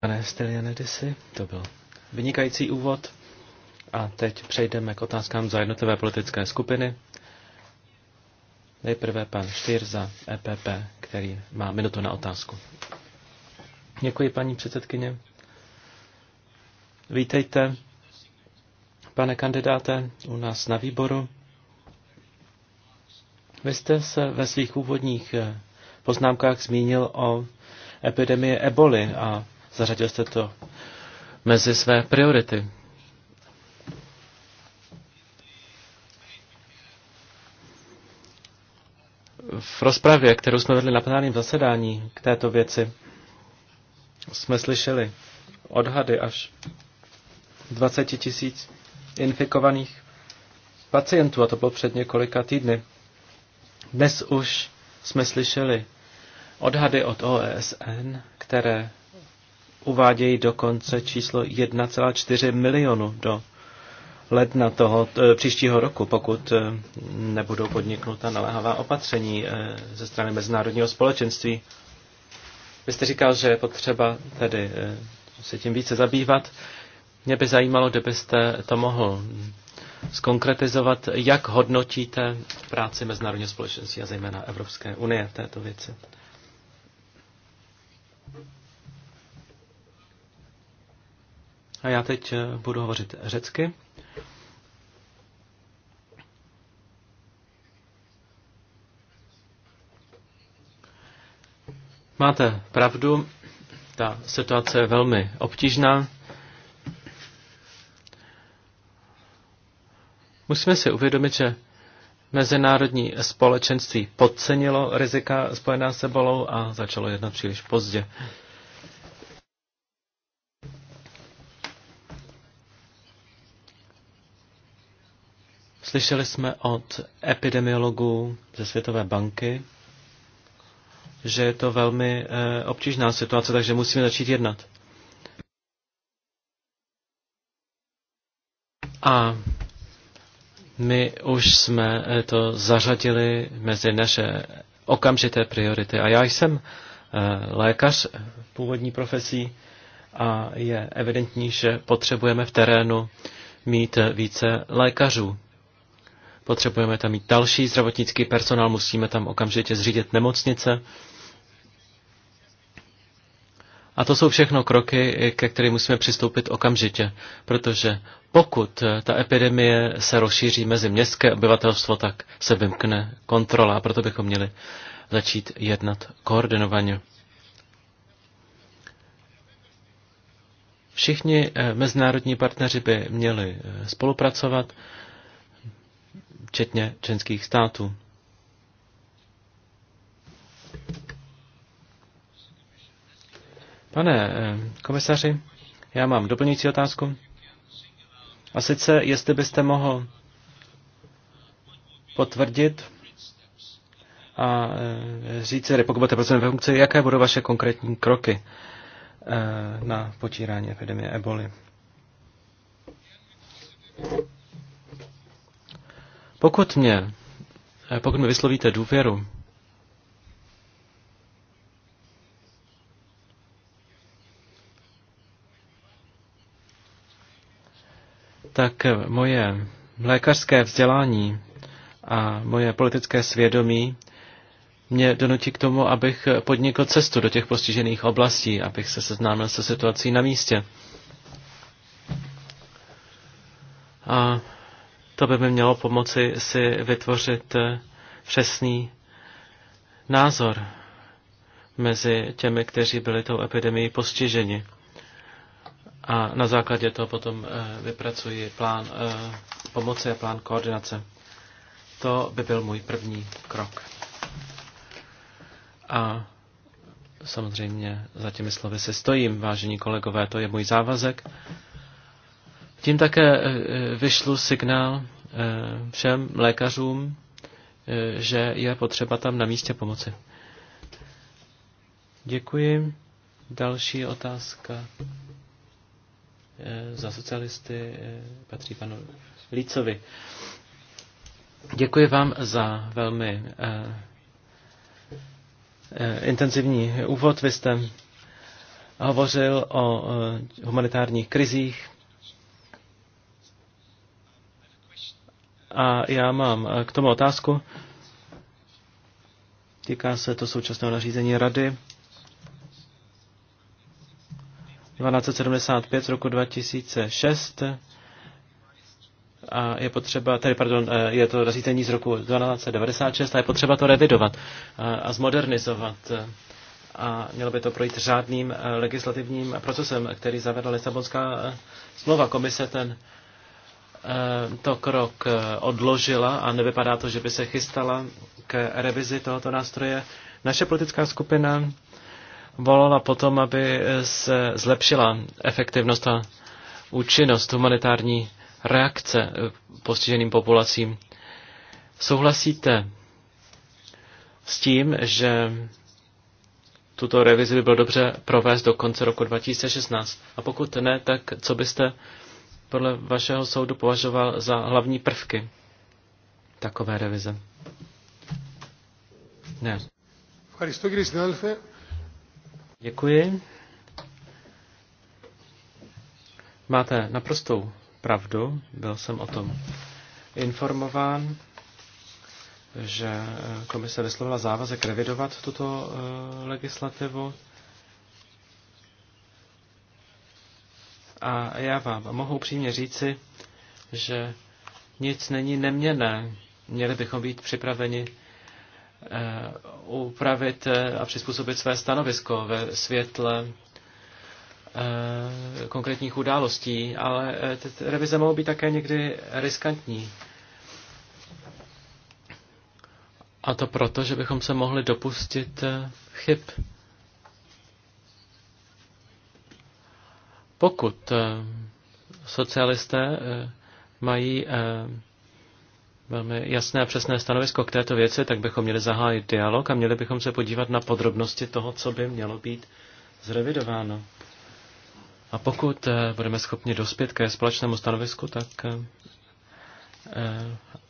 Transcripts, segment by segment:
Pane Stylianidisi, to byl vynikající úvod. A teď přejdeme k otázkám za jednotlivé politické skupiny. Nejprve pan Štyr za EPP, který má minutu na otázku. Děkuji, paní předsedkyně. Vítejte, pane kandidáte, u nás na výboru. Vy jste se ve svých úvodních poznámkách zmínil o epidemii eboli a zařadil jste to mezi své priority. V rozpravě, kterou jsme vedli na plenárním zasedání k této věci, jsme slyšeli odhady až 20 tisíc infikovaných pacientů, a to bylo před několika týdny. Dnes už jsme slyšeli odhady od OSN, které uvádějí dokonce číslo 1,4 milionu do ledna toho eh, příštího roku, pokud eh, nebudou podniknuta naléhavá opatření eh, ze strany mezinárodního společenství. Vy jste říkal, že je potřeba tedy se tím více zabývat. Mě by zajímalo, kdybyste to mohl zkonkretizovat. jak hodnotíte práci mezinárodního společenství a zejména Evropské unie v této věci. A já teď eh, budu hovořit řecky. Máte pravdu, ta situace je velmi obtížná. Musíme si uvědomit, že mezinárodní společenství podcenilo rizika spojená s ebolou a začalo jednat příliš pozdě. Slyšeli jsme od epidemiologů ze Světové banky, že je to velmi eh, obtížná situace, takže musíme začít jednat. A my už jsme eh, to zařadili mezi naše okamžité priority. A já jsem eh, lékař původní profesí a je evidentní, že potřebujeme v terénu mít více lékařů. Potřebujeme tam mít další zdravotnický personál, musíme tam okamžitě zřídit nemocnice. A to jsou všechno kroky, ke kterým musíme přistoupit okamžitě, protože pokud ta epidemie se rozšíří mezi městské obyvatelstvo, tak se vymkne kontrola a proto bychom měli začít jednat koordinovaně. Všichni eh, mezinárodní partneři by měli eh, spolupracovat, včetně členských států. Pane eh, komisaři, já mám doplňující otázku. A sice, jestli byste mohl potvrdit a eh, říct, že pokud budete pracovat ve funkci, jaké budou vaše konkrétní kroky eh, na potírání epidemie eboli. Pokud mě, eh, pokud mi vyslovíte důvěru, tak moje lékařské vzdělání a moje politické svědomí mě donutí k tomu, abych podnikl cestu do těch postižených oblastí, abych se seznámil se situací na místě. A to by mi mělo pomoci si vytvořit eh, přesný názor mezi těmi, kteří byli tou epidemií postiženi. A na základě toho potom eh, vypracuji plán eh, pomoci a plán koordinace. To by byl můj první krok. A samozřejmě za těmi slovy se stojím, vážení kolegové, to je můj závazek. Tím také eh, eh, vyšlo signál eh, všem lékařům, že je potřeba tam na místě pomoci. Děkuji. Další otázka za socialisty patří panu Lícovi. Děkuji vám za velmi intenzivní úvod. Vy jste hovořil o humanitárních krizích A já mám eh, k tomu otázku. Týká se to současného nařízení Rady 1275 z roku 2006 a je potřeba, tedy pardon, eh, je to nařízení z roku 1296 a je potřeba to revidovat eh, a zmodernizovat a mělo by to projít řádným legislativním procesem, který zavedla Lisabonská smlouva. Komise ten Eh, to krok eh, odložila a nevypadá to, že by se chystala k revizi tohoto nástroje. Naše politická skupina volala potom, aby se zlepšila efektivnost a účinnost humanitární reakce eh, postiženým populacím. Souhlasíte s tím, že tuto revizi by bylo dobře provést do konce roku 2016? A pokud ne, tak co byste podle vašeho soudu považoval za hlavní prvky takové revize? Ne. Děkuji. Máte naprostou pravdu, byl jsem o tom informován, že komise vyslovila závazek revidovat tuto eh, legislativu. A já vám mohu přímě říci, že nic není neměné. Měli bychom být připraveni eh, upravit eh, a přizpůsobit své stanovisko ve světle eh, konkrétních událostí, ale revize mohou být také někdy riskantní. A to proto, že bychom se mohli dopustit chyb. Pokud eh, socialisté eh, mají eh, velmi jasné a přesné stanovisko k této věci, tak bychom měli zahájit dialog a měli bychom se podívat na podrobnosti toho, co by mělo být zrevidováno. A pokud budeme schopni dospět ke společnému stanovisku, tak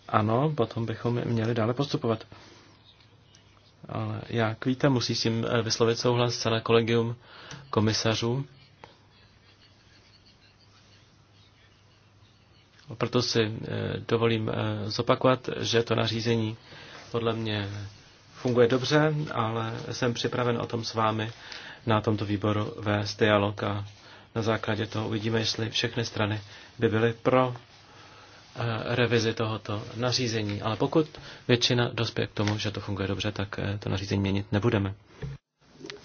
ano, potom bychom měli dále postupovat. Ale jak víte, musí s tím vyslovit souhlas celé kolegium komisařů. Proto si eh, dovolím eh, zopakovat, že to nařízení podle mě funguje dobře, ale jsem připraven o tom s vámi na tomto výboru vést dialog a na základě toho uvidíme, jestli všechny strany by byly pro eh, revizi tohoto nařízení. Ale pokud většina dospěje k tomu, že to funguje dobře, tak to nařízení měnit nebudeme.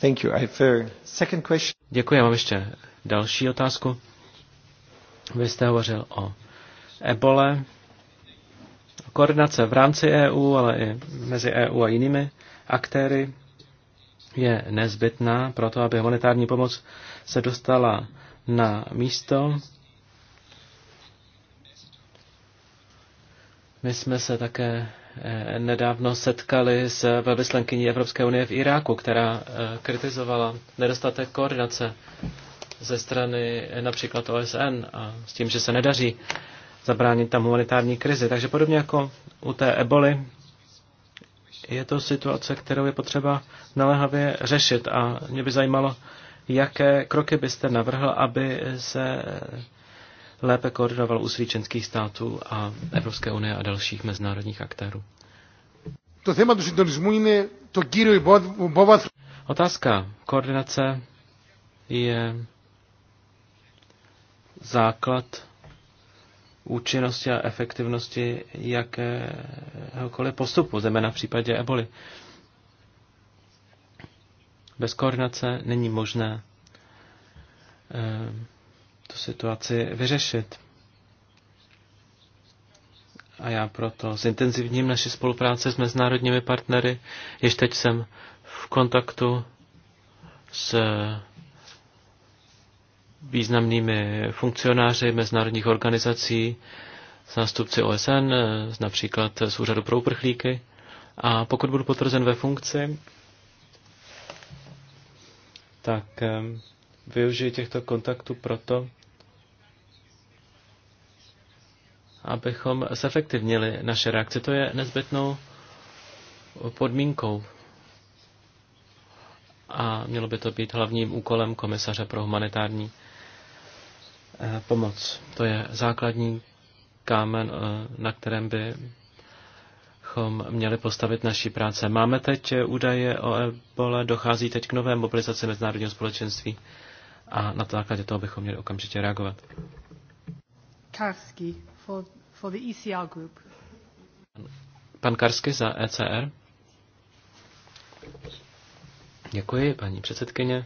Thank you. I have a second question. Děkuji, já mám ještě další otázku. Vy jste hovořil o ebole, koordinace v rámci EU, ale i mezi EU a jinými aktéry je nezbytná pro to, aby humanitární pomoc se dostala na místo. My jsme se také eh, nedávno setkali s velvyslankyní Evropské unie v Iráku, která eh, kritizovala nedostatek koordinace ze strany eh, například OSN a s tím, že se nedaří zabránit tam humanitární krizi. Takže podobně jako u té eboli, je to situace, kterou je potřeba naléhavě řešit. A mě by zajímalo, jaké kroky byste navrhl, aby se lépe koordinoval úsilí členských států a Evropské unie a dalších mezinárodních aktérů. To téma do syntonismu je to Otázka koordinace je základ účinnosti a efektivnosti jakéhokoliv postupu, zejména v případě eboli. Bez koordinace není možné eh, tu situaci vyřešit. A já proto zintenzivním naši spolupráce s mezinárodními partnery. Již teď jsem v kontaktu s významnými funkcionáři mezinárodních organizací, zástupci OSN, eh, například z Úřadu pro uprchlíky. A pokud budu potvrzen ve funkci, tak eh, využiji těchto kontaktů proto, abychom zefektivnili naše reakce. To je nezbytnou podmínkou a mělo by to být hlavním úkolem komisaře pro humanitární Eh, pomoc. To je základní kámen, eh, na kterém bychom měli postavit naší práce. Máme teď eh, údaje o ebole, dochází teď k nové mobilizaci mezinárodního společenství a na to základě toho bychom měli okamžitě reagovat. Karsky for, for the ECR group. Pan Karsky za ECR. Děkuji, paní předsedkyně,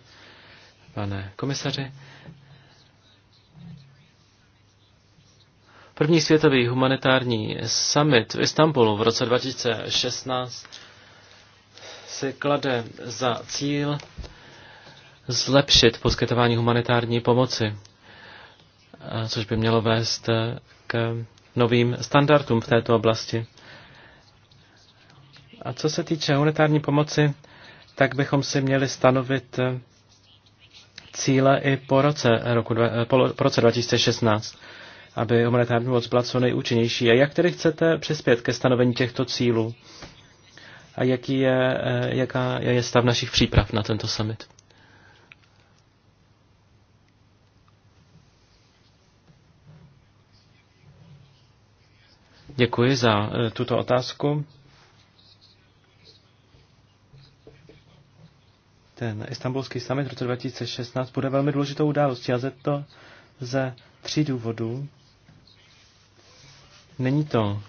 pane komisaři. První světový humanitární summit v Istanbulu v roce 2016 si klade za cíl zlepšit poskytování humanitární pomoci, což by mělo vést k novým standardům v této oblasti. A co se týče humanitární pomoci, tak bychom si měli stanovit cíle i po roce, roku, po roce 2016 aby humanitární pomoc byla co nejúčinnější. A jak tedy chcete přispět ke stanovení těchto cílů? A jaký je, eh, jaká je stav našich příprav na tento summit? Děkuji za eh, tuto otázku. Ten istambulský summit v roce 2016 bude velmi důležitou událostí a ze to ze tří důvodů. Není to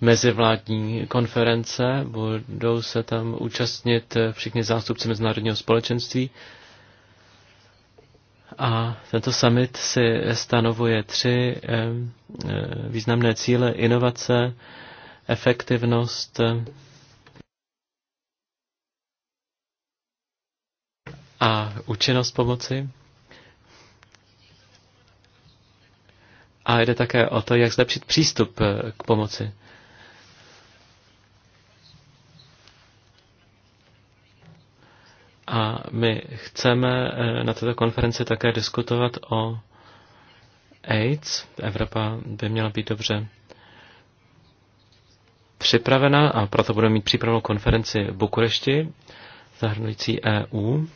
mezivládní konference, budou se tam účastnit všichni zástupci mezinárodního společenství. A tento summit si stanovuje tři eh, eh, významné cíle. Inovace, efektivnost a účinnost pomoci. A jde také o to, jak zlepšit přístup eh, k pomoci. A my chceme eh, na této konferenci také diskutovat o AIDS. Evropa by měla být dobře připravena a proto budeme mít přípravnou konferenci v Bukurešti zahrnující EU.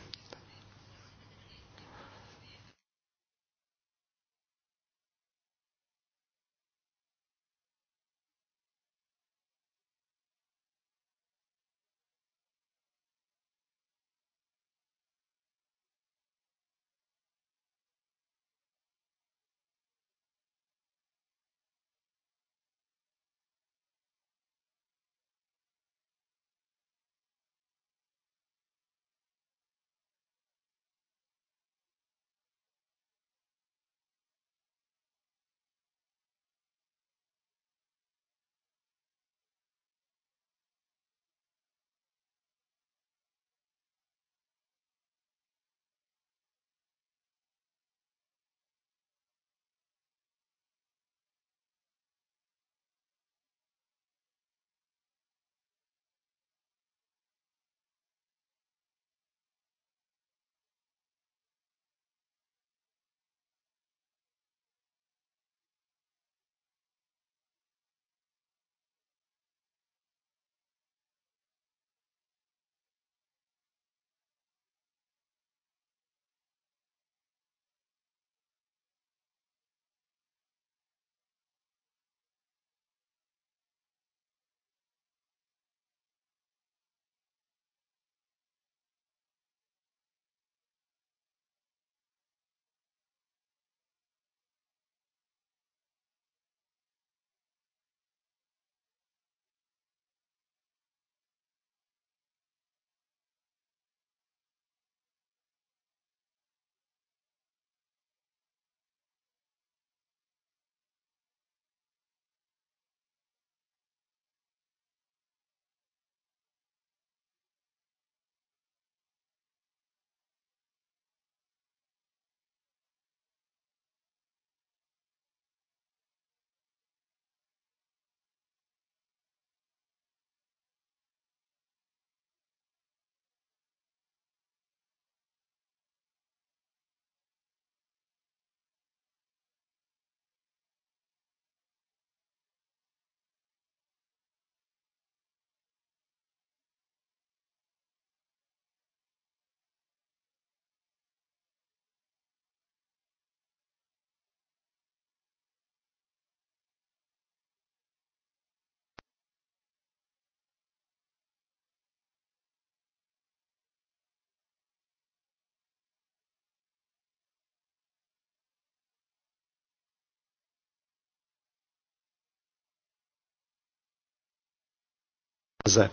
krize.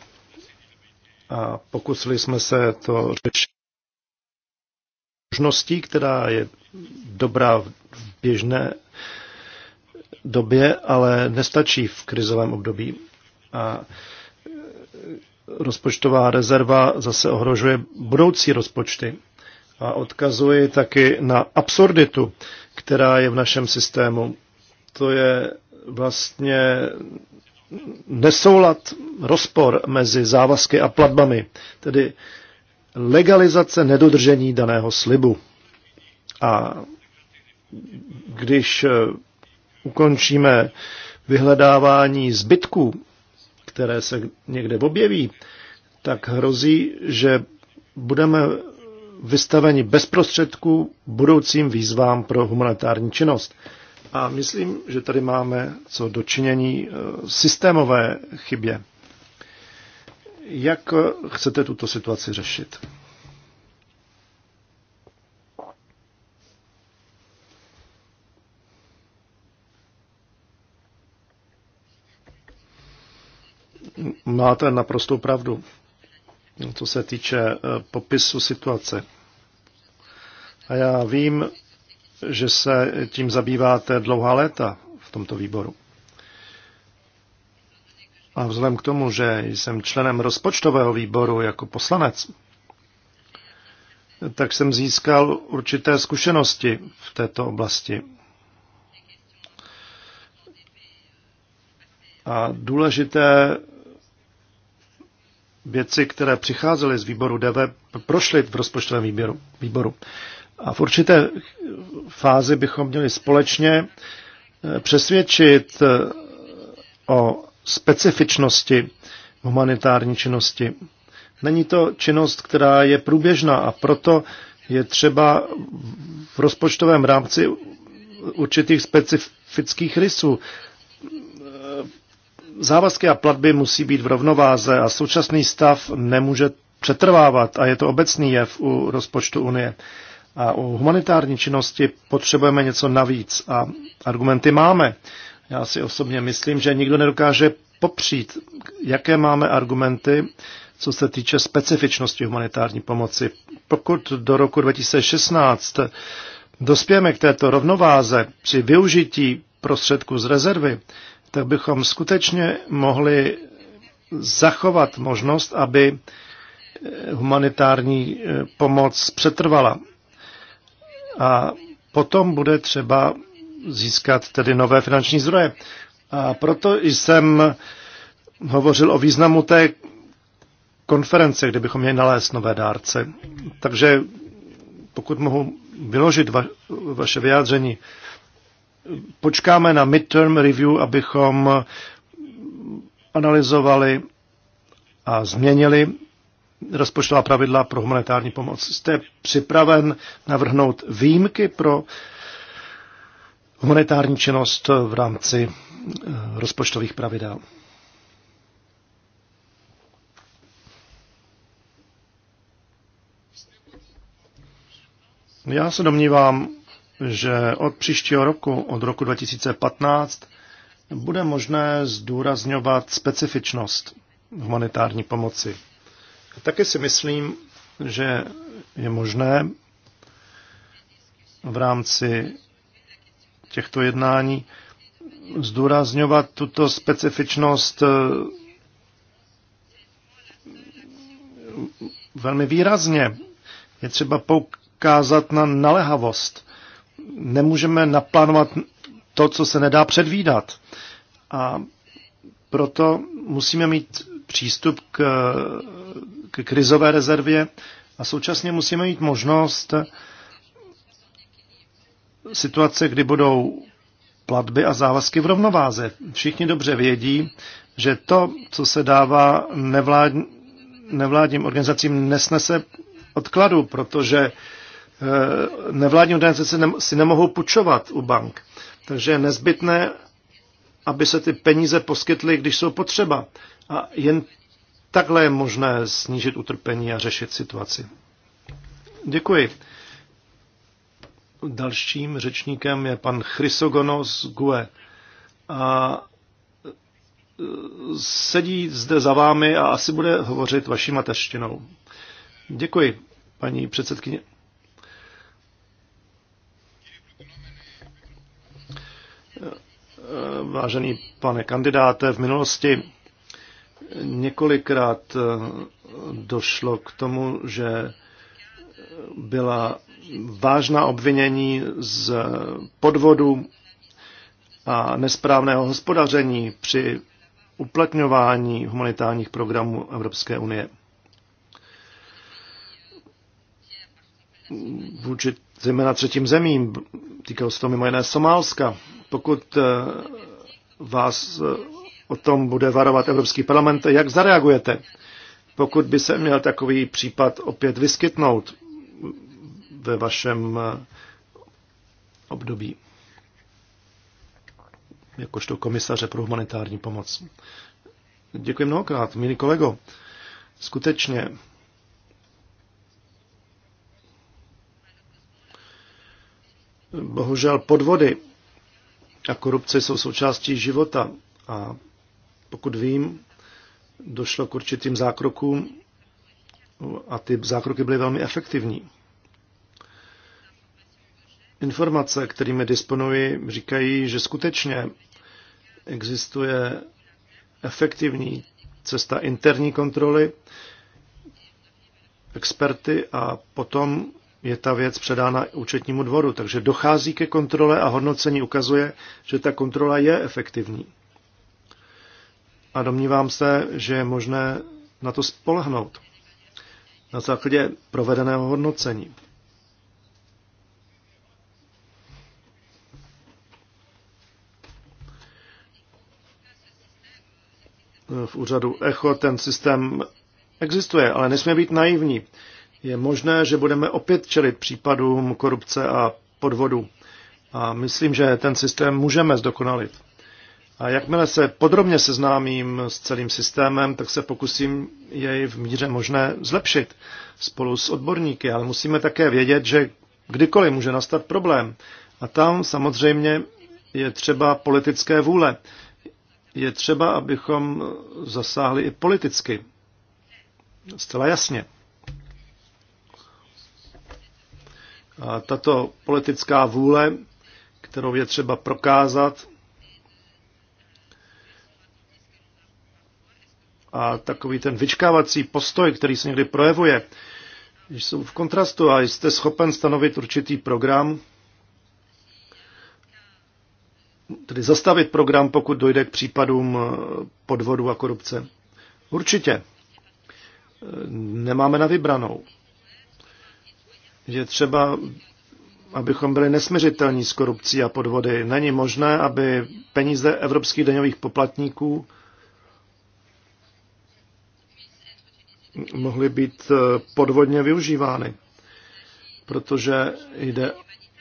A pokusili jsme se to řešit možností, která je dobrá v běžné době, ale nestačí v krizovém období. A rozpočtová rezerva zase ohrožuje budoucí rozpočty. A odkazuji taky na absurditu, která je v našem systému. To je vlastně nesoulad, rozpor mezi závazky a platbami, tedy legalizace nedodržení daného slibu. A když eh, ukončíme vyhledávání zbytků, které se někde objeví, tak hrozí, že budeme vystaveni bezprostředku budoucím výzvám pro humanitární činnost. A myslím, že tady máme co dočinění eh, systémové chybě. Jak eh, chcete tuto situaci řešit? Máte naprostou pravdu, co se týče eh, popisu situace. A já vím, že se tím zabýváte dlouhá léta v tomto výboru. A vzhledem k tomu, že jsem členem rozpočtového výboru jako poslanec, tak jsem získal určité zkušenosti v této oblasti. A důležité věci, které přicházely z výboru DV, prošly v rozpočtovém výběru, výboru. A v určité fázi bychom měli společně eh, přesvědčit eh, o specifičnosti humanitární činnosti. Není to činnost, která je průběžná a proto je třeba v rozpočtovém rámci určitých specifických rysů. Eh, závazky a platby musí být v rovnováze a současný stav nemůže přetrvávat a je to obecný jev u rozpočtu Unie. A u humanitární činnosti potřebujeme něco navíc a argumenty máme. Já si osobně myslím, že nikdo nedokáže popřít, jaké máme argumenty, co se týče specifičnosti humanitární pomoci. Pokud do roku 2016 dospějeme k této rovnováze při využití prostředků z rezervy, tak bychom skutečně mohli zachovat možnost, aby humanitární eh, pomoc přetrvala a potom bude třeba získat tedy nové finanční zdroje. A proto jsem hovořil o významu té konference, kde bychom měli nalézt nové dárce. Takže pokud mohu vyložit va- vaše vyjádření, počkáme na midterm review, abychom analyzovali a změnili rozpočtová pravidla pro humanitární pomoc. Jste připraven navrhnout výjimky pro humanitární činnost v rámci eh, rozpočtových pravidel? Já se domnívám, že od příštího roku, od roku 2015, bude možné zdůrazňovat specifičnost humanitární pomoci. Taky si myslím, že je možné v rámci těchto jednání zdůrazňovat tuto specifičnost eh, velmi výrazně. Je třeba poukázat na nalehavost. Nemůžeme naplánovat to, co se nedá předvídat. A proto musíme mít přístup k, k krizové rezervě a současně musíme mít možnost situace, kdy budou platby a závazky v rovnováze. Všichni dobře vědí, že to, co se dává nevlád, nevládním organizacím, nesnese odkladu, protože eh, nevládní organizace si nemohou půjčovat u bank. Takže je nezbytné, aby se ty peníze poskytly, když jsou potřeba. A jen takhle je možné snížit utrpení a řešit situaci. Děkuji. Dalším řečníkem je pan Chrysogonos Gue. A e, sedí zde za vámi a asi bude hovořit vaší mateřštinou. Děkuji, paní předsedkyně. E, e, vážený pane kandidáte, v minulosti Několikrát eh, došlo k tomu, že byla vážná obvinění z podvodu a nesprávného hospodaření při uplatňování humanitárních programů Evropské unie. Vůči zejména třetím zemím, týkalo se to mimo jiné Somálska. Pokud eh, vás o tom bude varovat Evropský parlament. Jak zareagujete, pokud by se měl takový případ opět vyskytnout ve vašem eh, období? jakožto komisaře pro humanitární pomoc. Děkuji mnohokrát, milý kolego. Skutečně. Bohužel podvody a korupce jsou součástí života a pokud vím, došlo k určitým zákrokům a ty zákroky byly velmi efektivní. Informace, kterými disponuji, říkají, že skutečně existuje efektivní cesta interní kontroly, experty a potom je ta věc předána účetnímu dvoru. Takže dochází ke kontrole a hodnocení ukazuje, že ta kontrola je efektivní a domnívám se, že je možné na to spolehnout na základě provedeného hodnocení. v úřadu ECHO ten systém existuje, ale nesmí být naivní. Je možné, že budeme opět čelit případům korupce a podvodu. A myslím, že ten systém můžeme zdokonalit. A jakmile se podrobně seznámím s celým systémem, tak se pokusím jej v míře možné zlepšit spolu s odborníky, ale musíme také vědět, že kdykoliv může nastat problém. A tam samozřejmě je třeba politické vůle. Je třeba, abychom zasáhli i politicky. Zcela jasně. A tato politická vůle, kterou je třeba prokázat, a takový ten vyčkávací postoj, který se někdy projevuje, jsou v kontrastu a jste schopen stanovit určitý program, tedy zastavit program, pokud dojde k případům eh, podvodu a korupce. Určitě. Nemáme na vybranou. Je třeba, abychom byli nesměřitelní s korupcí a podvody. Není možné, aby peníze evropských daňových poplatníků mohly být eh, podvodně využívány, protože jde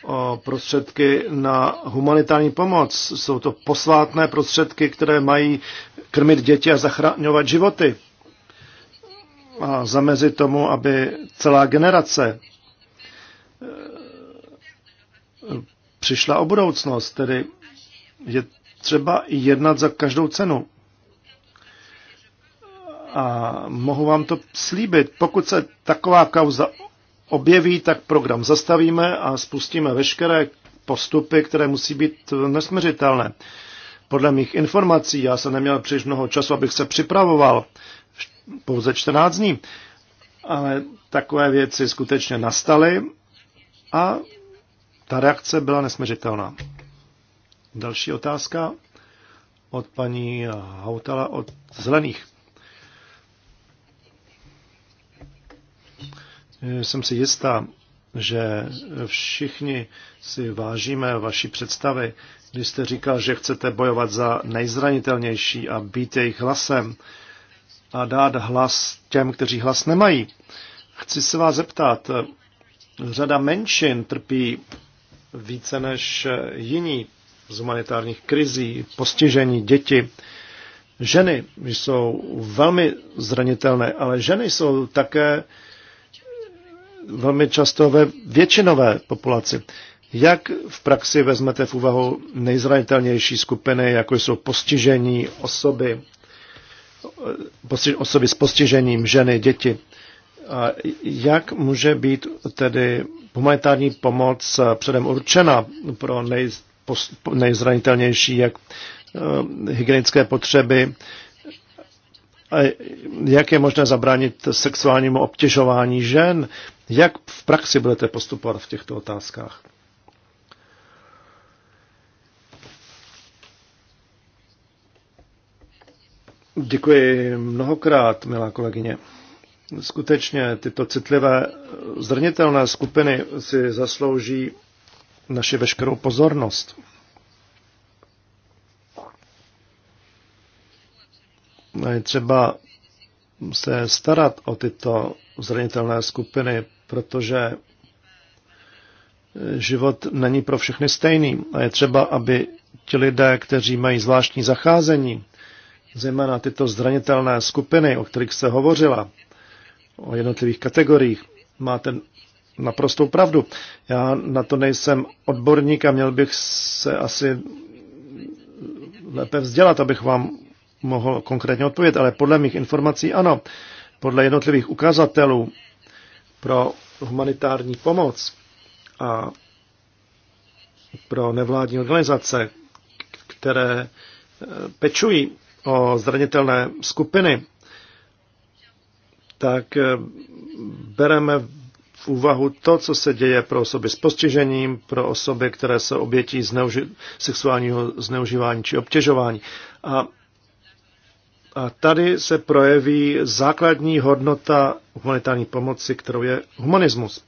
o prostředky na humanitární pomoc. Jsou to posvátné prostředky, které mají krmit děti a zachraňovat životy. A zamezit tomu, aby celá generace eh, přišla o budoucnost. Tedy je třeba jednat za každou cenu. A mohu vám to slíbit, pokud se taková kauza objeví, tak program zastavíme a spustíme veškeré postupy, které musí být nesměřitelné. Podle mých informací, já jsem neměl příliš mnoho času, abych se připravoval, pouze 14 dní, ale takové věci skutečně nastaly a ta reakce byla nesměřitelná. Další otázka od paní Hautala od Zelených. Jsem si jistá, že všichni si vážíme vaší představy, když jste říkal, že chcete bojovat za nejzranitelnější a být jejich hlasem a dát hlas těm, kteří hlas nemají. Chci se vás zeptat, řada menšin trpí více než jiní z humanitárních krizí, postižení, děti. Ženy jsou velmi zranitelné, ale ženy jsou také velmi často ve většinové populaci. Jak v praxi vezmete v úvahu nejzranitelnější skupiny, jako jsou postižení osoby, osoby s postižením, ženy, děti? A jak může být tedy humanitární pomoc předem určena pro nej, nejzranitelnější, jak eh, hygienické potřeby, a jak je možné zabránit sexuálnímu obtěžování žen, jak v praxi budete postupovat v těchto otázkách? Děkuji mnohokrát, milá kolegyně. Skutečně tyto citlivé zranitelné skupiny si zaslouží naši veškerou pozornost. je třeba se starat o tyto zranitelné skupiny, protože život není pro všechny stejný a je třeba, aby ti lidé, kteří mají zvláštní zacházení, zejména tyto zranitelné skupiny, o kterých se hovořila, o jednotlivých kategoriích, máte naprostou pravdu. Já na to nejsem odborník a měl bych se asi lépe vzdělat, abych vám mohl konkrétně odpovědět, ale podle mých informací ano. Podle jednotlivých ukazatelů pro humanitární pomoc a pro nevládní organizace, které eh, pečují o zranitelné skupiny, tak eh, bereme v úvahu to, co se děje pro osoby s postižením, pro osoby, které se obětí zneuži- sexuálního zneužívání či obtěžování. A a tady se projeví základní hodnota humanitární pomoci, kterou je humanismus.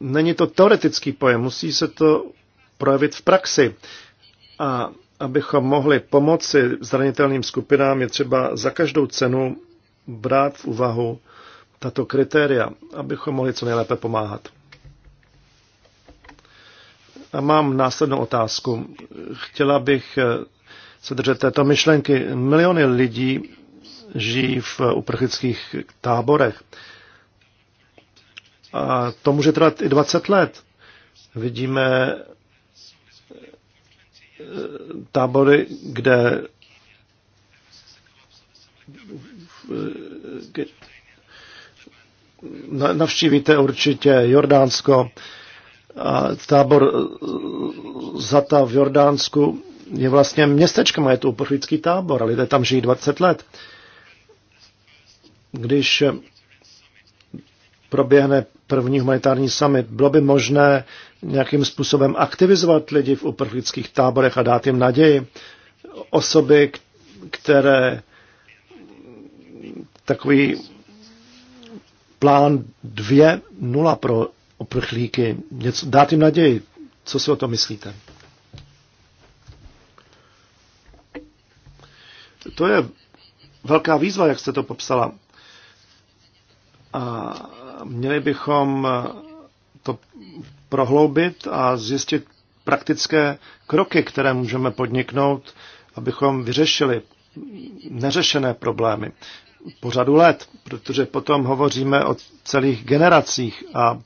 Není to teoretický pojem, musí se to projevit v praxi. A abychom mohli pomoci zranitelným skupinám, je třeba za každou cenu brát v úvahu tato kritéria, abychom mohli co nejlépe pomáhat. A mám následnou otázku. Chtěla bych se držet této myšlenky. Miliony lidí žijí v uprchlických táborech. A to může trvat i 20 let. Vidíme eh, tábory, kde eh, navštívíte určitě Jordánsko, a tábor eh, Zata v Jordánsku, je vlastně městečkem a je to uprchlický tábor a lidé tam žijí 20 let. Když proběhne první humanitární summit, bylo by možné nějakým způsobem aktivizovat lidi v uprchlických táborech a dát jim naději. Osoby, které takový plán 2.0 pro uprchlíky, něco, dát jim naději. Co si o to myslíte? To je velká výzva, jak jste to popsala. A měli bychom to prohloubit a zjistit praktické kroky, které můžeme podniknout, abychom vyřešili neřešené problémy po řadu let, protože potom hovoříme o celých generacích a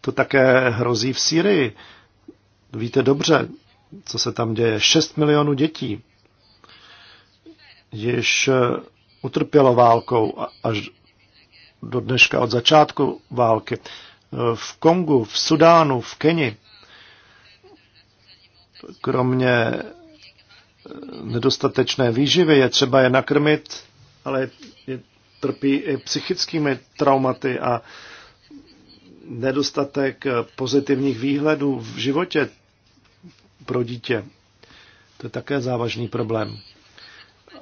to také hrozí v Sýrii. Víte dobře, co se tam děje. 6 milionů dětí již eh, utrpělo válkou až do dneška od začátku války. Eh, v Kongu, v Sudánu, v Keni, kromě eh, nedostatečné výživy je třeba je nakrmit, ale je, trpí i psychickými traumaty a nedostatek pozitivních výhledů v životě pro dítě. To je také závažný problém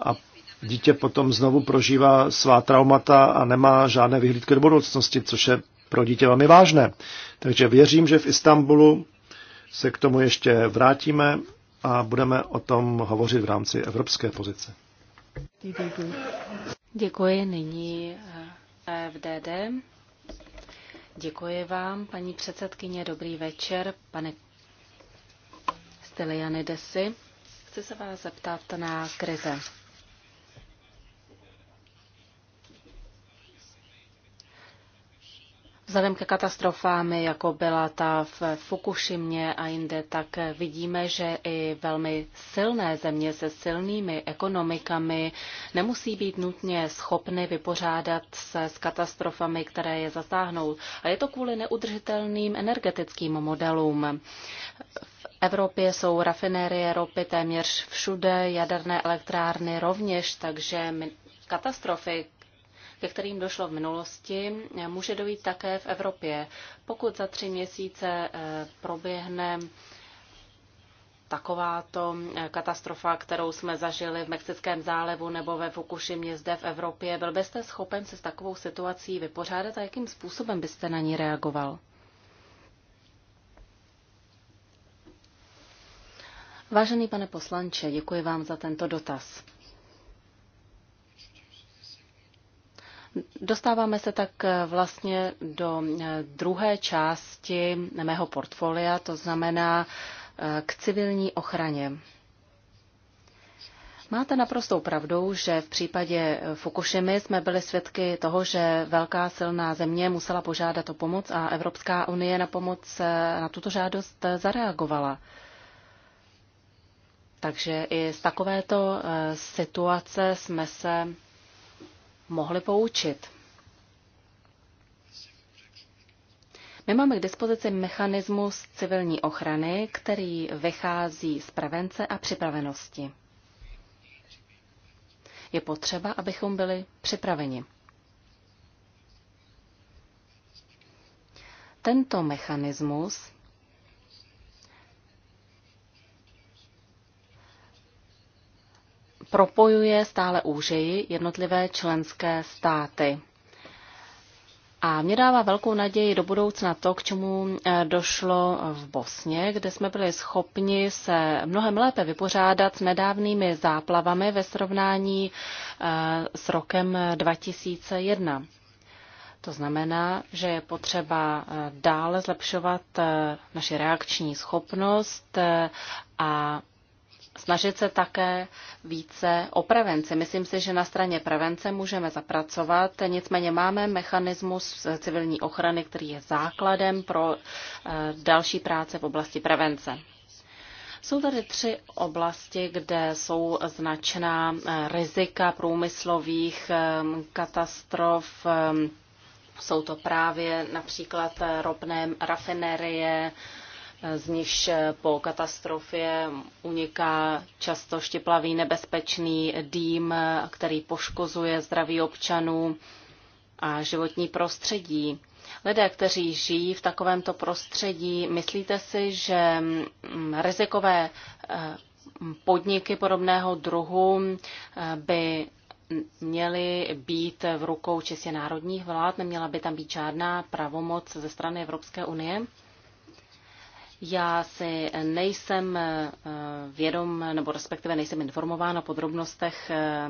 a dítě potom znovu prožívá svá traumata a nemá žádné vyhlídky do budoucnosti, což je pro dítě velmi vážné. Takže věřím, že v Istanbulu se k tomu ještě vrátíme a budeme o tom hovořit v rámci evropské pozice. Děkuji nyní eh, FDD. Děkuji vám, paní předsedkyně, dobrý večer, pane Stylianidesi. Chci se vás zeptat na krize. Vzhledem ke katastrofám, jako byla ta v Fukušimě a jinde, tak vidíme, že i velmi silné země se silnými ekonomikami nemusí být nutně schopny vypořádat se s katastrofami, které je zasáhnou. A je to kvůli neudržitelným energetickým modelům. V Evropě jsou rafinérie ropy téměř všude, jaderné elektrárny rovněž, takže katastrofy, ke kterým došlo v minulosti, může dojít také v Evropě. Pokud za tři měsíce eh, proběhne takováto eh, katastrofa, kterou jsme zažili v Mexickém zálevu nebo ve Fukushimě zde v Evropě, byl byste schopen se s takovou situací vypořádat a jakým způsobem byste na ní reagoval? Vážený pane poslanče, děkuji vám za tento dotaz. Dostáváme se tak eh, vlastně do eh, druhé části mého portfolia, to znamená eh, k civilní ochraně. Máte naprostou pravdu, že v případě Fukushimy jsme byli svědky toho, že velká silná země musela požádat o pomoc a Evropská unie na pomoc na tuto žádost zareagovala. Takže i z takovéto situace jsme se mohli poučit. My máme k dispozici mechanismus civilní ochrany, který vychází z prevence a připravenosti. Je potřeba, abychom byli připraveni. Tento mechanismus propojuje stále úžeji jednotlivé členské státy. A mě dává velkou naději do budoucna to, k čemu eh, došlo v Bosně, kde jsme byli schopni se mnohem lépe vypořádat s nedávnými záplavami ve srovnání eh, s rokem 2001. Eh, to znamená, že je potřeba dále zlepšovat naši reakční schopnost a snažit se také více o prevenci. Myslím si, že na straně prevence můžeme zapracovat, nicméně máme mechanismus civilní ochrany, který je základem pro eh, další práce v oblasti prevence. Jsou tady tři oblasti, kde jsou značná eh, rizika průmyslových eh, katastrof. Jsou to právě například ropné rafinerie, z nichž po katastrofě uniká často štěplavý nebezpečný dým, který poškozuje zdraví občanů a životní prostředí. Lidé, kteří žijí v takovémto prostředí, myslíte si, že mm, rizikové eh, podniky podobného druhu eh, by měly být v rukou čistě národních vlád, neměla by tam být žádná pravomoc ze strany Evropské unie? Já si nejsem eh, vědom, nebo respektive nejsem informován o podrobnostech eh,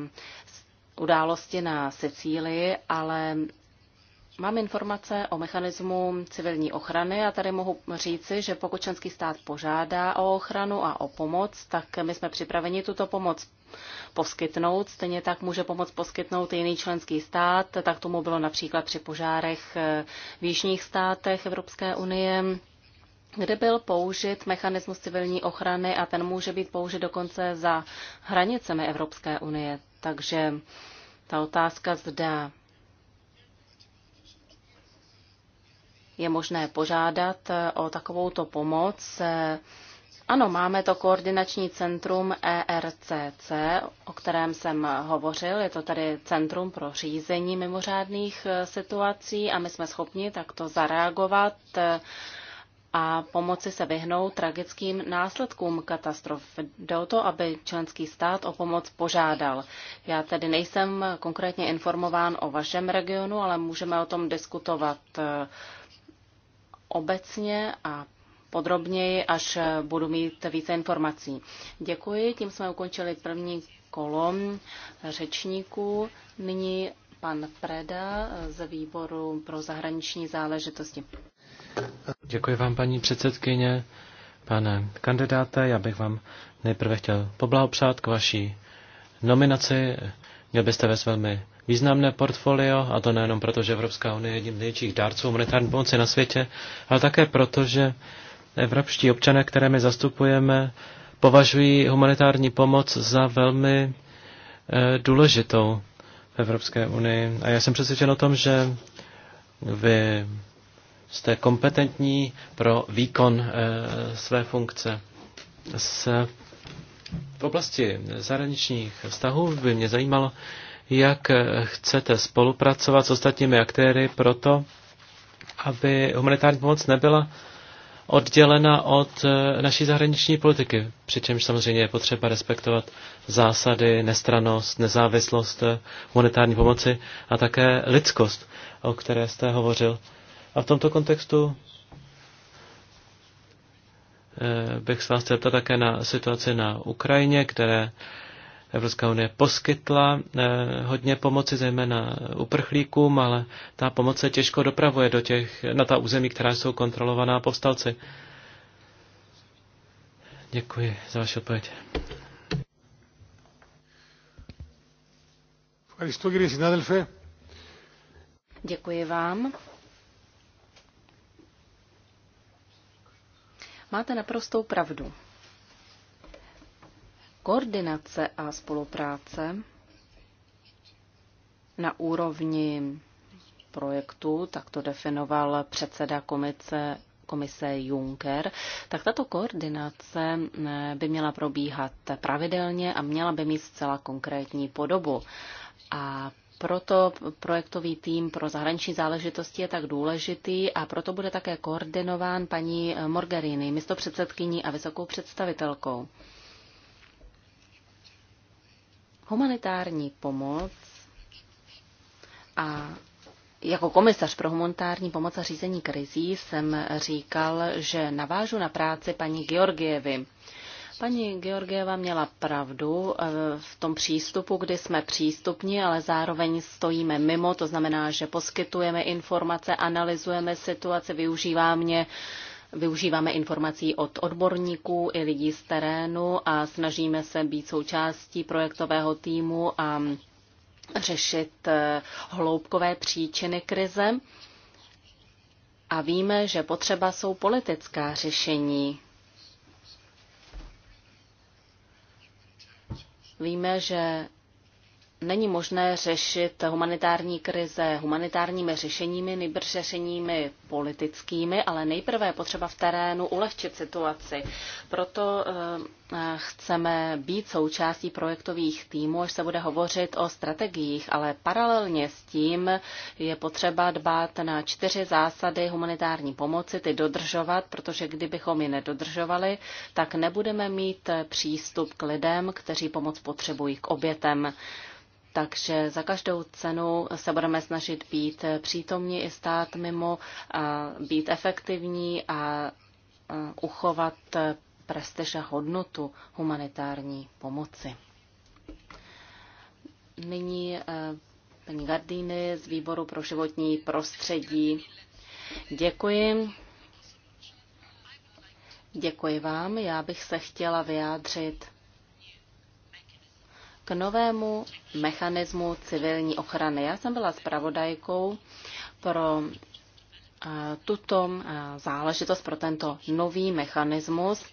události na Sicílii, ale Mám informace o mechanismu civilní ochrany a tady mohu říci, že pokud členský stát požádá o ochranu a o pomoc, tak my jsme připraveni tuto pomoc poskytnout. Stejně tak může pomoc poskytnout jiný členský stát, tak tomu bylo například při požárech eh, v jižních státech Evropské unie kde byl použit mechanismus civilní ochrany a ten může být použit dokonce za hranicemi Evropské unie. Takže ta otázka zda je možné požádat eh, o takovouto pomoc. Eh, ano, máme to koordinační centrum ERCC, o kterém jsem hovořil. Je to tady centrum pro řízení mimořádných eh, situací a my jsme schopni takto zareagovat a pomoci se vyhnout tragickým následkům katastrof. Jde o to, aby členský stát o pomoc požádal. Já tedy nejsem konkrétně informován o vašem regionu, ale můžeme o tom diskutovat eh, obecně a podrobněji, až eh, budu mít více informací. Děkuji, tím jsme ukončili první kolo řečníků. Nyní pan Preda eh, z výboru pro zahraniční záležitosti. Děkuji vám, paní předsedkyně. Pane kandidáte, já bych vám nejprve chtěl poblahopřát k vaší nominaci. Měl byste ve velmi významné portfolio, a to nejenom proto, že Evropská unie je jedním z největších dárců humanitární pomoci na světě, ale také proto, že evropští občané, které my zastupujeme, považují humanitární pomoc za velmi eh, důležitou v Evropské unii. A já jsem přesvědčen o tom, že vy jste kompetentní pro výkon eh, své funkce. v oblasti zahraničních vztahů by mě zajímalo, jak eh, chcete spolupracovat s ostatními aktéry proto, aby humanitární pomoc nebyla oddělena od eh, naší zahraniční politiky, přičemž samozřejmě je potřeba respektovat zásady, nestranost, nezávislost humanitární pomoci a také lidskost, o které jste hovořil. A v tomto kontextu eh, bych se vás chtěl ptat také na situaci na Ukrajině, které Evropská unie poskytla eh, hodně pomoci, zejména uprchlíkům, ale ta pomoc se těžko dopravuje do těch, na ta území, která jsou kontrolovaná povstalci. Děkuji za vaši odpověď. Děkuji vám. Máte naprostou pravdu. Koordinace a spolupráce na úrovni projektu, tak to definoval předseda komice, komise Juncker, tak tato koordinace eh, by měla probíhat pravidelně a měla by mít zcela konkrétní podobu. A proto projektový tým pro zahraniční záležitosti je tak důležitý a proto bude také koordinován paní Morgarini, místopředsedkyní a vysokou představitelkou. Humanitární pomoc a jako komisař pro humanitární pomoc a řízení krizí jsem říkal, že navážu na práci paní Georgievy. Paní Georgieva měla pravdu eh, v tom přístupu, kdy jsme přístupní, ale zároveň stojíme mimo, to znamená, že poskytujeme informace, analyzujeme situaci, využíváme Využíváme informací od odborníků i lidí z terénu a snažíme se být součástí projektového týmu a řešit eh, hloubkové příčiny krize. A víme, že potřeba jsou politická řešení Víme, že není možné řešit humanitární krize humanitárními řešeními, nejbrž řešeními politickými, ale nejprve je potřeba v terénu ulehčit situaci. Proto eh, chceme být součástí projektových týmů, až se bude hovořit o strategiích, ale paralelně s tím je potřeba dbát na čtyři zásady humanitární pomoci, ty dodržovat, protože kdybychom je nedodržovali, tak nebudeme mít přístup k lidem, kteří pomoc potřebují, k obětem takže za každou cenu se budeme snažit být přítomní i stát mimo, být efektivní a uchovat prestiž a hodnotu humanitární pomoci. Nyní e, paní Gardíny z Výboru pro životní prostředí. Děkuji. Děkuji vám. Já bych se chtěla vyjádřit k novému mechanismu civilní ochrany. Já jsem byla zpravodajkou pro eh, tuto eh, záležitost, pro tento nový mechanismus.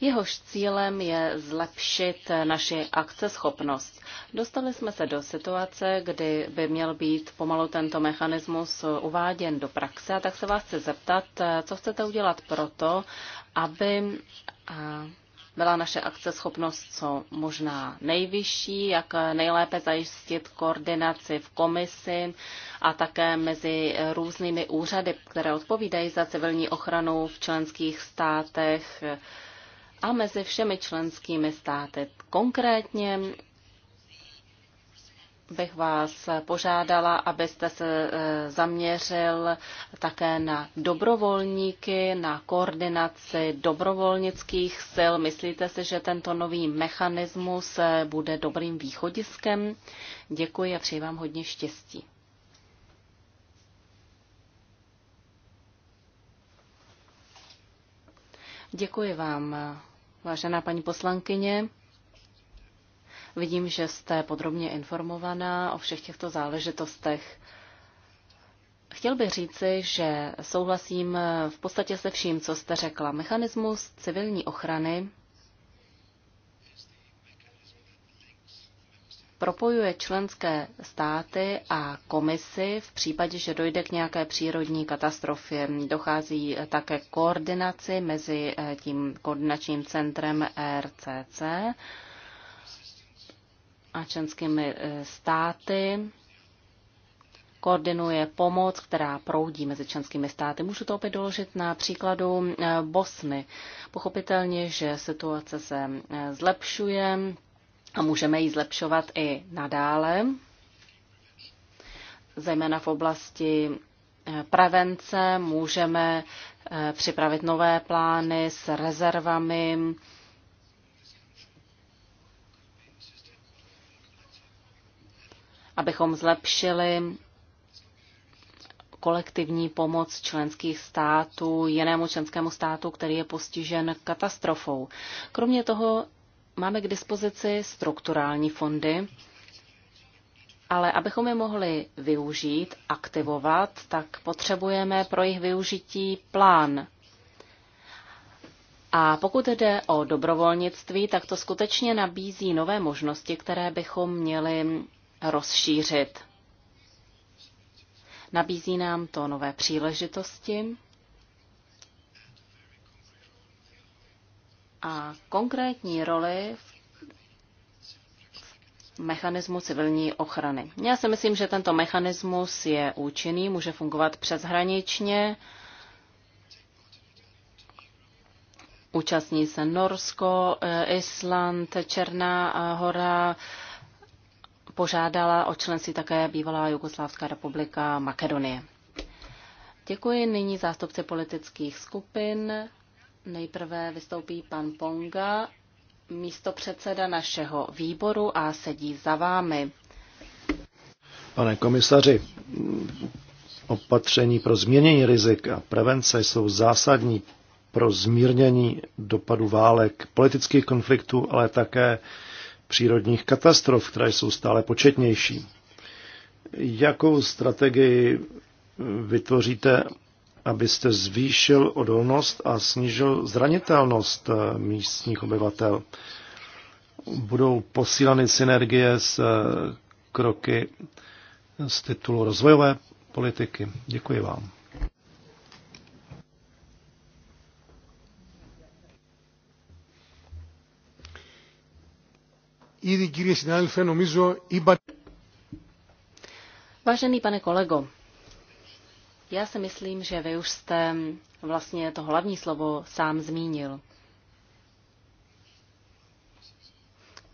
Jehož cílem je zlepšit naši akceschopnost. Dostali jsme se do situace, kdy by měl být pomalu tento mechanismus uváděn do praxe, a tak se vás chci zeptat, eh, co chcete udělat proto, aby byla naše akceschopnost co možná nejvyšší, jak nejlépe zajistit koordinaci v komisi a také mezi různými úřady, které odpovídají za civilní ochranu v členských státech a mezi všemi členskými státy. Konkrétně bych vás požádala, abyste se e, zaměřil také na dobrovolníky, na koordinaci dobrovolnických sil. Myslíte si, že tento nový mechanismus e, bude dobrým východiskem? Děkuji a přeji vám hodně štěstí. Děkuji vám, vážená paní poslankyně. Vidím, že jste podrobně informovaná o všech těchto záležitostech. Chtěl bych říci, že souhlasím v podstatě se vším, co jste řekla. Mechanismus civilní ochrany propojuje členské státy a komisi v případě, že dojde k nějaké přírodní katastrofě. Dochází také koordinaci mezi eh, tím koordinačním centrem RCC a členskými eh, státy koordinuje pomoc, která proudí mezi členskými státy. Můžu to opět doložit na příkladu eh, Bosny. Pochopitelně, že situace se eh, zlepšuje a můžeme ji zlepšovat i nadále, zejména v oblasti prevence můžeme připravit nové plány s rezervami, abychom zlepšili kolektivní pomoc členských států jinému členskému státu, který je postižen katastrofou. Kromě toho máme k dispozici strukturální fondy, ale abychom je mohli využít, aktivovat, tak potřebujeme pro jejich využití plán. A pokud jde o dobrovolnictví, tak to skutečně nabízí nové možnosti, které bychom měli rozšířit. Nabízí nám to nové příležitosti a konkrétní roli v mechanismu civilní ochrany. Já si myslím, že tento mechanismus je účinný, může fungovat přeshraničně. Účastní se Norsko, eh, Island, Černá eh, hora, požádala o členství také bývalá Jugoslávská republika Makedonie. Děkuji nyní zástupce politických skupin. Nejprve vystoupí pan Ponga, místo předseda našeho výboru a sedí za vámi. Pane komisaři, opatření pro změnění rizik a prevence jsou zásadní pro zmírnění dopadu válek, politických konfliktů, ale také přírodních katastrof, které jsou stále početnější. Jakou strategii vytvoříte, abyste zvýšil odolnost a snížil zranitelnost eh, místních obyvatel? Budou posíleny synergie s eh, kroky z titulu rozvojové politiky. Děkuji vám. Vážený pane kolego, já si myslím, že vy už jste vlastně to hlavní slovo sám zmínil.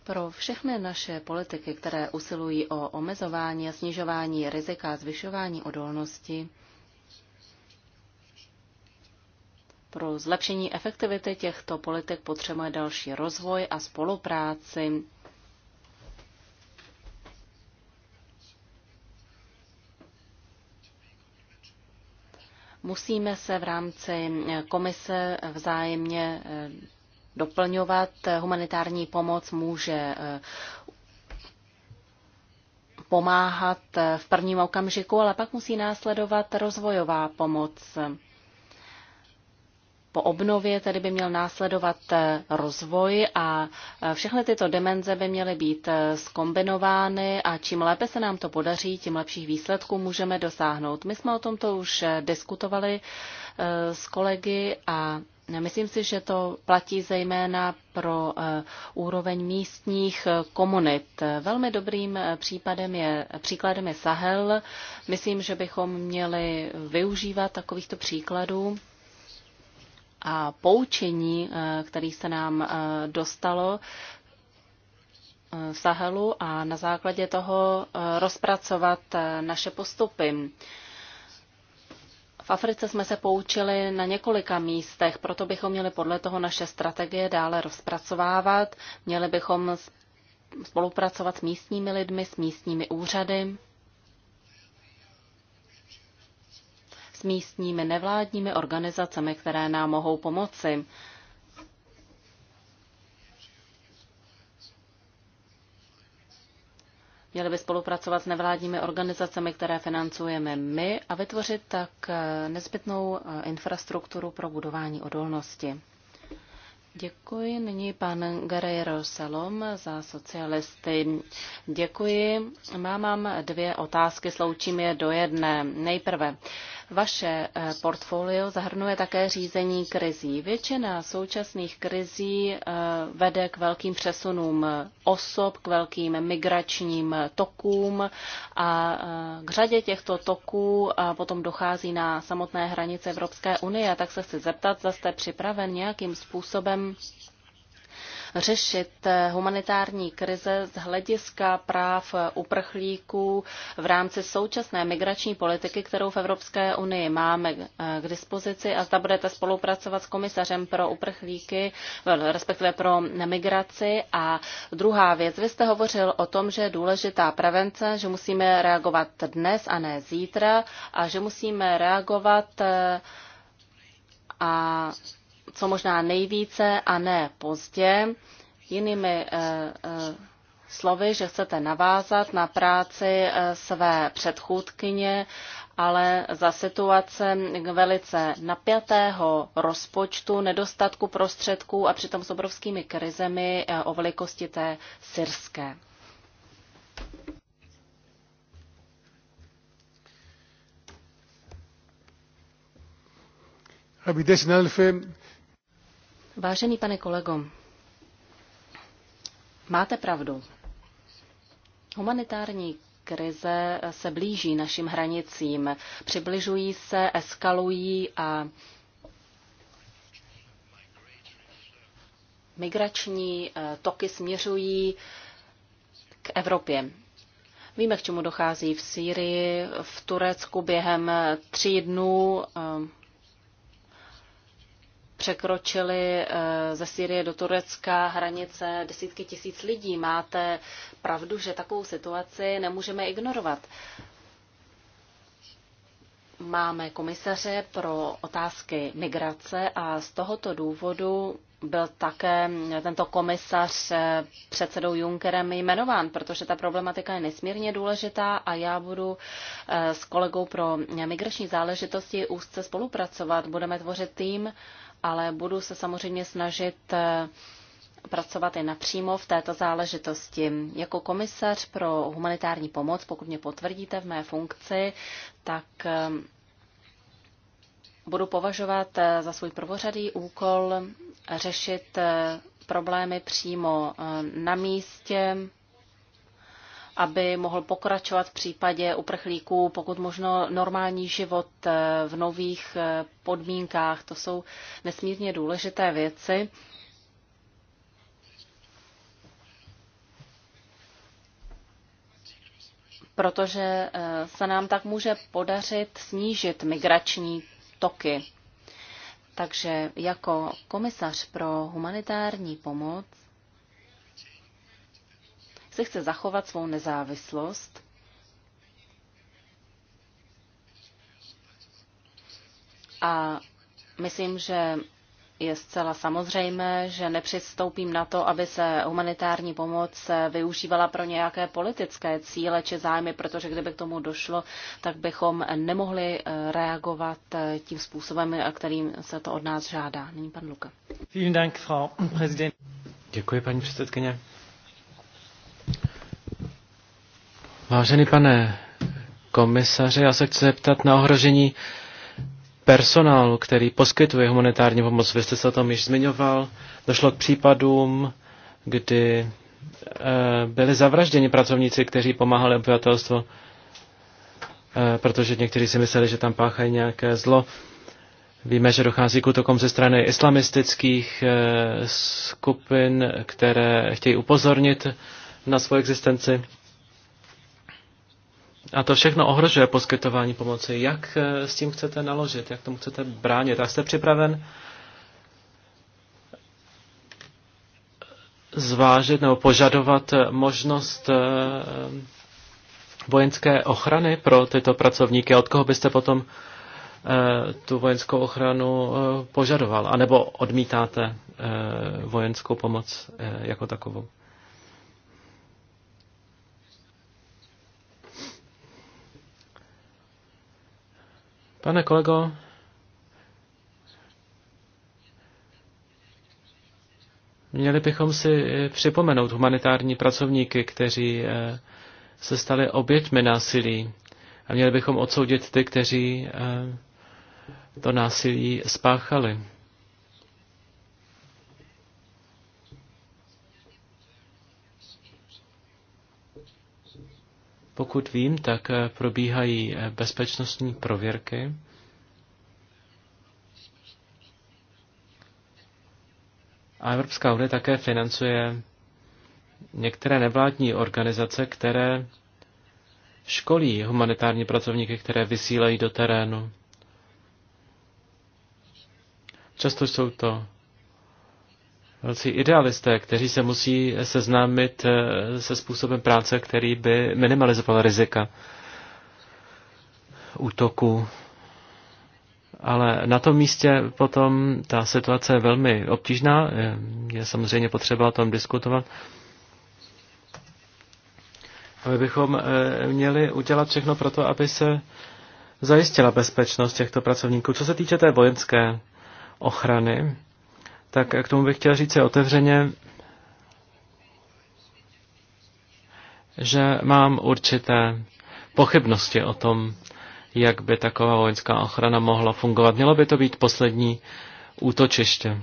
Pro všechny naše politiky, které usilují o omezování a snižování rizika a zvyšování odolnosti, pro zlepšení efektivity těchto politik potřebuje další rozvoj a spolupráci Musíme se v rámci eh, komise vzájemně eh, doplňovat. Humanitární pomoc může eh, pomáhat v prvním okamžiku, ale pak musí následovat rozvojová pomoc po obnově tedy by měl následovat eh, rozvoj a eh, všechny tyto dimenze by měly být skombinovány eh, a čím lépe se nám to podaří, tím lepších výsledků můžeme dosáhnout. My jsme o tomto už diskutovali s kolegy a Myslím si, že to platí zejména pro úroveň místních komunit. Velmi dobrým případem je, příkladem je Sahel. Myslím, že bychom měli využívat takovýchto příkladů a poučení, eh, které se nám eh, dostalo eh, v Sahelu a na základě toho rozpracovat naše postupy. V Africe jsme se poučili na několika místech, proto bychom měli podle toho naše strategie dále rozpracovávat, měli bychom spolupracovat s místními lidmi, s místními úřady. místními nevládními organizacemi, které nám mohou pomoci. Měli by spolupracovat s nevládními organizacemi, které financujeme my a vytvořit tak eh, nezbytnou eh, infrastrukturu pro budování odolnosti. Děkuji. Nyní pan Guerrero Salom za socialisty. Děkuji. Mám, mám dvě otázky, sloučím je do jedné. Nejprve, vaše eh, portfolio zahrnuje také řízení krizí. Většina současných krizí eh, vede k velkým přesunům osob, k velkým migračním tokům a eh, k řadě těchto toků a potom dochází na samotné hranice Evropské unie. Tak se chci zeptat, zda jste připraven nějakým způsobem řešit eh, humanitární krize z hlediska práv uprchlíků v rámci současné migrační politiky, kterou v Evropské unii máme eh, k dispozici a zda budete spolupracovat s komisařem pro uprchlíky, respektive pro migraci. A druhá věc, vy jste hovořil o tom, že je důležitá prevence, že musíme reagovat dnes a ne zítra a že musíme reagovat eh, a co možná nejvíce a ne pozdě. Jinými eh, eh, slovy, že chcete navázat na práci eh, své předchůdkyně, ale za situace velice napjatého rozpočtu, nedostatku prostředků a přitom s obrovskými krizemi o velikosti té syrské. Αγαπητέ συνάδελφε, Vážený pane kolego, máte pravdu. Humanitární krize se blíží našim hranicím, přibližují se, eskalují a migrační eh, toky směřují k Evropě. Víme, k čemu dochází v Sýrii, v Turecku během tří dnů eh, překročili eh, ze Syrie do Turecka hranice desítky tisíc lidí. Máte pravdu, že takovou situaci nemůžeme ignorovat. Máme komisaře pro otázky migrace a z tohoto důvodu byl také tento komisař eh, předsedou Junckerem jmenován, protože ta problematika je nesmírně důležitá a já budu eh, s kolegou pro migrační záležitosti úzce spolupracovat. Budeme tvořit tým ale budu se samozřejmě snažit eh, pracovat i napřímo v této záležitosti. Jako komisař pro humanitární pomoc, pokud mě potvrdíte v mé funkci, tak eh, budu považovat eh, za svůj prvořadý úkol řešit problémy přímo na místě, aby mohl pokračovat v případě uprchlíků pokud možno normální život eh, v nových eh, podmínkách. To jsou nesmírně důležité věci. protože eh, se nám tak může podařit snížit migrační toky. Takže jako komisař pro humanitární pomoc se chce zachovat svou nezávislost a myslím, že je zcela samozřejmé, že nepřistoupím na to, aby se humanitární pomoc využívala pro nějaké politické cíle či zájmy, protože kdyby k tomu došlo, tak bychom nemohli eh, reagovat eh, tím způsobem, kterým se to od nás žádá. Nyní pan Luka. Děkuji, paní předsedkyně. Vážený pane komisaře, já se chci zeptat na ohrožení personálu, který poskytuje humanitární pomoc. Vy jste se o tom již zmiňoval. Došlo k případům, kdy eh, byli zavražděni pracovníci, kteří pomáhali obyvatelstvu, eh, protože někteří si mysleli, že tam páchají nějaké zlo. Víme, že dochází k útokům ze strany islamistických eh, skupin, které chtějí upozornit na svou existenci. A to všechno ohrožuje poskytování pomoci. Jak eh, s tím chcete naložit? Jak tomu chcete bránit? A jste připraven zvážit nebo požadovat eh, možnost eh, vojenské ochrany pro tyto pracovníky? Od koho byste potom tu vojenskou ochranu požadoval? A nebo odmítáte vojenskou pomoc jako takovou? Pane kolego, měli bychom si eh, připomenout humanitární pracovníky, kteří eh, se stali oběťmi násilí a měli bychom odsoudit ty, kteří eh, to násilí spáchali. Pokud vím, tak eh, probíhají eh, bezpečnostní prověrky. A Evropská unie také financuje některé nevládní organizace, které školí humanitární pracovníky, které vysílají do terénu. Často jsou to velcí idealisté, kteří se musí seznámit eh, se způsobem práce, který by minimalizoval rizika útoku. Ale na tom místě potom ta situace je velmi obtížná, je samozřejmě potřeba o tom diskutovat. My bychom eh, měli udělat všechno pro to, aby se zajistila bezpečnost těchto pracovníků. Co se týče té vojenské ochrany, tak k tomu bych chtěl říct otevřeně, že mám určité pochybnosti o tom, jak by taková vojenská ochrana mohla fungovat. Mělo by to být poslední útočiště.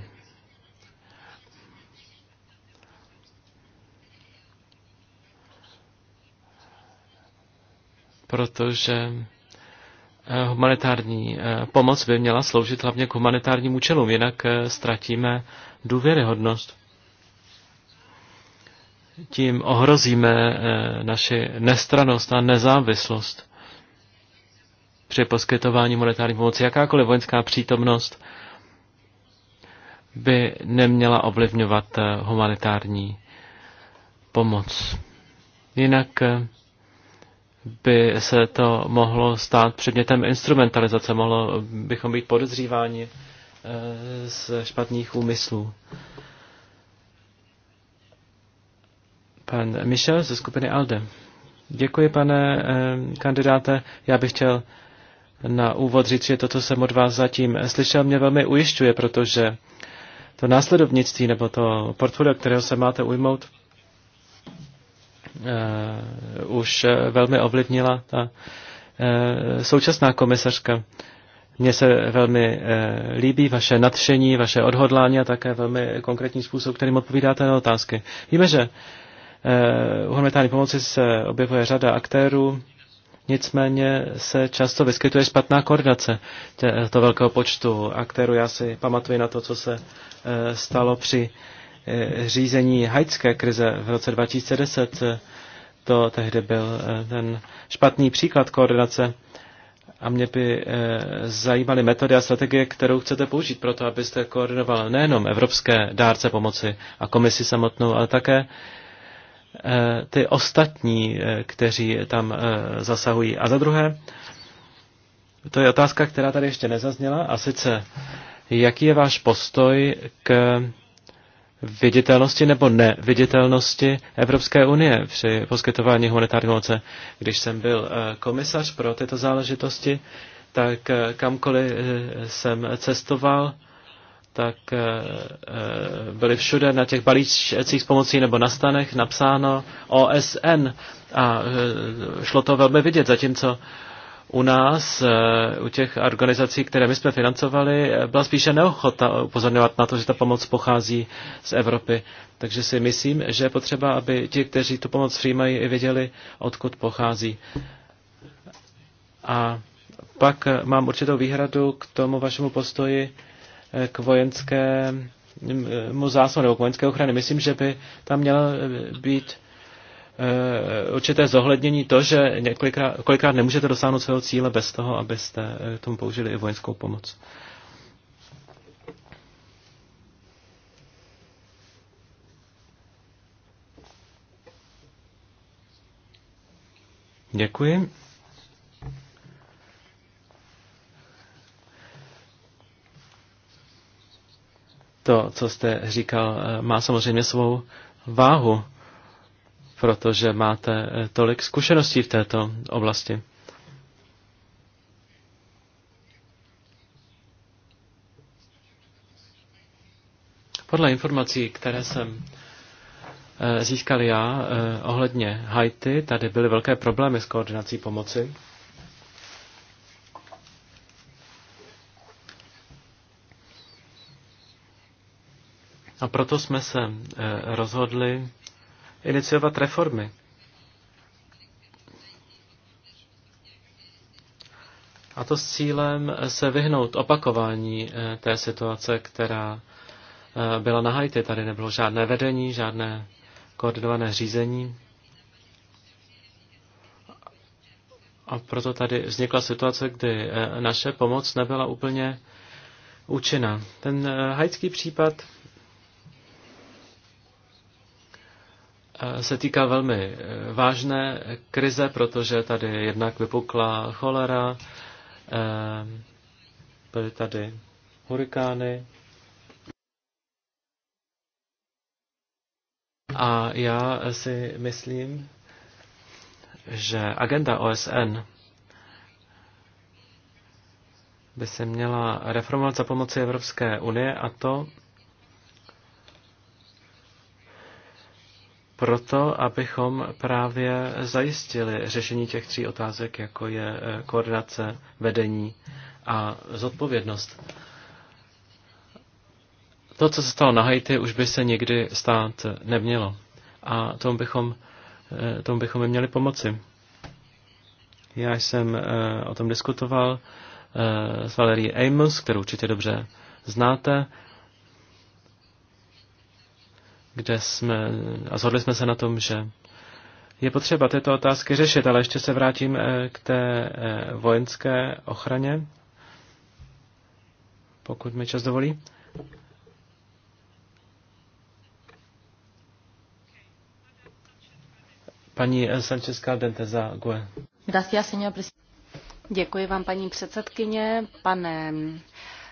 Protože Eh, humanitární eh, pomoc by měla sloužit hlavně k humanitárním účelům, jinak eh, ztratíme důvěryhodnost. Tím ohrozíme naši nestranost a nezávislost při poskytování humanitární pomoci. Jakákoliv vojenská přítomnost by neměla ovlivňovat humanitární pomoc. Jinak by se to mohlo stát předmětem instrumentalizace, mohlo bychom být podezříváni eh, z špatných úmyslů. Pan Michel ze skupiny ALDE. Děkuji, pane eh, kandidáte. Já bych chtěl na úvod říct, že to, co jsem od vás zatím slyšel, mě velmi ujišťuje, protože to následovnictví nebo to portfolio, kterého se máte ujmout, Eh, už eh, velmi ovlivnila ta eh, současná komisařka. Mně se velmi líbí vaše nadšení, vaše odhodlání a také velmi konkrétní způsob, kterým odpovídáte na otázky. Víme, že u humanitární pomoci se objevuje řada aktérů, nicméně se často vyskytuje špatná koordinace to velkého počtu aktérů. Já si pamatuju na to, co se stalo při Eh, řízení haitské krize v roce 2010. Eh, to tehdy byl eh, ten špatný příklad koordinace. A mě by zajímaly metody a strategie, kterou chcete použít pro to, abyste koordinoval nejenom evropské dárce pomoci a komisi samotnou, ale také ty ostatní, kteří tam zasahují. A za druhé, to je otázka, která tady ještě nezazněla, a sice, jaký je váš postoj k viditelnosti nebo neviditelnosti Evropské unie při poskytování humanitární pomoci. Když jsem byl eh, komisař pro tyto záležitosti, tak eh, kamkoliv eh, jsem cestoval, tak byly všude na těch balíčcích s pomocí nebo na stanech napsáno OSN a šlo to velmi vidět, zatímco u nás, eh, u těch organizací, které my jsme financovali, eh, byla spíše neochota upozorňovat na to, že ta pomoc pochází z Evropy. Takže si myslím, že je potřeba, aby ti, kteří tu pomoc přijímají, i věděli, odkud pochází. A pak eh, mám určitou výhradu k tomu vašemu postoji k vojenskému mm, zásahu nebo k vojenské ochrany. Myslím, že by tam měla být Eh, určité zohlednění to, že několikrát, kolikrát nemůžete dosáhnout svého cíle bez toho, abyste eh, tomu použili i vojenskou pomoc. Děkuji. To, co jste říkal, eh, má samozřejmě svou váhu protože máte eh, tolik zkušeností v této oblasti. Podle informací, které jsem eh, získal já eh, ohledně Haiti, tady byly velké problémy s koordinací pomoci. A proto jsme se rozhodli iniciovat reformy. A to s cílem se vyhnout opakování eh, té situace, která eh, byla na Haiti. Tady nebylo žádné vedení, žádné koordinované řízení. A proto tady vznikla situace, kdy eh, naše pomoc nebyla úplně účinná. Ten haitský případ se týká velmi eh, vážné krize, protože tady jednak vypukla cholera, eh, byly tady hurikány. A já si myslím, že agenda OSN by se měla reformovat za pomoci Evropské unie a to proto, abychom právě zajistili řešení těch tří otázek, jako je eh, koordinace, vedení a zodpovědnost. To, co se stalo na Haiti, už by se nikdy stát nemělo. A tomu bychom, eh, tomu bychom měli pomoci. Já jsem eh, o tom diskutoval s Valerie Amos, kterou určitě dobře znáte kde jsme, a zhodli jsme se na tom, že je potřeba tyto otázky řešit, ale ještě se vrátím eh, k té eh, vojenské ochraně, pokud mi čas dovolí. Paní eh, Sanchez Caldente za GUE. Děkuji vám, paní předsedkyně, pane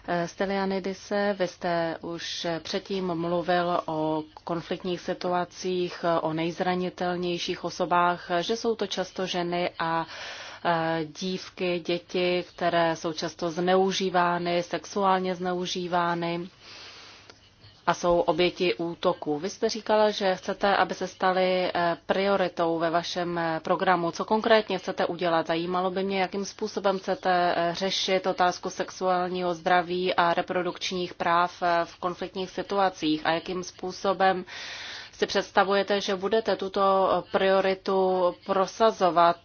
Eh, Stelianidise, vy jste už předtím mluvil o konfliktních situacích, o nejzranitelnějších osobách, že jsou to často ženy a eh, dívky, děti, které jsou často zneužívány, sexuálně zneužívány a jsou oběti útoků. Vy jste říkala, že chcete, aby se staly eh, prioritou ve vašem eh, programu. Co konkrétně chcete udělat? Zajímalo by mě, jakým způsobem chcete eh, řešit otázku sexuálního zdraví a reprodukčních práv v konfliktních situacích a jakým způsobem si představujete, že budete tuto prioritu prosazovat.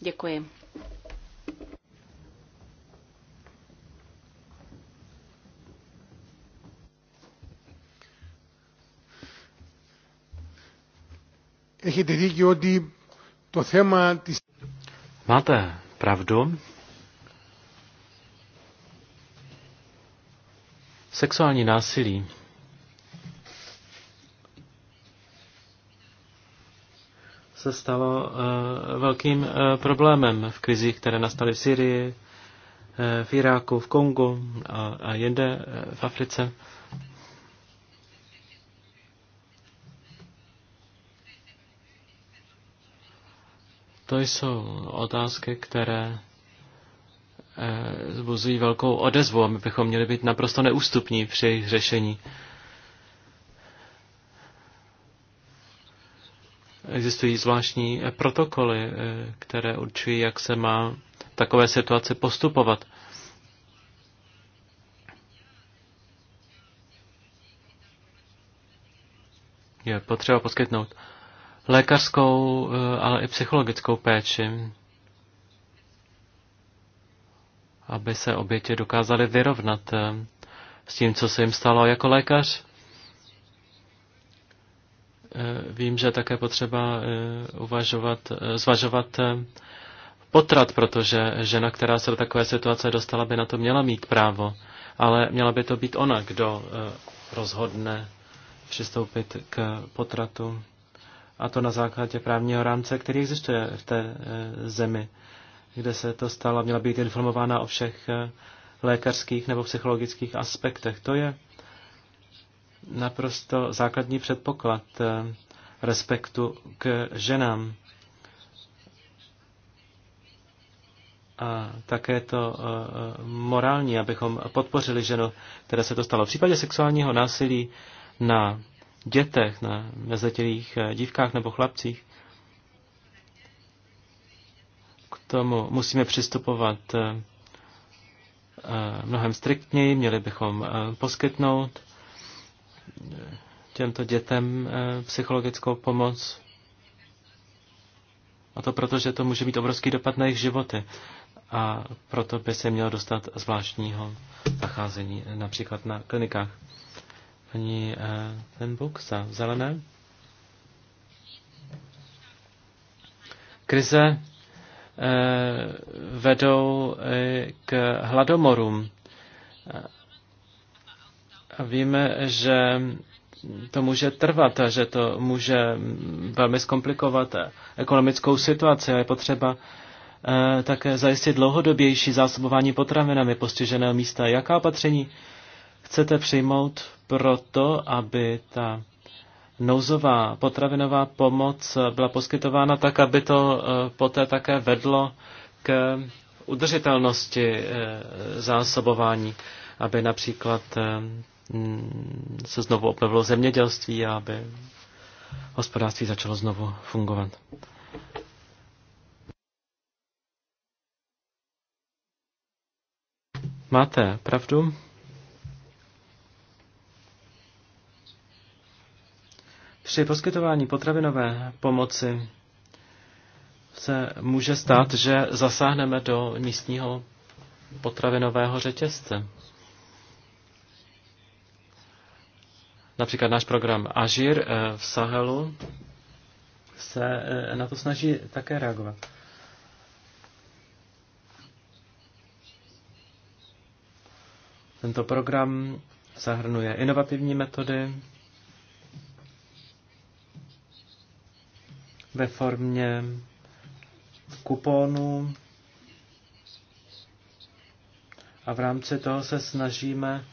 Děkuji. Έχετε δίκιο ότι το θέμα της... Máte pravdu. Sexuální násilí se stalo uh, velkým uh, problémem v krizích, které nastaly v Syrii, uh, v Iráku, v Kongu a, a jinde uh, v Africe. Uh, To jsou otázky, které eh, zbuzují velkou odezvu a my bychom měli být naprosto neústupní při jejich řešení. Existují zvláštní eh, protokoly, eh, které určují, jak se má v takové situaci postupovat. Je potřeba poskytnout lékařskou, eh, ale i psychologickou péči, aby se oběti dokázaly vyrovnat eh, s tím, co se jim stalo jako lékař. Eh, vím, že také potřeba uvažovat, zvažovat potrat, protože žena, která se do takové situace dostala, by na to měla mít právo, ale měla by to být ona, kdo rozhodne přistoupit k potratu a to na základě právního rámce, který existuje v té eh, zemi, kde se to stalo, měla být informována o všech eh, lékařských nebo psychologických aspektech. To je naprosto základní předpoklad eh, respektu k ženám. A také to morální, abychom podpořili ženu, které se to stalo. V případě sexuálního násilí na dětech, na nezletilých eh, dívkách nebo chlapcích. K tomu musíme přistupovat eh, eh, mnohem striktněji, měli bychom poskytnout těmto dětem psychologickou pomoc. A to proto, že to může mít obrovský dopad na jejich životy. A proto by se mělo dostat zvláštního zacházení, například na klinikách. Paní eh, Tenbuk za zelené. Krize eh, vedou eh, k hladomorům. A víme, že to může trvat a že to může velmi zkomplikovat ekonomickou situaci a je potřeba také zajistit dlouhodobější zásobování potravinami postiženého místa. Jaká opatření chcete přijmout proto, aby ta nouzová potravinová pomoc byla poskytována tak, aby to eh, poté také vedlo k udržitelnosti eh, zásobování, aby například eh, se znovu obnovilo zemědělství a aby hospodářství začalo znovu fungovat. Máte pravdu? Při poskytování potravinové pomoci se může stát, že zasáhneme do místního potravinového řetězce. Například náš program Ažir eh, v Sahelu se eh, na to snaží také reagovat. Tento program zahrnuje inovativní metody, ve formě kuponů a v rámci toho se snažíme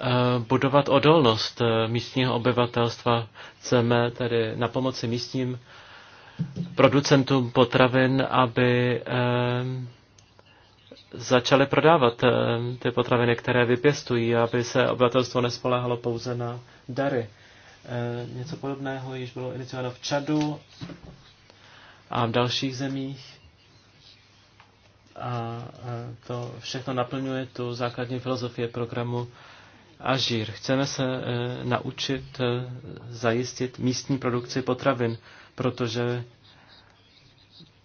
eh, budovat odolnost eh, místního obyvatelstva. Chceme tedy na pomoci místním producentům potravin, aby eh, začali prodávat ty potraviny, které vypěstují, aby se obyvatelstvo nespoléhalo pouze na dary. Eh, něco podobného již bylo iniciováno v Čadu a v dalších zemích. A eh, to všechno naplňuje tu základní filozofie programu Ažír. Chceme se eh, naučit zajistit místní produkci potravin, protože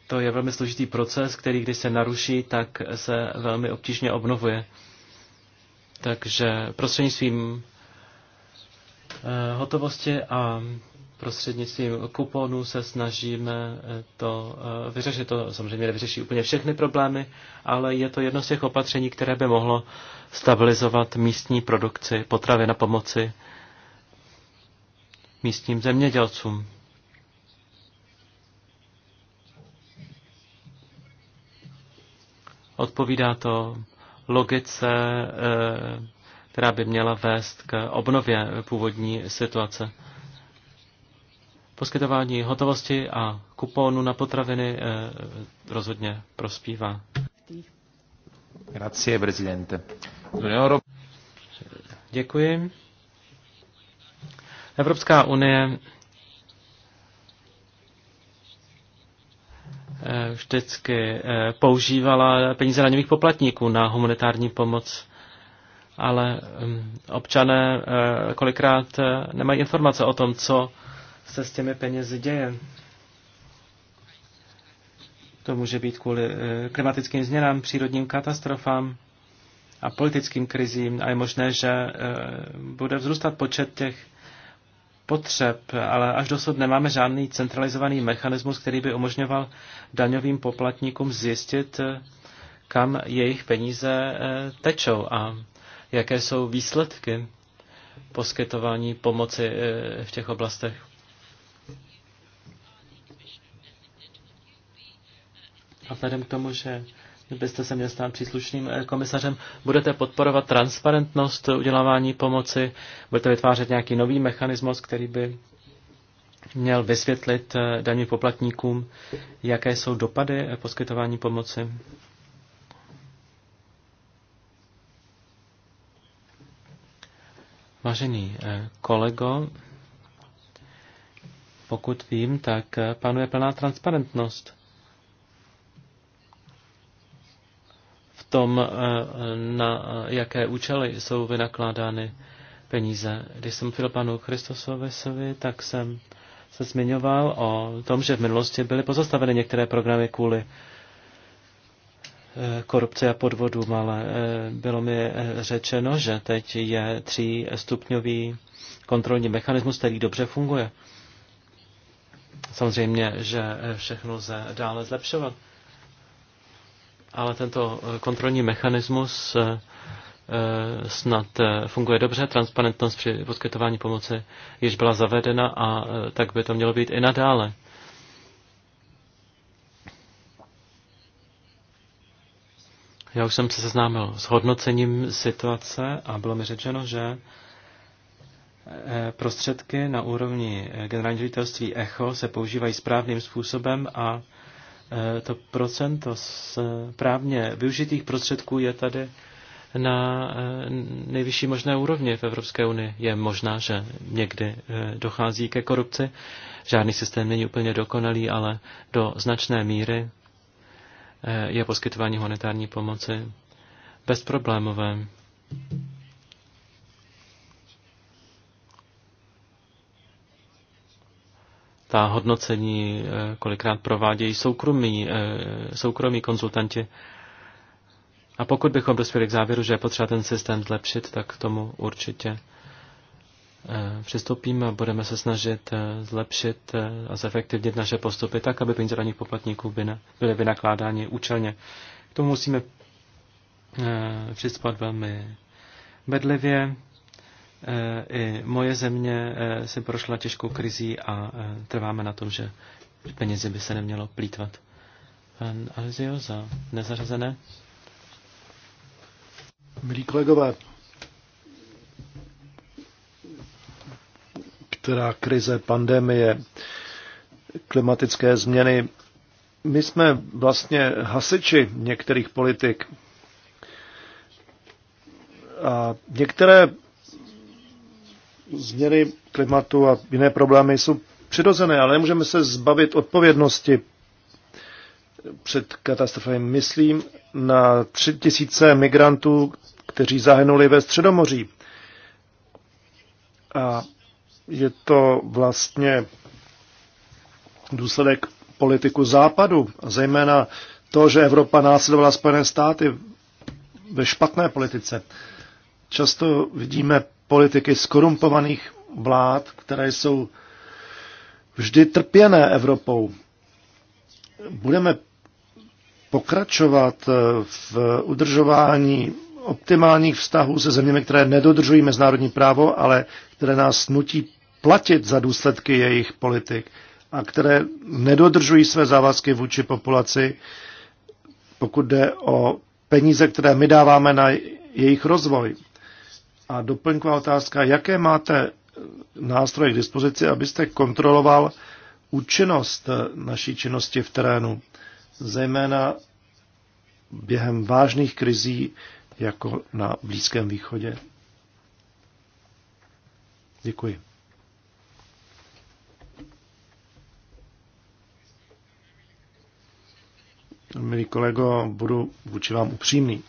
to je velmi složitý proces, který když se naruší, tak se velmi obtížně obnovuje. Takže prostřednictvím Eh, hotovosti a prostřednictvím kuponů se snažíme eh, to eh, vyřešit. To samozřejmě nevyřeší úplně všechny problémy, ale je to jedno z těch opatření, které by mohlo stabilizovat místní produkci potravy na pomoci místním zemědělcům. Odpovídá to logice která by měla vést k obnově původní situace. Poskytování hotovosti a kupónu na potraviny eh, rozhodně prospívá. Grazie, prezidente. Děkuji. Evropská unie eh, vždycky eh, používala peníze daňových poplatníků na humanitární pomoc ale občané eh, kolikrát eh, nemají informace o tom, co se s těmi penězi děje. To může být kvůli eh, klimatickým změnám, přírodním katastrofám a politickým krizím a je možné, že bude vzrůstat počet těch potřeb, ale až dosud nemáme žádný centralizovaný mechanismus, který by umožňoval daňovým poplatníkům zjistit, kam jejich peníze tečou. A jaké jsou výsledky poskytování pomoci eh, v těch oblastech. A vzhledem k tomu, že byste se měl stát příslušným eh, komisařem, budete podporovat transparentnost udělávání pomoci, budete vytvářet nějaký nový mechanismus, který by měl vysvětlit eh, daní poplatníkům, jaké jsou dopady poskytování pomoci. Vážený eh, kolego, pokud vím, tak eh, panuje plná transparentnost v tom, eh, na jaké účely jsou vynakládány peníze. Když jsem pil panu Christosovi, tak jsem se zmiňoval o tom, že v minulosti byly pozastaveny některé programy kvůli korupce a podvodům, ale eh, bylo mi eh, řečeno, že teď je třístupňový kontrolní mechanismus, který dobře funguje. Samozřejmě, že eh, všechno lze dále zlepšovat. Ale tento kontrolní mechanismus snad funguje dobře, transparentnost při poskytování pomoci již byla zavedena a tak by to mělo být i nadále. Já už jsem se seznámil s hodnocením situace a bylo mi řečeno, že eh, prostředky na úrovni eh, generální ředitelství ECHO se používají správným způsobem a eh, to procento z právně využitých prostředků je tady na nejvyšší možné úrovni v Evropské unii. Je možná, že někdy dochází ke korupci. Žádný systém není úplně dokonalý, ale do značné míry Eh, je poskytování humanitární pomoci bezproblémové. Ta hodnocení eh, kolikrát provádějí soukromí, eh, soukromí konzultanti. A pokud bychom dospěli k závěru, že je potřeba ten systém zlepšit, tak tomu určitě Eh, přistoupíme a budeme se snažit eh, zlepšit eh, a zefektivnit naše postupy tak, aby peníze daných poplatníků byly vynakládány účelně. K tomu musíme přistupovat velmi bedlivě. I moje země se prošla těžkou krizí a trváme na tom, že penězi by se nemělo plítvat. Pan Alzio za nezařazené. Milí kolegové, která krize, pandemie, klimatické změny. My jsme vlastně hasiči některých politik. A některé změny klimatu a jiné problémy jsou přirozené, ale nemůžeme se zbavit odpovědnosti před katastrofami. Myslím na tři tisíce migrantů, kteří zahynuli ve Středomoří. A je to vlastně důsledek politiku západu, zejména to, že Evropa následovala Spojené státy ve špatné politice. Často vidíme politiky skorumpovaných vlád, které jsou vždy trpěné Evropou. Budeme pokračovat v udržování optimálních vztahů se zeměmi, které nedodržují mezinárodní právo, ale které nás nutí platit za důsledky jejich politik a které nedodržují své závazky vůči populaci, pokud jde o peníze, které my dáváme na jejich rozvoj. A doplňková otázka, jaké máte nástroje k dispozici, abyste kontroloval účinnost naší činnosti v terénu, zejména během vážných krizí, jako na Blízkém východě. Děkuji. Milí kolego, budu vůči vám upřímný.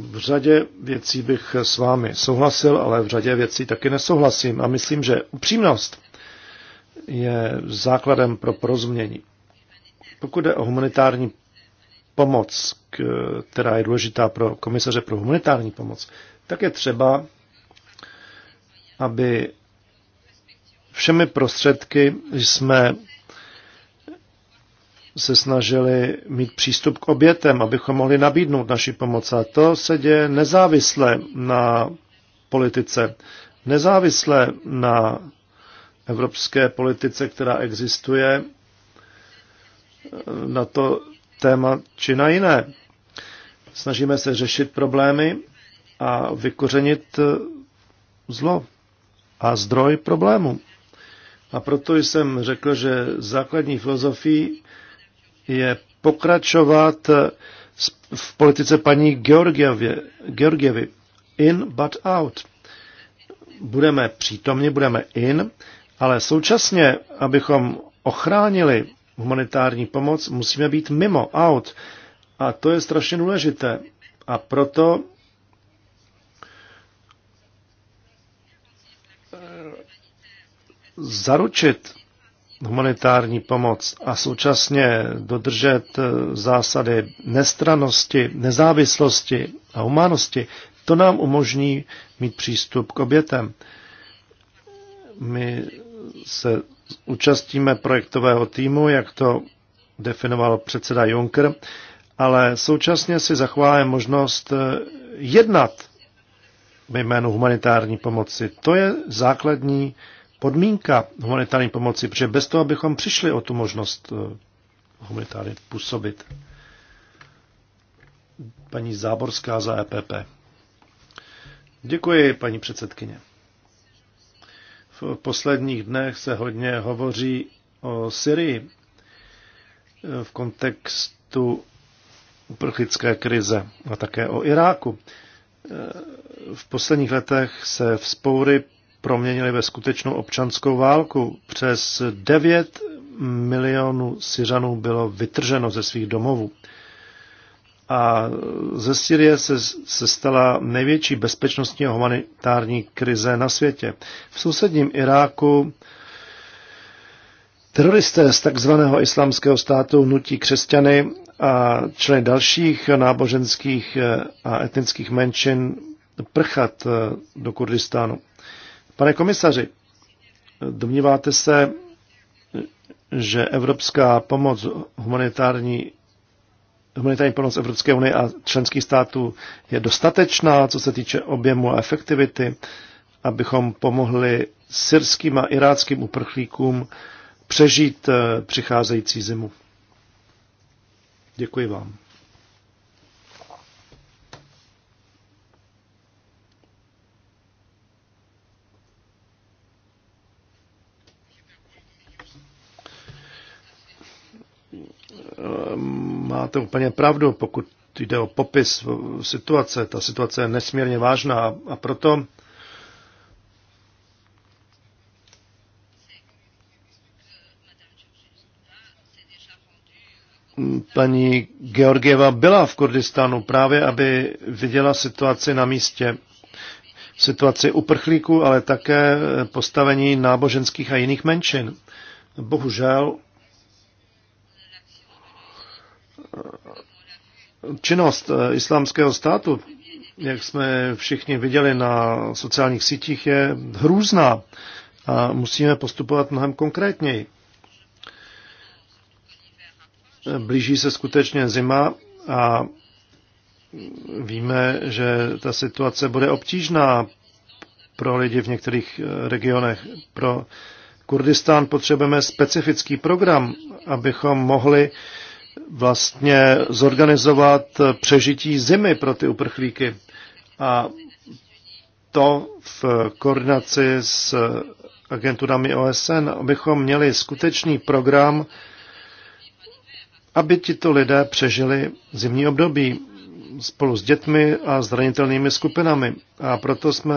V řadě věcí bych s vámi souhlasil, ale v řadě věcí taky nesouhlasím. A myslím, že upřímnost je základem pro porozumění. Pokud jde o humanitární pomoc, která je důležitá pro komisaře pro humanitární pomoc, tak je třeba aby všemi prostředky jsme se snažili mít přístup k obětem, abychom mohli nabídnout naši pomoc. A to se děje nezávisle na politice, nezávisle na evropské politice, která existuje na to téma či na jiné. Snažíme se řešit problémy a vykořenit zlo a zdroj problému. A proto jsem řekl, že základní filozofií je pokračovat v politice paní Georgievy, In but out. Budeme přítomni, budeme in, ale současně, abychom ochránili humanitární pomoc, musíme být mimo, out. A to je strašně důležité. A proto zaručit humanitární pomoc a současně dodržet eh, zásady nestranosti, nezávislosti a humánosti, to nám umožní mít přístup k obětem. My se účastníme projektového týmu, jak to definoval předseda Juncker, ale současně si zachováme možnost eh, jednat ve jménu humanitární pomoci. To je základní podmínka humanitární pomoci, protože bez toho, bychom přišli o tu možnost eh, humanitárně působit. Paní Záborská za EPP. Děkuji, paní předsedkyně. V posledních dnech se hodně hovoří o Syrii eh, v kontextu uprchlické krize a také o Iráku. Eh, v posledních letech se vzpoury proměnili ve skutečnou občanskou válku. Přes 9 milionů Syřanů bylo vytrženo ze svých domovů. A ze Syrie se, se stala největší bezpečnostní a humanitární krize na světě. V sousedním Iráku teroristé z takzvaného islámského státu nutí křesťany a členy dalších náboženských a etnických menšin prchat do Kurdistánu. Pane komisaři, domníváte se, že evropská pomoc humanitární humanitární pomoc Evropské unie a členských států je dostatečná, co se týče objemu a efektivity, abychom pomohli syrským a iráckým uprchlíkům přežít eh, přicházející zimu. Děkuji vám. Eh, máte úplně pravdu, pokud jde o popis situace. Ta situace je nesmírně vážná a proto paní Georgieva byla v Kurdistánu právě, aby viděla situaci na místě. Situaci uprchlíků, ale také postavení náboženských a jiných menšin. Bohužel činnost eh, islámského státu, jak jsme všichni viděli na sociálních sítích, je hrůzná a musíme postupovat mnohem konkrétněji. Blíží se skutečně zima a víme, že ta situace bude obtížná pro lidi v některých eh, regionech. Pro Kurdistán potřebujeme specifický program, abychom mohli vlastně zorganizovat přežití zimy pro ty uprchlíky. A to v koordinaci s agenturami OSN, abychom měli skutečný program, aby tito lidé přežili zimní období spolu s dětmi a zranitelnými skupinami. A proto jsme,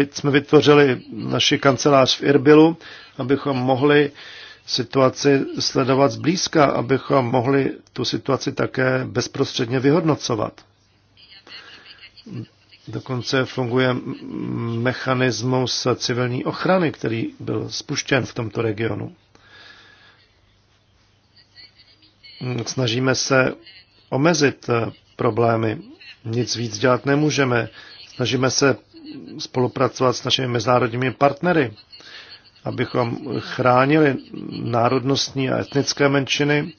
eh, jsme vytvořili naši kancelář v Irbilu, abychom mohli situaci sledovat zblízka, abychom mohli tu situaci také bezprostředně vyhodnocovat. Dokonce funguje mechanismus civilní ochrany, který byl spuštěn v tomto regionu. Snažíme se omezit eh, problémy. Nic víc dělat nemůžeme. Snažíme se spolupracovat s našimi mezinárodními partnery abychom chránili národnostní a etnické menšiny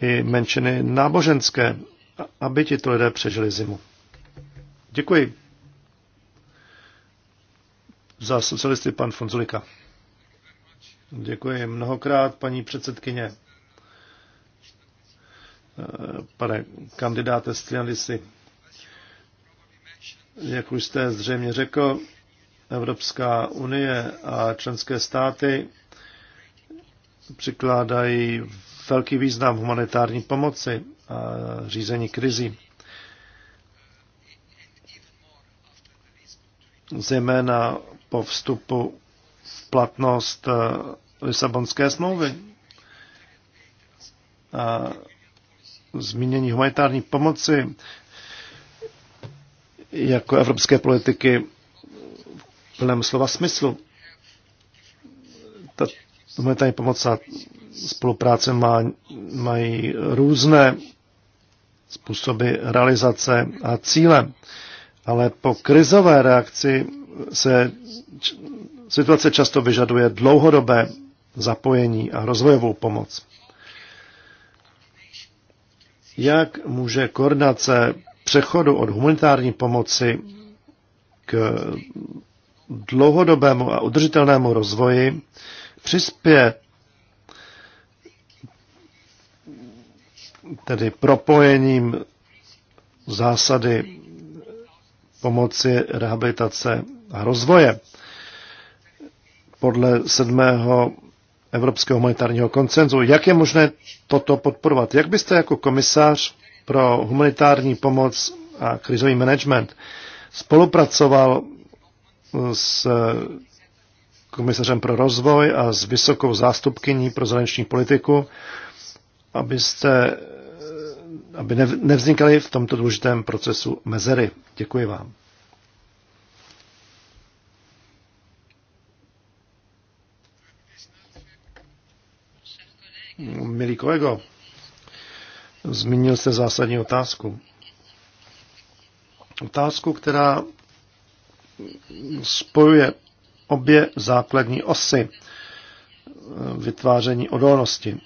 i menšiny náboženské, aby tito lidé přežili zimu. Děkuji. Za socialisty pan Fonzulika. Děkuji mnohokrát, paní předsedkyně. Pane kandidáte Strianisi, jak už jste zřejmě řekl, Evropská unie a členské státy přikládají velký význam humanitární pomoci a řízení krizí. Zejména po vstupu v platnost eh, Lisabonské smlouvy. A zmínění humanitární pomoci jako evropské politiky plném slova smyslu. Ta humanitární pomoc a spolupráce má, mají různé způsoby realizace a cíle. Ale po krizové reakci se situace často vyžaduje dlouhodobé zapojení a rozvojovou pomoc. Jak může koordinace přechodu od humanitární pomoci k dlouhodobému a udržitelnému rozvoji přispěje tedy propojením zásady pomoci rehabilitace a rozvoje. Podle sedmého Evropského humanitárního koncenzu. Jak je možné toto podporovat? Jak byste jako komisář pro humanitární pomoc a krizový management spolupracoval s komisařem pro rozvoj a s vysokou zástupkyní pro zahraniční politiku, abyste, aby nevznikaly v tomto důležitém procesu mezery. Děkuji vám. Milý kolego, zmínil jste zásadní otázku. Otázku, která spojuje obě základní osy eh, vytváření odolnosti.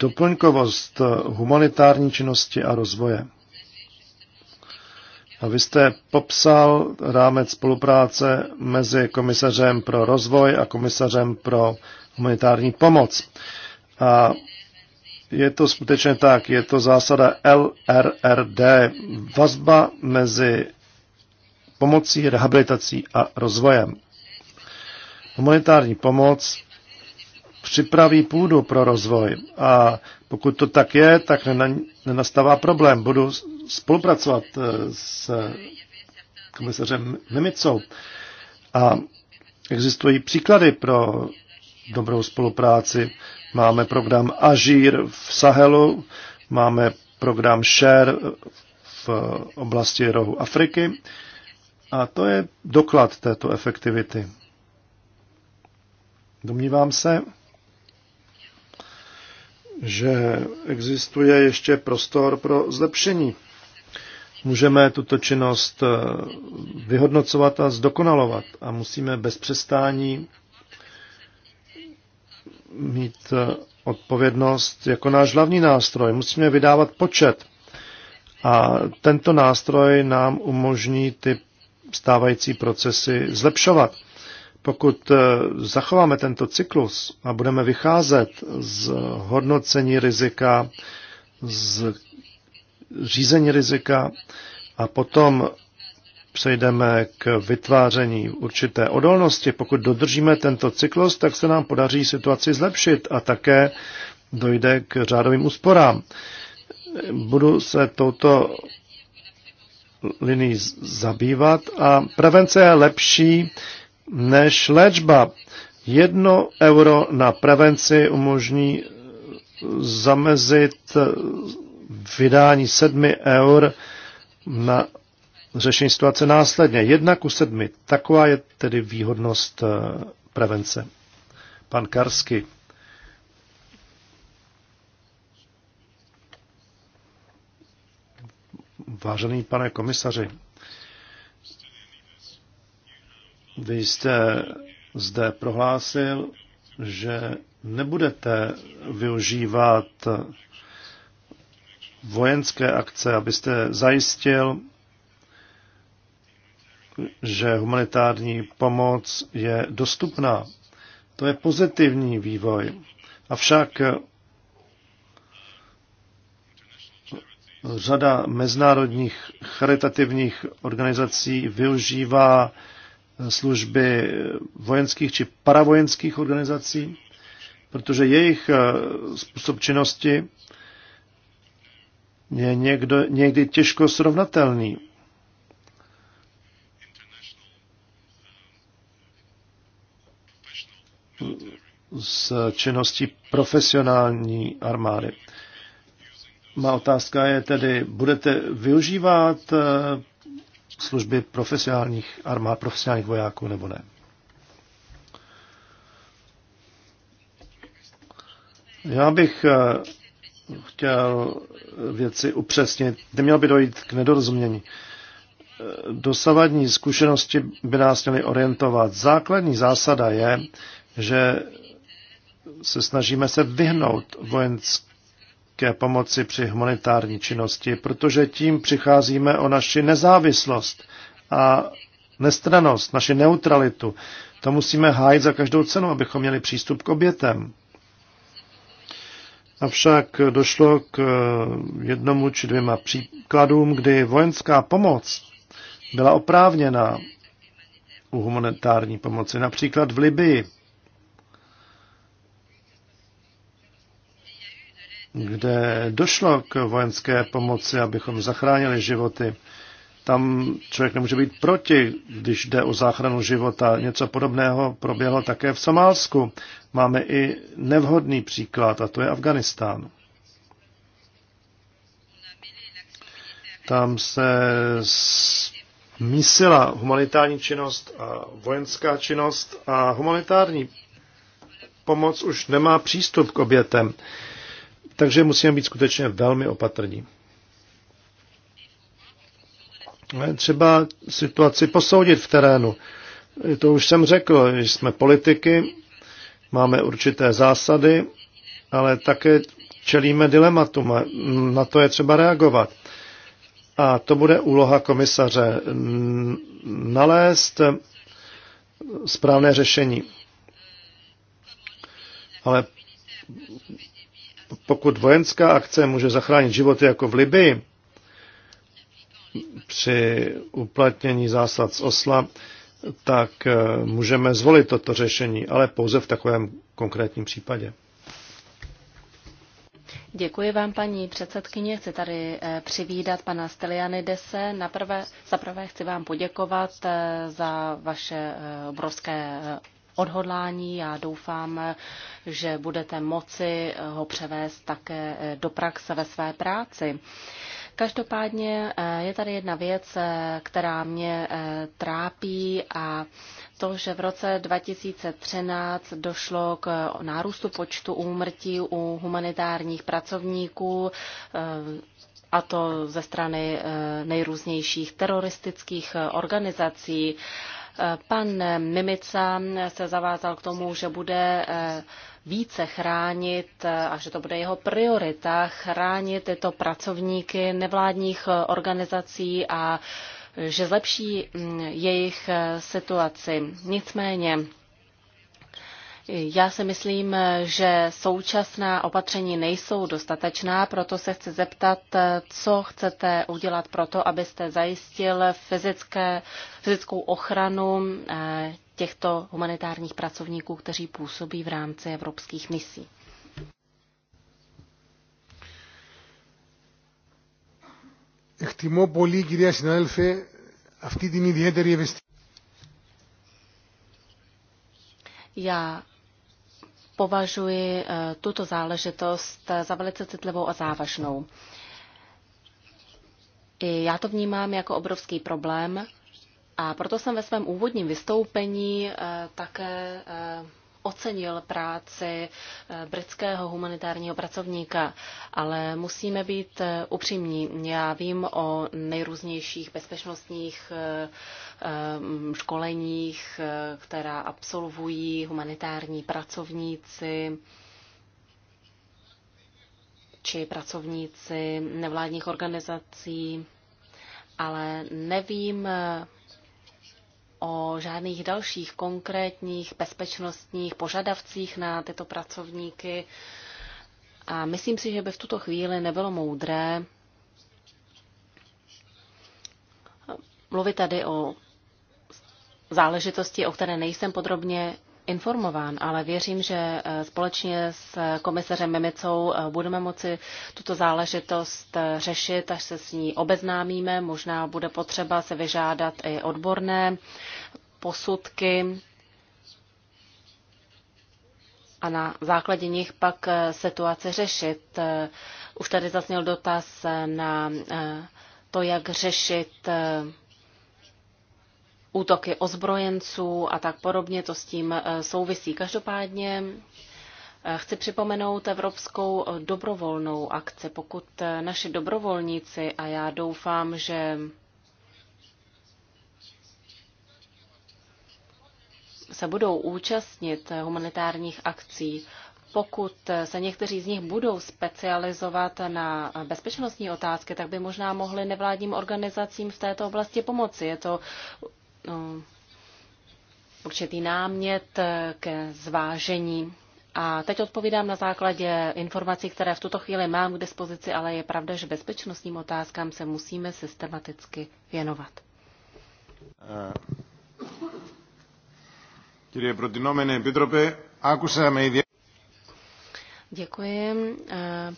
Doplňkovost humanitární činnosti a rozvoje. A vy jste popsal rámec spolupráce mezi komisařem pro rozvoj a komisařem pro humanitární pomoc. A je to skutečně tak, je to zásada LRRD, vazba mezi pomocí, rehabilitací a rozvojem. Humanitární pomoc připraví půdu pro rozvoj a pokud to tak je, tak nenastává problém. Budu spolupracovat eh, s komisařem Mimicou a existují příklady pro dobrou spolupráci Máme program Ažír v Sahelu, máme program Share v oblasti rohu Afriky a to je doklad této efektivity. Domnívám se, že existuje ještě prostor pro zlepšení. Můžeme tuto činnost eh, vyhodnocovat a zdokonalovat a musíme bez přestání mít eh, odpovědnost jako náš hlavní nástroj. Musíme vydávat počet. A tento nástroj nám umožní ty stávající procesy zlepšovat. Pokud eh, zachováme tento cyklus a budeme vycházet z hodnocení rizika, z řízení rizika a potom přejdeme k vytváření určité odolnosti. Pokud dodržíme tento cyklus, tak se nám podaří situaci zlepšit a také dojde k řádovým úsporám. Budu se touto linií zabývat a prevence je lepší než léčba. Jedno euro na prevenci umožní zamezit vydání sedmi eur na řešení situace následně. Jedna ku sedmi. Taková je tedy výhodnost eh, prevence. Pan Karsky. Vážený pane komisaři, vy jste zde prohlásil, že nebudete využívat vojenské akce, abyste zajistil že humanitární pomoc je dostupná. To je pozitivní vývoj. Avšak řada mezinárodních charitativních organizací využívá služby vojenských či paravojenských organizací, protože jejich eh, způsob činnosti je někdo, někdy těžko srovnatelný z činnosti profesionální armády. Má otázka je tedy, budete využívat eh, služby profesionálních armád, profesionálních vojáků nebo ne? Já bych eh, chtěl věci upřesnit. Neměl by dojít k nedorozumění. Eh, dosavadní zkušenosti by nás měly orientovat. Základní zásada je, že se snažíme se vyhnout vojenské pomoci při humanitární činnosti, protože tím přicházíme o naši nezávislost a nestranost, naši neutralitu. To musíme hájit za každou cenu, abychom měli přístup k obětem. Avšak došlo k jednomu či dvěma příkladům, kdy vojenská pomoc byla oprávněna u humanitární pomoci, například v Libii kde došlo k vojenské pomoci, abychom zachránili životy. Tam člověk nemůže být proti, když jde o záchranu života. Něco podobného proběhlo také v Somálsku. Máme i nevhodný příklad, a to je Afganistán. Tam se mísila humanitární činnost a vojenská činnost a humanitární pomoc už nemá přístup k obětem. Takže musíme být skutečně velmi opatrní. Třeba situaci posoudit v terénu. To už jsem řekl, že jsme politiky, máme určité zásady, ale také čelíme dilematům na to je třeba reagovat. A to bude úloha komisaře nalézt správné řešení. Ale pokud vojenská akce může zachránit životy jako v Libii, při uplatnění zásad z Osla, tak eh, můžeme zvolit toto řešení, ale pouze v takovém konkrétním případě. Děkuji vám, paní předsedkyně. Chci tady eh, přivídat pana Stelianidese. Naprvé, zaprvé chci vám poděkovat eh, za vaše obrovské odhodlání a doufám, že budete moci ho převést také do praxe ve své práci. Každopádně eh, je tady jedna věc, eh, která mě eh, trápí a to, že v roce 2013 došlo k nárůstu počtu úmrtí u humanitárních pracovníků a to ze strany nejrůznějších teroristických organizací. Pan Mimica se zavázal k tomu, že bude eh, více chránit eh, a že to bude jeho priorita chránit tyto pracovníky nevládních eh, organizací a že zlepší mm, jejich situaci. Nicméně já si myslím, že současná opatření nejsou dostatečná, proto se chci zeptat, co chcete udělat pro to, abyste zajistil fyzické, fyzickou ochranu eh, těchto humanitárních pracovníků, kteří působí v rámci evropských misí. Εκτιμώ πολύ, κυρία συνάδελφε, αυτή την ιδιαίτερη ευαισθησία. Já považuji eh, tuto záležitost eh, za velice citlivou a závažnou. I já to vnímám jako obrovský problém a proto jsem ve svém úvodním vystoupení eh, také ocenil práci eh, britského humanitárního pracovníka, ale musíme být eh, upřímní. Já vím o nejrůznějších bezpečnostních eh, školeních, která absolvují humanitární pracovníci či pracovníci nevládních organizací, ale nevím, o žádných dalších konkrétních bezpečnostních požadavcích na tyto pracovníky. A myslím si, že by v tuto chvíli nebylo moudré mluvit tady o záležitosti, o které nejsem podrobně informován, ale věřím, že eh, společně s komisařem Mimicou eh, budeme moci tuto záležitost eh, řešit, až se s ní obeznámíme. Možná bude potřeba se vyžádat i odborné posudky a na základě nich pak situace řešit. Už tady zazněl dotaz na to, jak řešit útoky ozbrojenců a tak podobně, to s tím eh, souvisí. Každopádně eh, chci připomenout evropskou eh, dobrovolnou akci. Pokud naši dobrovolníci, a já doufám, že se budou účastnit humanitárních akcí, pokud se někteří z nich budou specializovat na bezpečnostní otázky, tak by možná mohli nevládním organizacím v této oblasti pomoci. Je to No, určitý námět eh, ke zvážení. A teď odpovídám na základě informací, které v tuto chvíli mám k dispozici, ale je pravda, že bezpečnostním otázkám se musíme systematicky věnovat. Eh, Děkuji. Eh,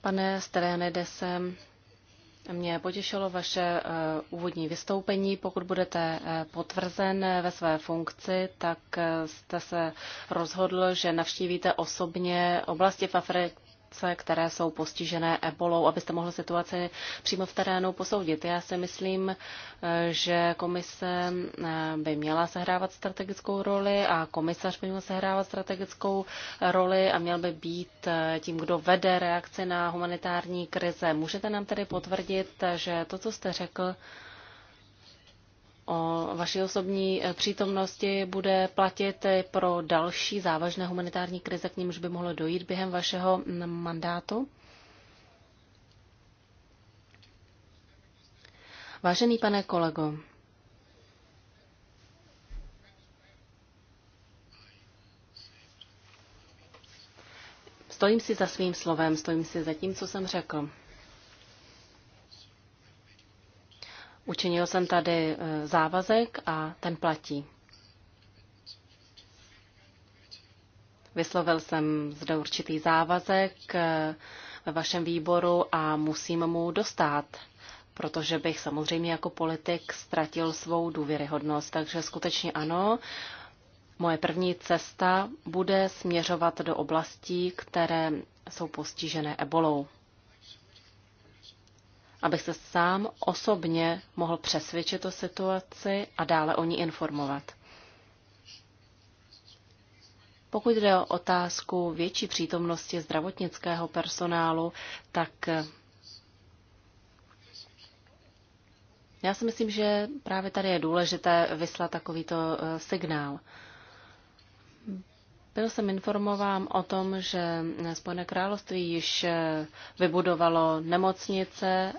pane Sterenedese, mě potěšilo vaše eh, úvodní vystoupení. Pokud budete eh, potvrzen eh, ve své funkci, tak jste se rozhodl, že navštívíte osobně oblasti v Africe obce, které jsou postižené ebolou, abyste mohli situaci přímo v terénu posoudit. Já si myslím, eh, že komise eh, by měla sehrávat strategickou roli a komisař by měl sehrávat strategickou roli a měl by být eh, tím, kdo vede reakci na humanitární krize. Můžete nám tedy potvrdit, že to, co jste řekl, o vaší osobní eh, přítomnosti bude platit eh, pro další závažné humanitární krize, k nímž by mohlo dojít během vašeho mm, mandátu? Vážený pane kolego, stojím si za svým slovem, stojím si za tím, co jsem řekl. Učinil jsem tady e, závazek a ten platí. Vyslovil jsem zde určitý závazek e, ve vašem výboru a musím mu dostat, protože bych samozřejmě jako politik ztratil svou důvěryhodnost. Takže skutečně ano, moje první cesta bude směřovat do oblastí, které jsou postižené ebolou abych se sám osobně mohl přesvědčit o situaci a dále o ní informovat. Pokud jde o otázku větší přítomnosti zdravotnického personálu, tak eh, já si myslím, že právě tady je důležité vyslat takovýto eh, signál. Byl jsem informován o tom, že Spojené království již eh, vybudovalo nemocnice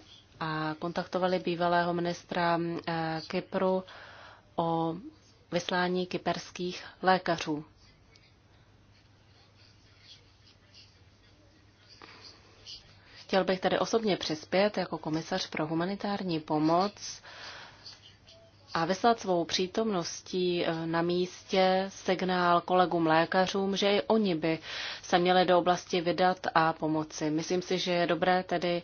a kontaktovali bývalého ministra eh, Kypru o vyslání kyperských lékařů. Chtěl bych tady osobně přispět jako komisař pro humanitární pomoc a vyslat svou přítomností eh, na místě signál kolegům lékařům, že i oni by se měli do oblasti vydat a pomoci. Myslím si, že je dobré tedy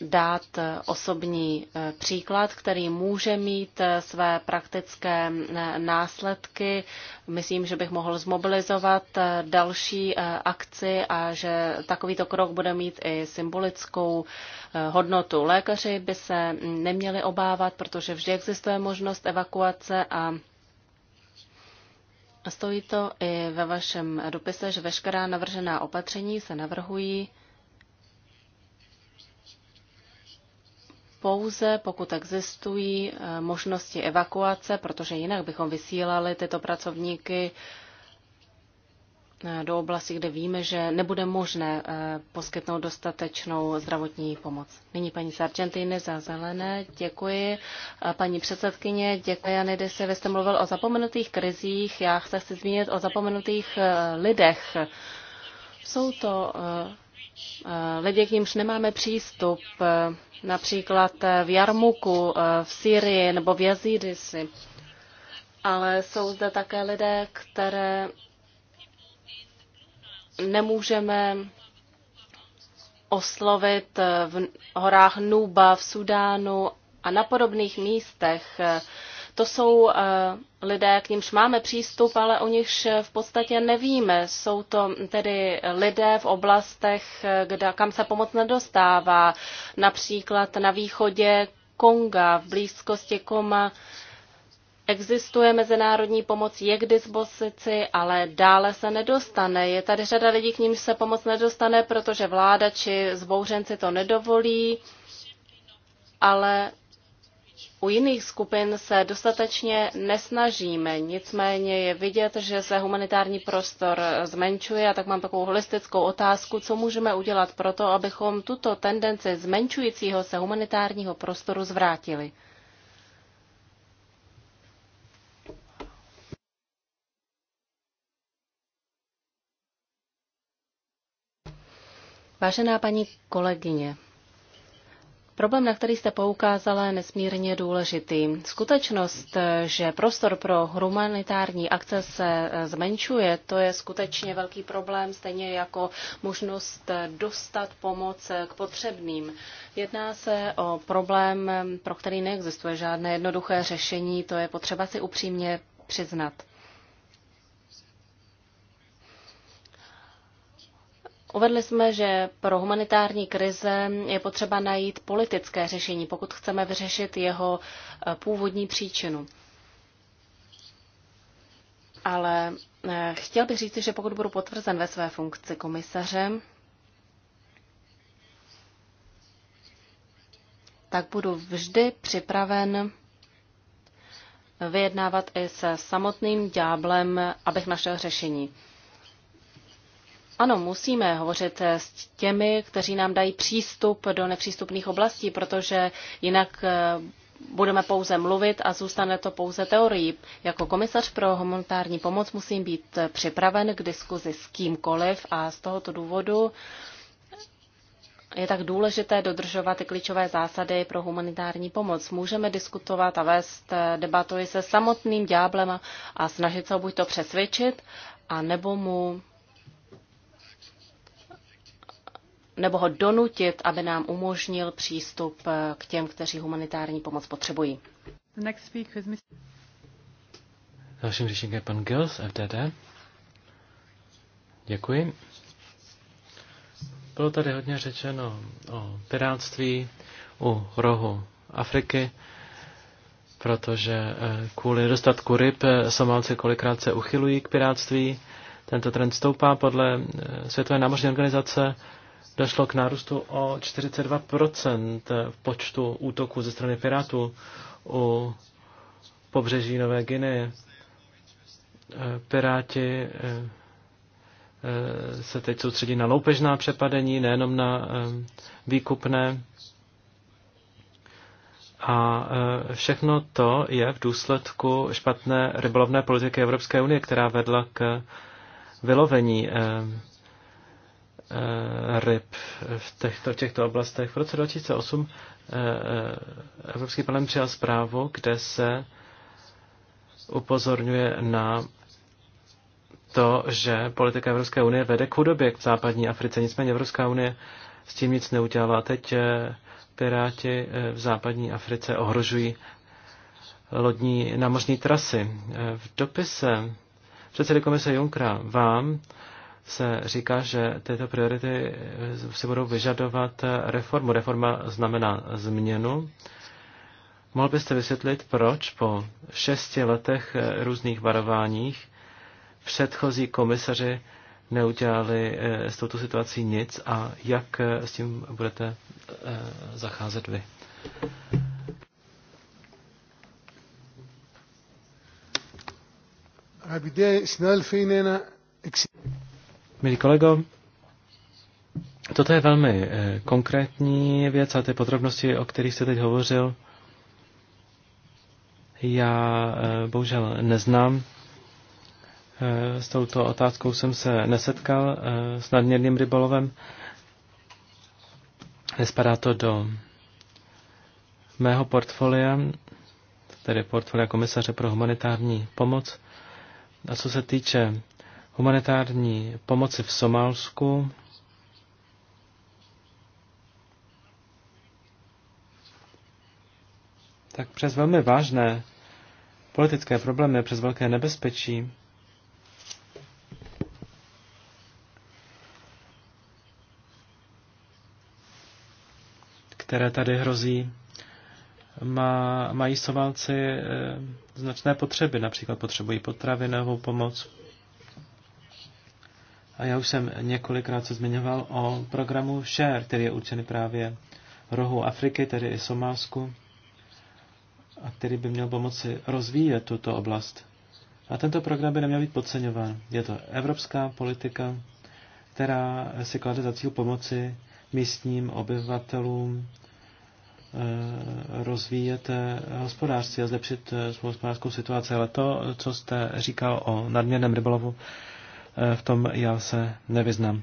dát eh, osobní eh, příklad, který může mít eh, své praktické následky. Myslím, že bych mohl zmobilizovat další akci a že takovýto krok bude mít i symbolickou hodnotu. Lékaři by se neměli obávat, protože vždy existuje možnost evakuace a Stojí to i ve vašem dopise, že veškerá navržená opatření se navrhují pouze pokud existují eh, možnosti evakuace, protože jinak bychom vysílali tyto pracovníky eh, do oblasti, kde víme, že nebude možné eh, poskytnout dostatečnou zdravotní pomoc. Nyní paní Sargentiny za zelené. Děkuji. Paní předsedkyně, děkuji, Janidise. Vy jste mluvil o zapomenutých krizích. Já se chci zmínit o zapomenutých lidech. Jsou to Eh, lidi, k nímž nemáme přístup, eh, například eh, v Jarmuku, v Syrii nebo v Jazídisi. Ale jsou zde také lidé, které nemůžeme oslovit v horách Nuba, v Sudánu a na podobných místech. To jsou eh, lidé, k nimž máme přístup, ale o nichž v podstatě nevíme. Jsou to tedy lidé v oblastech, eh, kde, kam se pomoc nedostává, například na východě Konga, v blízkosti Koma. Existuje mezinárodní pomoc, je k dispozici, ale dále se nedostane. Je tady řada lidí, k nimž se pomoc nedostane, protože vláda či zbouřenci to nedovolí, ale u jiných skupin se dostatečně nesnažíme, nicméně je vidět, že se humanitární prostor zmenšuje a tak mám takovou holistickou otázku, co můžeme udělat pro to, abychom tuto tendenci zmenšujícího se humanitárního prostoru zvrátili. Vážená paní kolegyně, Problém, na který jste poukázala, je nesmírně důležitý. Skutečnost, že prostor pro humanitární akce se eh, zmenšuje, to je skutečně velký problém, stejně jako možnost eh, dostat pomoc eh, k potřebným. Jedná se o problém, pro který neexistuje žádné jednoduché řešení, to je potřeba si upřímně přiznat. Uvedli jsme, že pro humanitární krize je potřeba najít politické řešení, pokud chceme vyřešit jeho eh, původní příčinu. Ale eh, chtěl bych říct, že pokud budu potvrzen ve své funkci komisařem, tak budu vždy připraven vyjednávat i se samotným dňáblem, abych našel řešení. Ano, musíme hovořit eh, s těmi, kteří nám dají přístup do nepřístupných oblastí, protože jinak eh, budeme pouze mluvit a zůstane to pouze teorií. Jako komisař pro humanitární pomoc musím být eh, připraven k diskuzi s kýmkoliv a z tohoto důvodu je tak důležité dodržovat ty klíčové zásady pro humanitární pomoc. Můžeme diskutovat a vést debatu se samotným dňáblem a snažit se ho buď to přesvědčit, a nebo mu nebo ho donutit, aby nám umožnil přístup eh, k těm, kteří humanitární pomoc potřebují. Dalším řečníkem je pan Gils, FDD. Děkuji. Bylo tady hodně řečeno o piráctví u rohu Afriky, protože eh, kvůli dostatku ryb eh, Somálci kolikrát se uchylují k piráctví. Tento trend stoupá podle Světové námořní organizace došlo k nárůstu o 42% v počtu útoků ze strany pirátů u pobřeží Nové Guineje. Piráti eh, eh, se teď soustředí na loupežná přepadení, nejenom na eh, výkupné. A všechno to je v důsledku špatné rybolovné politiky Evropské unie, která vedla k vylovení Eh, ryb v těchto, v těchto oblastech. V roce 2008 eh, eh, Evropský parlament přijal zprávu, kde se upozorňuje na to, že politika Evropské unie vede k chudobě v západní Africe. Nicméně Evropská unie s tím nic neudělala. Teď piráti v západní Africe ohrožují lodní námořní trasy. V dopise předsedy komise Junkra vám se říká, že tyto priority si budou vyžadovat reformu. Reforma znamená změnu. Mohl byste vysvětlit, proč po šesti letech různých varováních předchozí komisaři neudělali eh, s touto situací nic a jak eh, s tím budete eh, zacházet vy? Αγαπητέ συνάδελφοι, είναι ένα Milí kolego, toto je velmi eh, konkrétní věc a ty podrobnosti, o kterých jste teď hovořil, já eh, bohužel neznám. Eh, s touto otázkou jsem se nesetkal s nadměrným rybolovem. Nespadá to do mého portfolia, tedy portfolia komisaře pro humanitární pomoc. A co se týče humanitární pomoci v Somálsku. Tak přes velmi vážné politické problémy, přes velké nebezpečí, které tady hrozí, má, mají Somálci e, značné potřeby. Například potřebují potravinovou pomoc, a já už jsem několikrát se zmiňoval o programu SHARE, který je určený právě rohu Afriky, tedy i Somálsku, a který by měl pomoci rozvíjet tuto oblast. A tento program by neměl být podceňován. Je to evropská politika, která si klade za cíl pomoci místním obyvatelům eh, rozvíjet eh, hospodářství a zlepšit eh, svou hospodářskou situaci. Ale to, co jste říkal o nadměrném rybolovu, v tom já se nevyznám.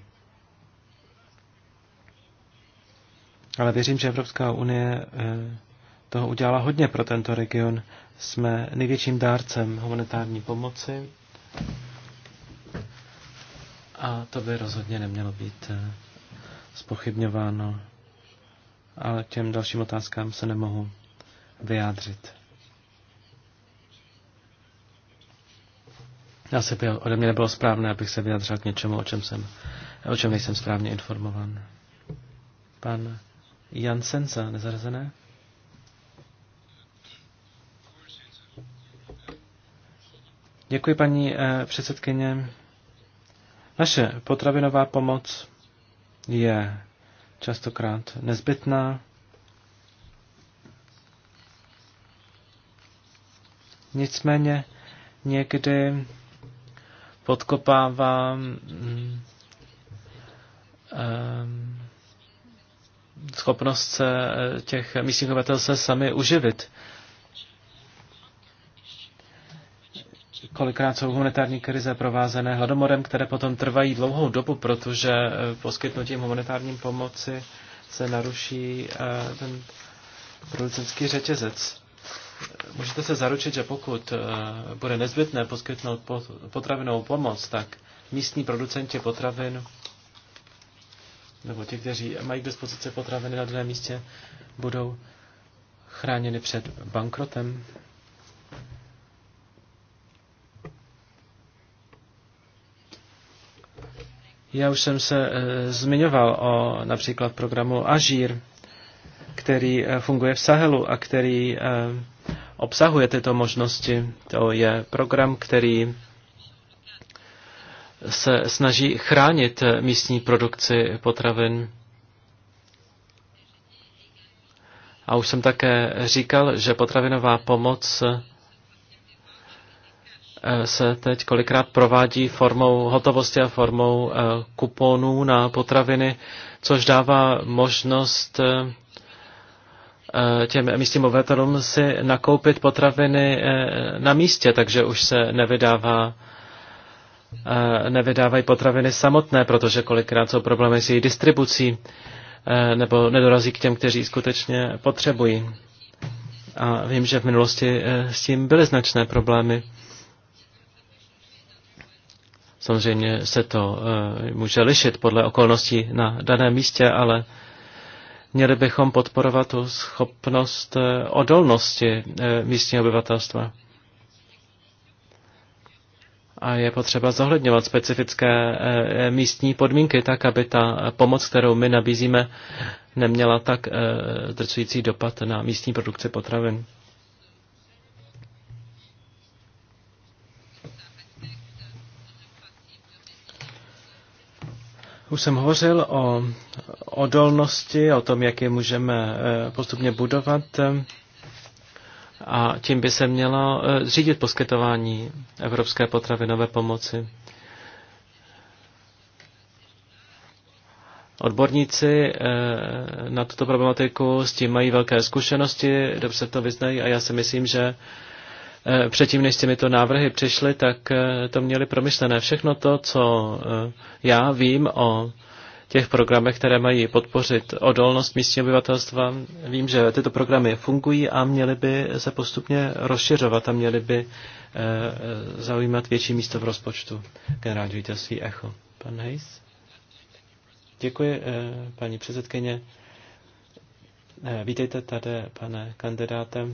Ale věřím, že Evropská unie eh, toho udělala hodně pro tento region. Jsme největším dárcem humanitární pomoci a to by rozhodně nemělo být eh, spochybňováno. Ale těm dalším otázkám se nemohu vyjádřit. se by ode mě nebylo správné, abych se vyjadřil k něčemu, o čem, jsem, o čem nejsem správně informován. Pan Jan za nezařazené? Děkuji, paní eh, předsedkyně. Naše potravinová pomoc je častokrát nezbytná. Nicméně někdy podkopává mm, schopnost se eh, těch místních obyvatel se sami uživit. Kolikrát jsou humanitární krize provázené hladomorem, které potom trvají dlouhou dobu, protože eh, poskytnutím humanitární pomoci se naruší eh, ten producenský řetězec můžete se zaručit, že pokud eh, bude nezbytné poskytnout potravinovou pomoc, tak místní producenti potravin nebo ti, kteří mají k dispozici potraviny na druhém místě, budou chráněni před bankrotem. Já už jsem se e, zmiňoval o například programu Ažír, který e, funguje v Sahelu a který e, obsahuje tyto možnosti. To je program, který se snaží chránit místní produkci potravin. A už jsem také říkal, že potravinová pomoc eh, se teď kolikrát provádí formou hotovosti a formou eh, kuponů na potraviny, což dává možnost eh, Eh, těm místním obyvatelům si nakoupit potraviny eh, na místě, takže už se nevydává eh, nevydávají potraviny samotné, protože kolikrát jsou problémy s její distribucí nebo nedorazí k těm, kteří skutečně potřebují. A vím, že v minulosti s tím byly značné problémy. Samozřejmě se to může lišit podle okolností na daném místě, ale Měli bychom podporovat tu schopnost eh, odolnosti eh, místního obyvatelstva. A je potřeba zohledňovat specifické eh, místní podmínky tak, aby ta pomoc, kterou my nabízíme, neměla tak drcující dopad na místní produkci potravin. Už jsem hovořil o odolnosti, o tom, jak je můžeme eh, postupně budovat eh, a tím by se mělo eh, řídit poskytování evropské potravinové pomoci. Odborníci na tuto problematiku s tím mají velké zkušenosti, dobře to vyznají a já si myslím, že Eh, předtím, než s těmito návrhy přišly, tak eh, to měli promyšlené. Všechno to, co eh, já vím o těch programech, které mají podpořit odolnost místního obyvatelstva, vím, že tyto programy fungují a měly by se postupně rozšiřovat a měly by zaujímat větší místo v rozpočtu. Generální ředitelství ECHO. Pan Hejs? Děkuji, paní předsedkyně. Eh, vítejte tady, pane kandidáte,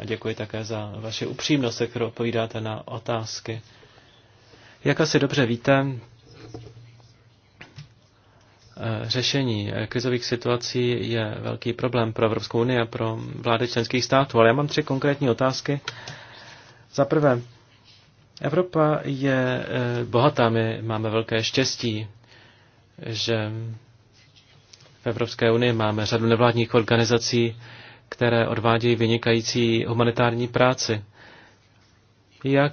a děkuji také za vaše upřímnost, kterou odpovídáte na otázky. Jak asi dobře víte, eh, řešení eh, krizových situací je velký problém pro Evropskou unii a pro vlády členských států, ale já mám tři konkrétní otázky. Za prvé, Evropa je bohatá, my máme velké štěstí, že v Evropské unii. Máme řadu nevládních organizací, které odvádějí vynikající humanitární práci. Jak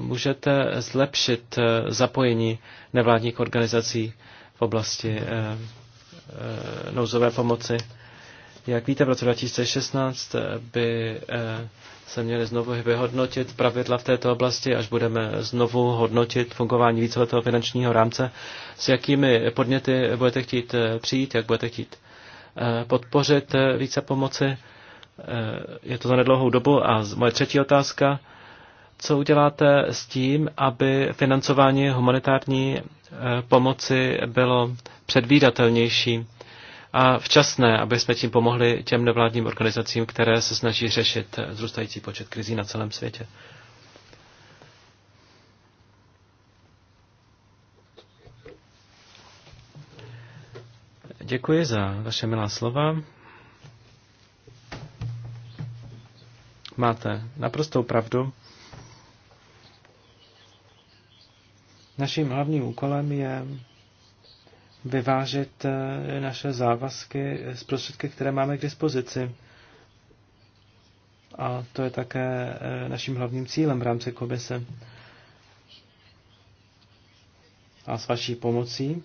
můžete zlepšit zapojení nevládních organizací v oblasti eh, eh, nouzové pomoci? Jak víte, v roce 2016 eh, by eh, se měly znovu vyhodnotit pravidla v této oblasti, až budeme znovu hodnotit fungování víceletého finančního rámce. S jakými podněty budete chtít eh, přijít, jak budete chtít podpořit více pomoci? Je to za nedlouhou dobu. A moje třetí otázka, co uděláte s tím, aby financování humanitární pomoci bylo předvídatelnější? a včasné, aby jsme tím pomohli těm nevládním organizacím, které se snaží řešit zrůstající počet krizí na celém světě. Děkuji za vaše milá slova. Máte naprostou pravdu. Naším hlavním úkolem je vyvážit eh, naše závazky eh, z prostředky, které máme k dispozici. A to je také eh, naším hlavním cílem v rámci komise. A s vaší pomocí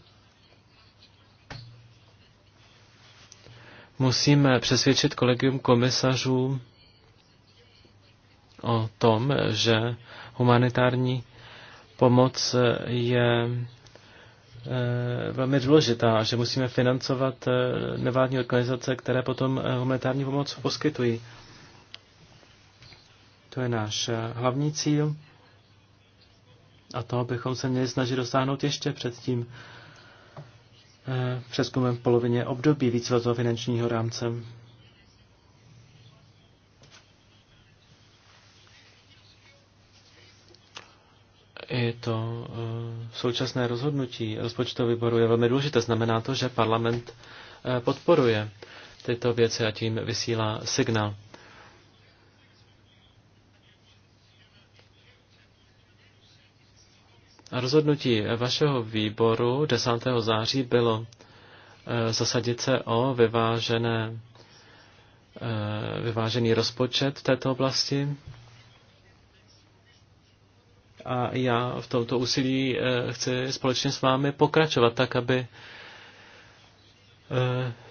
musíme přesvědčit kolegium komisařů o tom, že humanitární pomoc je Eh, velmi důležitá, že musíme financovat eh, nevládní organizace, které potom eh, humanitární pomoc poskytují. To je náš hlavní cíl a toho bychom se měli snažit dosáhnout ještě před tím přeskumem v polovině období víceletého finančního rámce. Je to současné rozhodnutí rozpočtového výboru je velmi důležité. Znamená to, že parlament eh, podporuje tyto věci a tím vysílá signál. A rozhodnutí vašeho výboru 10. září bylo eh, zasadit se o vyvážené, eh, vyvážený rozpočet v této oblasti a já v tomto úsilí eh, chci společně s vámi pokračovat tak, aby eh,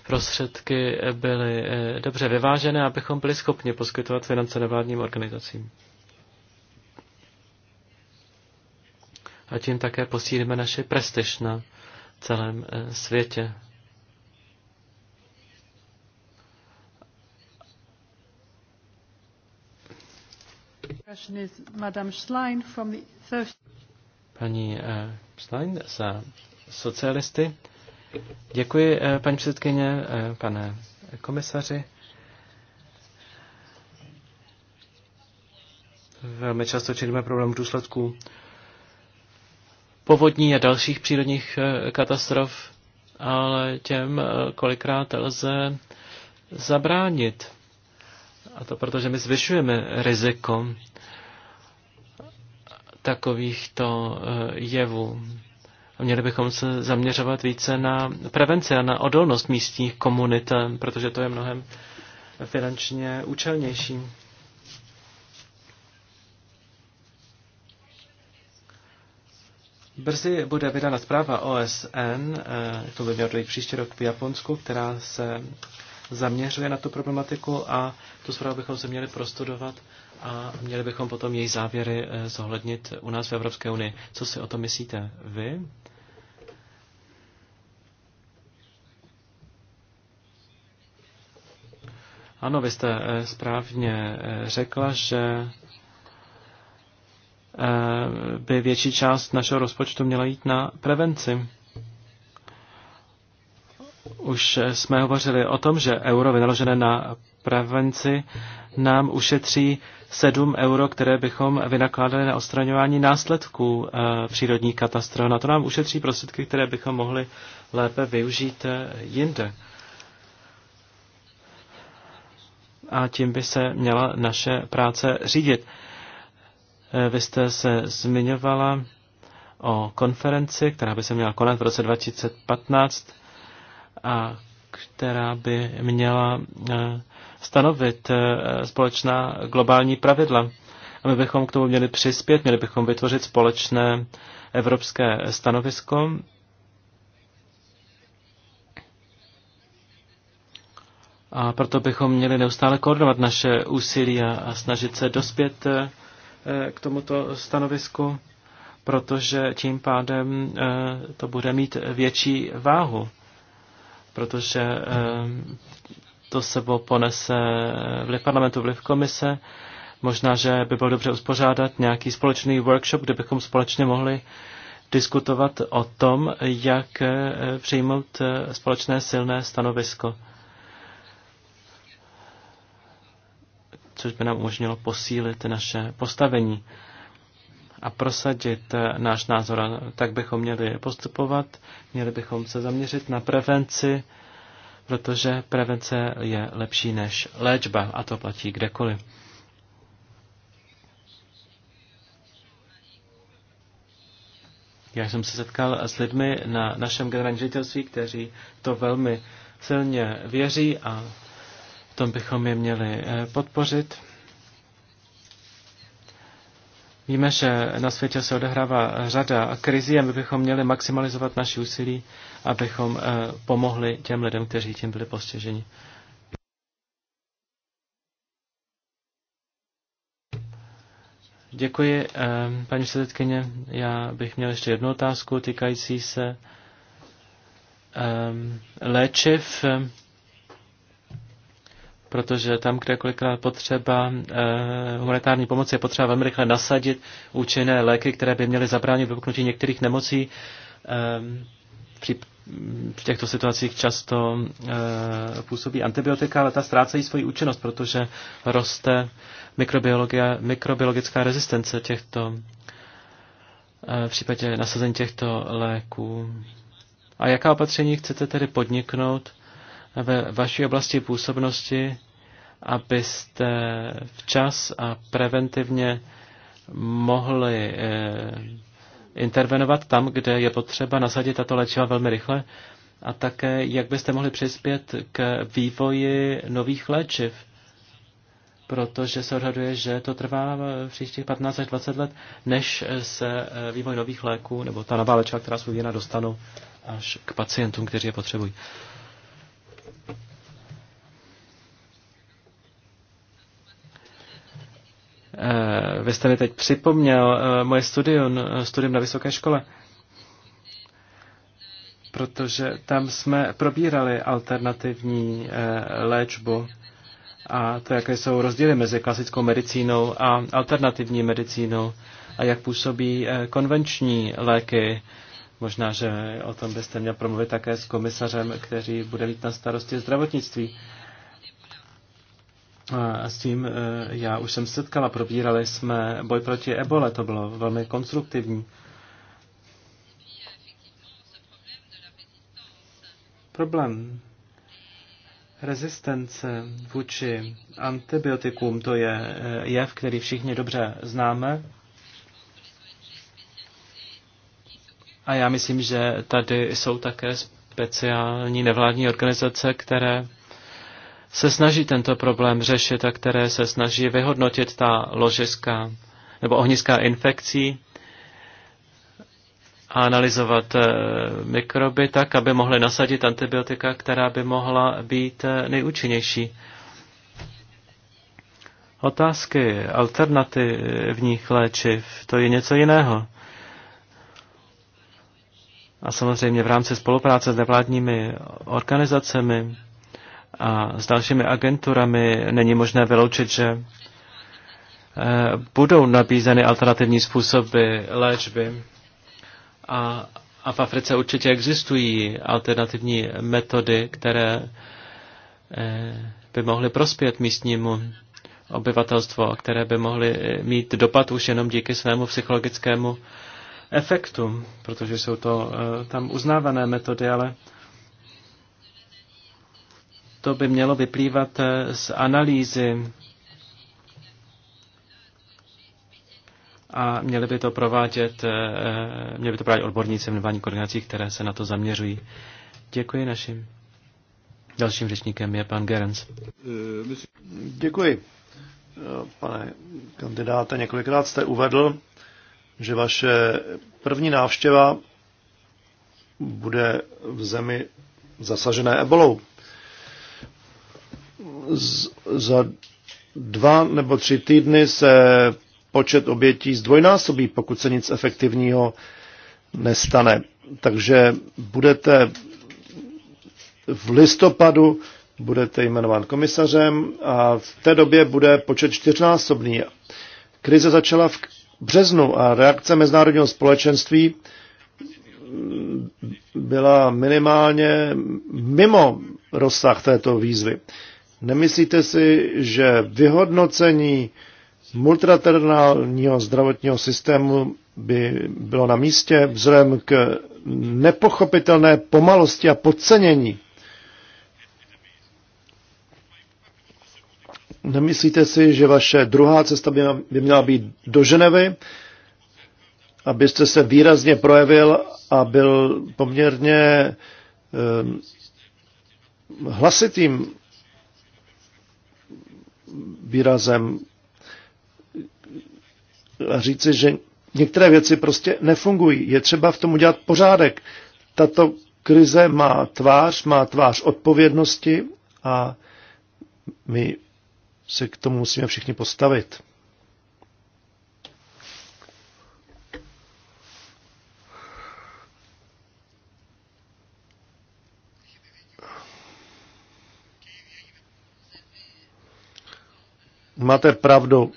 prostředky byly eh, dobře vyvážené, abychom byli schopni poskytovat finance nevládním organizacím. A tím také posílíme naši prestiž na celém světě. Paní eh, Schlein za socialisty. Děkuji, eh, paní předsedkyně, eh, pane komisaři. Velmi často čelíme problém v důsledku povodní a dalších přírodních katastrof, ale těm kolikrát lze zabránit. A to proto, že my zvyšujeme riziko takovýchto eh, jevů. A měli bychom se zaměřovat více na prevenci a na odolnost místních komunit, protože to je mnohem finančně účelnější. Brzy bude vydána zpráva OSN, eh, to by mělo být příští rok v Japonsku, která se zaměřuje na tu problematiku a tu zprávu bychom se měli prostudovat a měli bychom potom její závěry eh, zohlednit u nás v Evropské unii. Co si o to myslíte vy? Ano, vy jste eh, správně eh, řekla, že by větší část našeho rozpočtu měla jít na prevenci. Už jsme hovořili o tom, že euro vynaložené na prevenci nám ušetří 7 euro, které bychom vynakládali na odstraňování následků eh, přírodní katastrof. Na to nám ušetří prostředky, které bychom mohli lépe využít eh, jinde. A tím by se měla naše práce řídit. Eh, vy jste se zmiňovala o konferenci, která by se měla konat v roce 2015 a která by měla eh, stanovit eh, společná globální pravidla. A my bychom k tomu měli přispět, měli bychom vytvořit společné evropské stanovisko. A proto bychom měli neustále koordinovat naše úsilí a snažit se dospět eh, k tomuto stanovisku, protože tím pádem to bude mít větší váhu protože ehm, to sebou ponese vliv parlamentu, vliv komise. Možná, že by bylo dobře uspořádat nějaký společný workshop, kde bychom společně mohli diskutovat o tom, jak eh, přijmout eh, společné silné stanovisko, což by nám umožnilo posílit naše postavení a prosadit eh, náš názor. Tak bychom měli postupovat, měli bychom se zaměřit na prevenci, protože prevence je lepší než léčba a to platí kdekoliv. Já jsem se setkal s lidmi na našem generálním ředitelství, kteří to velmi silně věří a v tom bychom je měli eh, podpořit. Víme, že na světě se odehrává řada krizí a my bychom měli maximalizovat naši úsilí, abychom eh, pomohli těm lidem, kteří tím byli postiženi. Děkuji, eh, paní předsedkyně. Já bych měl ještě jednu otázku týkající se eh, léčiv protože tam, kde kolikrát potřeba eh, humanitární pomoci, je potřeba velmi rychle nasadit účinné léky, které by měly zabránit vypuknutí některých nemocí. Eh, Při v těchto situacích často eh, působí antibiotika, ale ta ztrácejí svoji účinnost, protože roste mikrobiologická rezistence těchto eh, v případě nasazení těchto léků. A jaká opatření chcete tedy podniknout ve vaší oblasti působnosti, abyste včas a preventivně mohli eh, intervenovat tam, kde je potřeba nasadit tato léčiva velmi rychle a také jak byste mohli přispět k vývoji nových léčiv, protože se odhaduje, že to trvá v příštích 15 až 20 let, než se eh, vývoj nových léků nebo ta nová léčiva, která jsou vyvíjena, dostanou až k pacientům, kteří je potřebují. Eh, vy jste mi teď připomněl eh, moje studium, eh, studium na vysoké škole, protože tam jsme probírali alternativní léčbu a to, jaké jsou rozdíly mezi klasickou medicínou a alternativní medicínou a jak působí konvenční léky. Možná, že o tom byste měl promluvit také s komisařem, který bude mít na starosti zdravotnictví. A s tím e, já už jsem setkala, probírali jsme boj proti ebole, to bylo velmi konstruktivní. Problém rezistence vůči antibiotikům, to je e, jev, který všichni dobře známe. A já myslím, že tady jsou také speciální nevládní organizace, které se snaží tento problém řešit a které se snaží vyhodnotit ta ložiska nebo ohniská infekcí a analyzovat eh, mikroby tak, aby mohly nasadit antibiotika, která by mohla být eh, nejúčinnější. Otázky alternativních léčiv, to je něco jiného. A samozřejmě v rámci spolupráce s nevládními organizacemi a s dalšími agenturami není možné vyloučit, že eh, budou nabízeny alternativní způsoby léčby. A, a v Africe určitě existují alternativní metody, které eh, by mohly prospět místnímu obyvatelstvu, které by mohly mít dopad už jenom díky svému psychologickému efektu, protože jsou to eh, tam uznávané metody, ale to by mělo vyplývat eh, z analýzy a měli by to provádět, eh, eh, měli by to provádět odborníci v nevládních koordinací, které se na to zaměřují. Děkuji našim. Dalším řečníkem je pan Gerens. Děkuji. Pane kandidáte, několikrát jste uvedl, že vaše první návštěva bude v zemi zasažené ebolou za dva nebo tři týdny se počet obětí zdvojnásobí, pokud se nic efektivního nestane. Takže budete v listopadu budete jmenován komisařem a v té době bude počet čtyřnásobný. Krize začala v březnu a reakce mezinárodního společenství byla minimálně mimo rozsah této výzvy. Nemyslíte si, že vyhodnocení multilaterálního zdravotního systému by bylo na místě vzhledem k nepochopitelné pomalosti a podcenění? Nemyslíte si, že vaše druhá cesta by měla být do Ženevy, abyste se výrazně projevil a byl poměrně eh, hlasitým výrazem a říci, že některé věci prostě nefungují. Je třeba v tom udělat pořádek. Tato krize má tvář, má tvář odpovědnosti a my se k tomu musíme všichni postavit. Máte pravdu.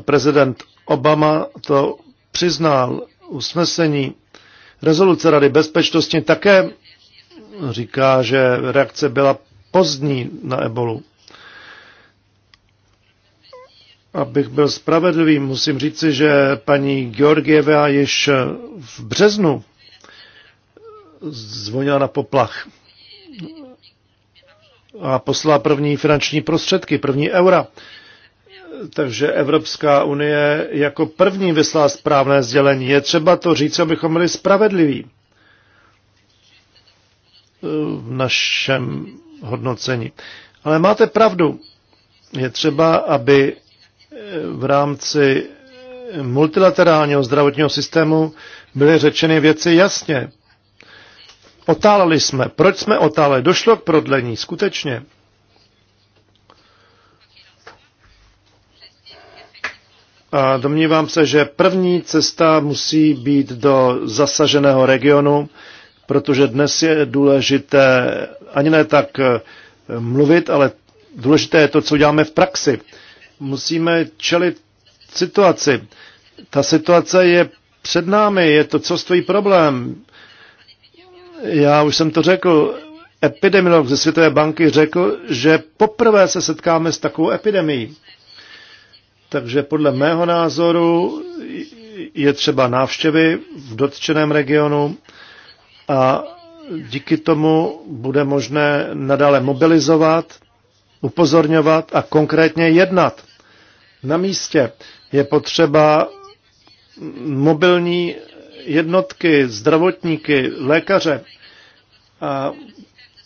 Prezident Obama to přiznal usnesení rezoluce Rady bezpečnosti také říká, že reakce byla pozdní na ebolu. Abych byl spravedlivý, musím říci, že paní Georgieva již v březnu zvonila na poplach a poslala první finanční prostředky, první eura takže Evropská unie jako první vyslá správné sdělení. Je třeba to říct, abychom byli spravedliví v našem hodnocení. Ale máte pravdu. Je třeba, aby v rámci multilaterálního zdravotního systému byly řečeny věci jasně. Otáleli jsme. Proč jsme otáleli? Došlo k prodlení, skutečně. A domnívám se, že první cesta musí být do zasaženého regionu, protože dnes je důležité ani ne tak eh, mluvit, ale důležité je to, co děláme v praxi. Musíme čelit situaci. Ta situace je před námi, je to co stojí problém. Já už jsem to řekl, epidemiolog ze Světové banky řekl, že poprvé se setkáme s takovou epidemií. Takže podle mého názoru je třeba návštěvy v dotčeném regionu a díky tomu bude možné nadále mobilizovat, upozorňovat a konkrétně jednat. Na místě je potřeba mobilní jednotky, zdravotníky, lékaře a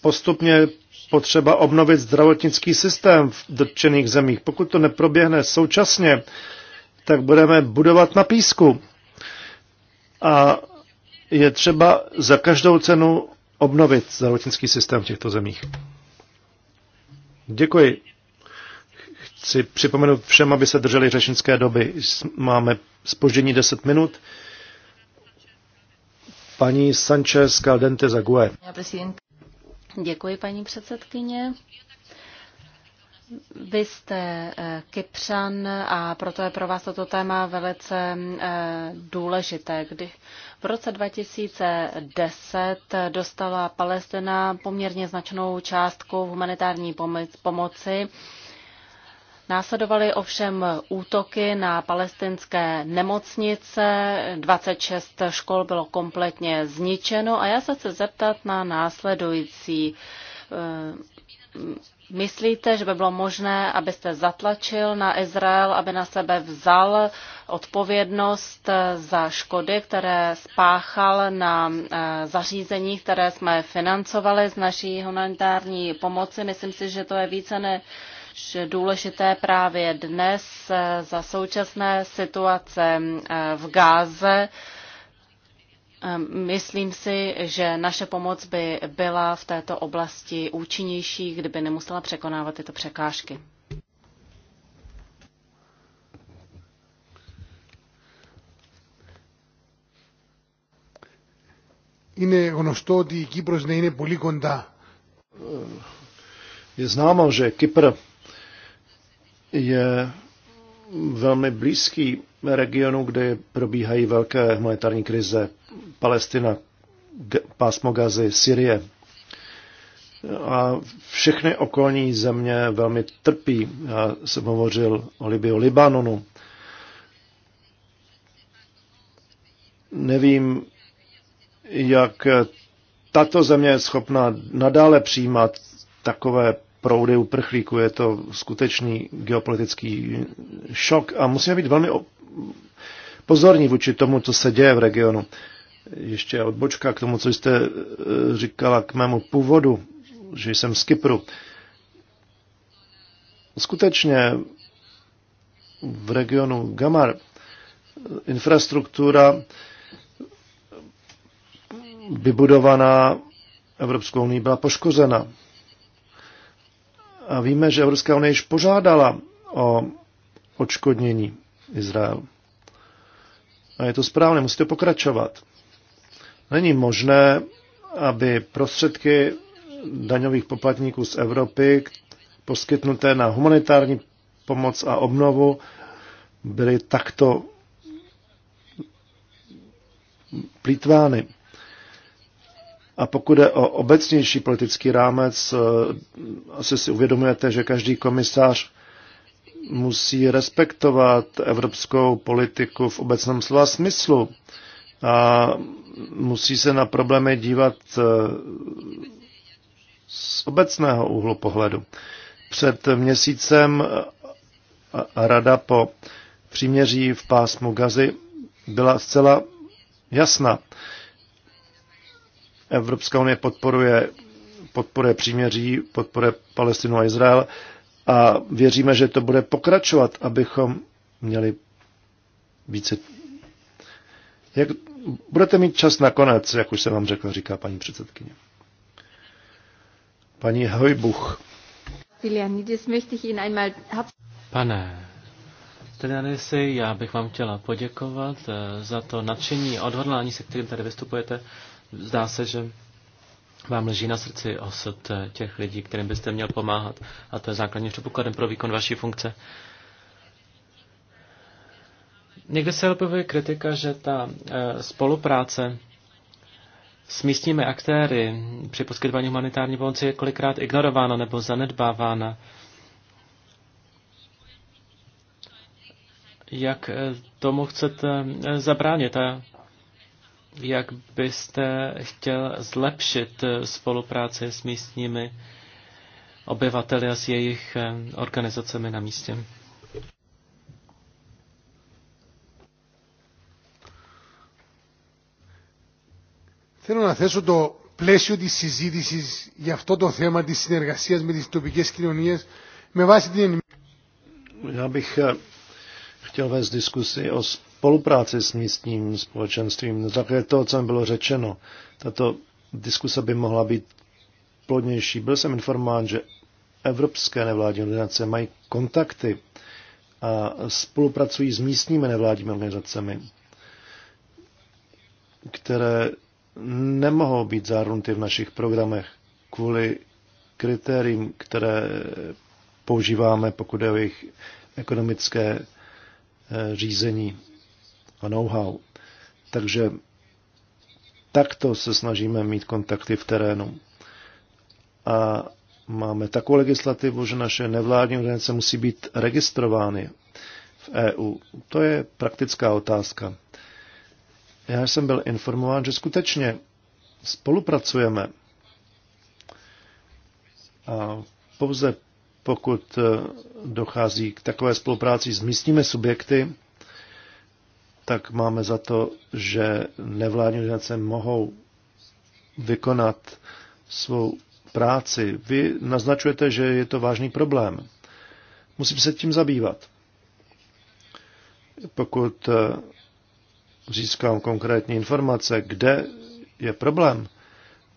postupně potřeba obnovit zdravotnický systém v dotčených zemích. Pokud to neproběhne současně, tak budeme budovat na písku. A je třeba za každou cenu obnovit zdravotnický systém v těchto zemích. Děkuji. Chci připomenout všem, aby se drželi řečnické doby. Máme spoždění 10 minut. Paní Sanchez Caldente Zague. Děkuji, paní předsedkyně. Vy jste eh, Kypřan a proto je pro vás toto téma velice eh, důležité. Kdy v roce 2010 dostala Palestina poměrně značnou částku humanitární pomoci Následovaly ovšem útoky na palestinské nemocnice, 26 škol bylo kompletně zničeno a já se chci zeptat na následující. Eh, myslíte, že by bylo možné, abyste zatlačil na Izrael, aby na sebe vzal odpovědnost eh, za škody, které spáchal na eh, zařízení, které jsme financovali z naší humanitární pomoci? Myslím si, že to je více ne, důležité právě dnes za současné situace v Gáze. Myslím si, že naše pomoc by byla v této oblasti účinnější, kdyby nemusela překonávat tyto překážky. Je známo, že Kypr je velmi blízký regionu, kde probíhají velké humanitární krize. Palestina, pásmo Gazy, Syrie. A všechny okolní země velmi trpí. Já jsem hovořil o Libii, o Libanonu. Nevím, jak tato země je schopna nadále přijímat takové proudy uprchlíků. Je to skutečný geopolitický šok a musíme být velmi pozorní vůči tomu, co se děje v regionu. Ještě odbočka k tomu, co jste e, říkala k mému původu, že jsem z Kypru. Skutečně v regionu Gamar e, infrastruktura vybudovaná Evropskou unii byla poškozena. A víme, že Evropská unie již požádala o odškodnění Izrael. A je to správné, musí to pokračovat. Není možné, aby prostředky daňových poplatníků z Evropy poskytnuté na humanitární pomoc a obnovu byly takto plítvány. A pokud je o obecnější politický rámec, eh, asi si uvědomujete, že každý komisář musí respektovat evropskou politiku v obecném slova smyslu a musí se na problémy dívat eh, z obecného úhlu pohledu. Před měsícem eh, rada po příměří v pásmu Gazy byla zcela jasná. Evropská unie podporuje, podporuje příměří, podporuje Palestinu a Izrael a věříme, že to bude pokračovat, abychom měli více. Jak, budete mít čas nakonec, jak už jsem vám řekl, říká paní předsedkyně. Paní Hojbuch. Pane Stylianisi, já bych vám chtěla poděkovat eh, za to nadšení a odhodlání, se kterým tady vystupujete Zdá se, že vám leží na srdci osud eh, těch lidí, kterým byste měl pomáhat. A to je základní předpokladem pro výkon vaší funkce. Někde se objevuje kritika, že ta eh, spolupráce s místními aktéry při poskytování humanitární pomoci je kolikrát ignorována nebo zanedbávána. Jak eh, tomu chcete zabránit? A jak byste chtěl zlepšit eh, spolupráci s místními obyvateli a s jejich eh, organizacemi na místě. Θέλω να θέσω το πλαίσιο της συζήτησης για αυτό το θέμα της συνεργασίας με τις τοπικές κοινωνίες με βάση την ενημέρωση. Já bych chtěl vést diskusi o spolupráci s místním společenstvím. je to, co mi bylo řečeno, tato diskuse by mohla být plodnější. Byl jsem informován, že evropské nevládní organizace mají kontakty a spolupracují s místními nevládními organizacemi, které nemohou být zahrnuty v našich programech kvůli kritériím, které používáme, pokud je o jejich ekonomické eh, řízení a know-how. Takže takto se snažíme mít kontakty v terénu. A máme takovou legislativu, že naše nevládní organizace musí být registrovány v EU. To je praktická otázka. Já jsem byl informován, že skutečně spolupracujeme. A pouze pokud dochází k takové spolupráci s místními subjekty, tak máme za to, že nevládní organizace mohou vykonat svou práci. Vy naznačujete, že je to vážný problém. Musím se tím zabývat. Pokud eh, získám konkrétní informace, kde je problém,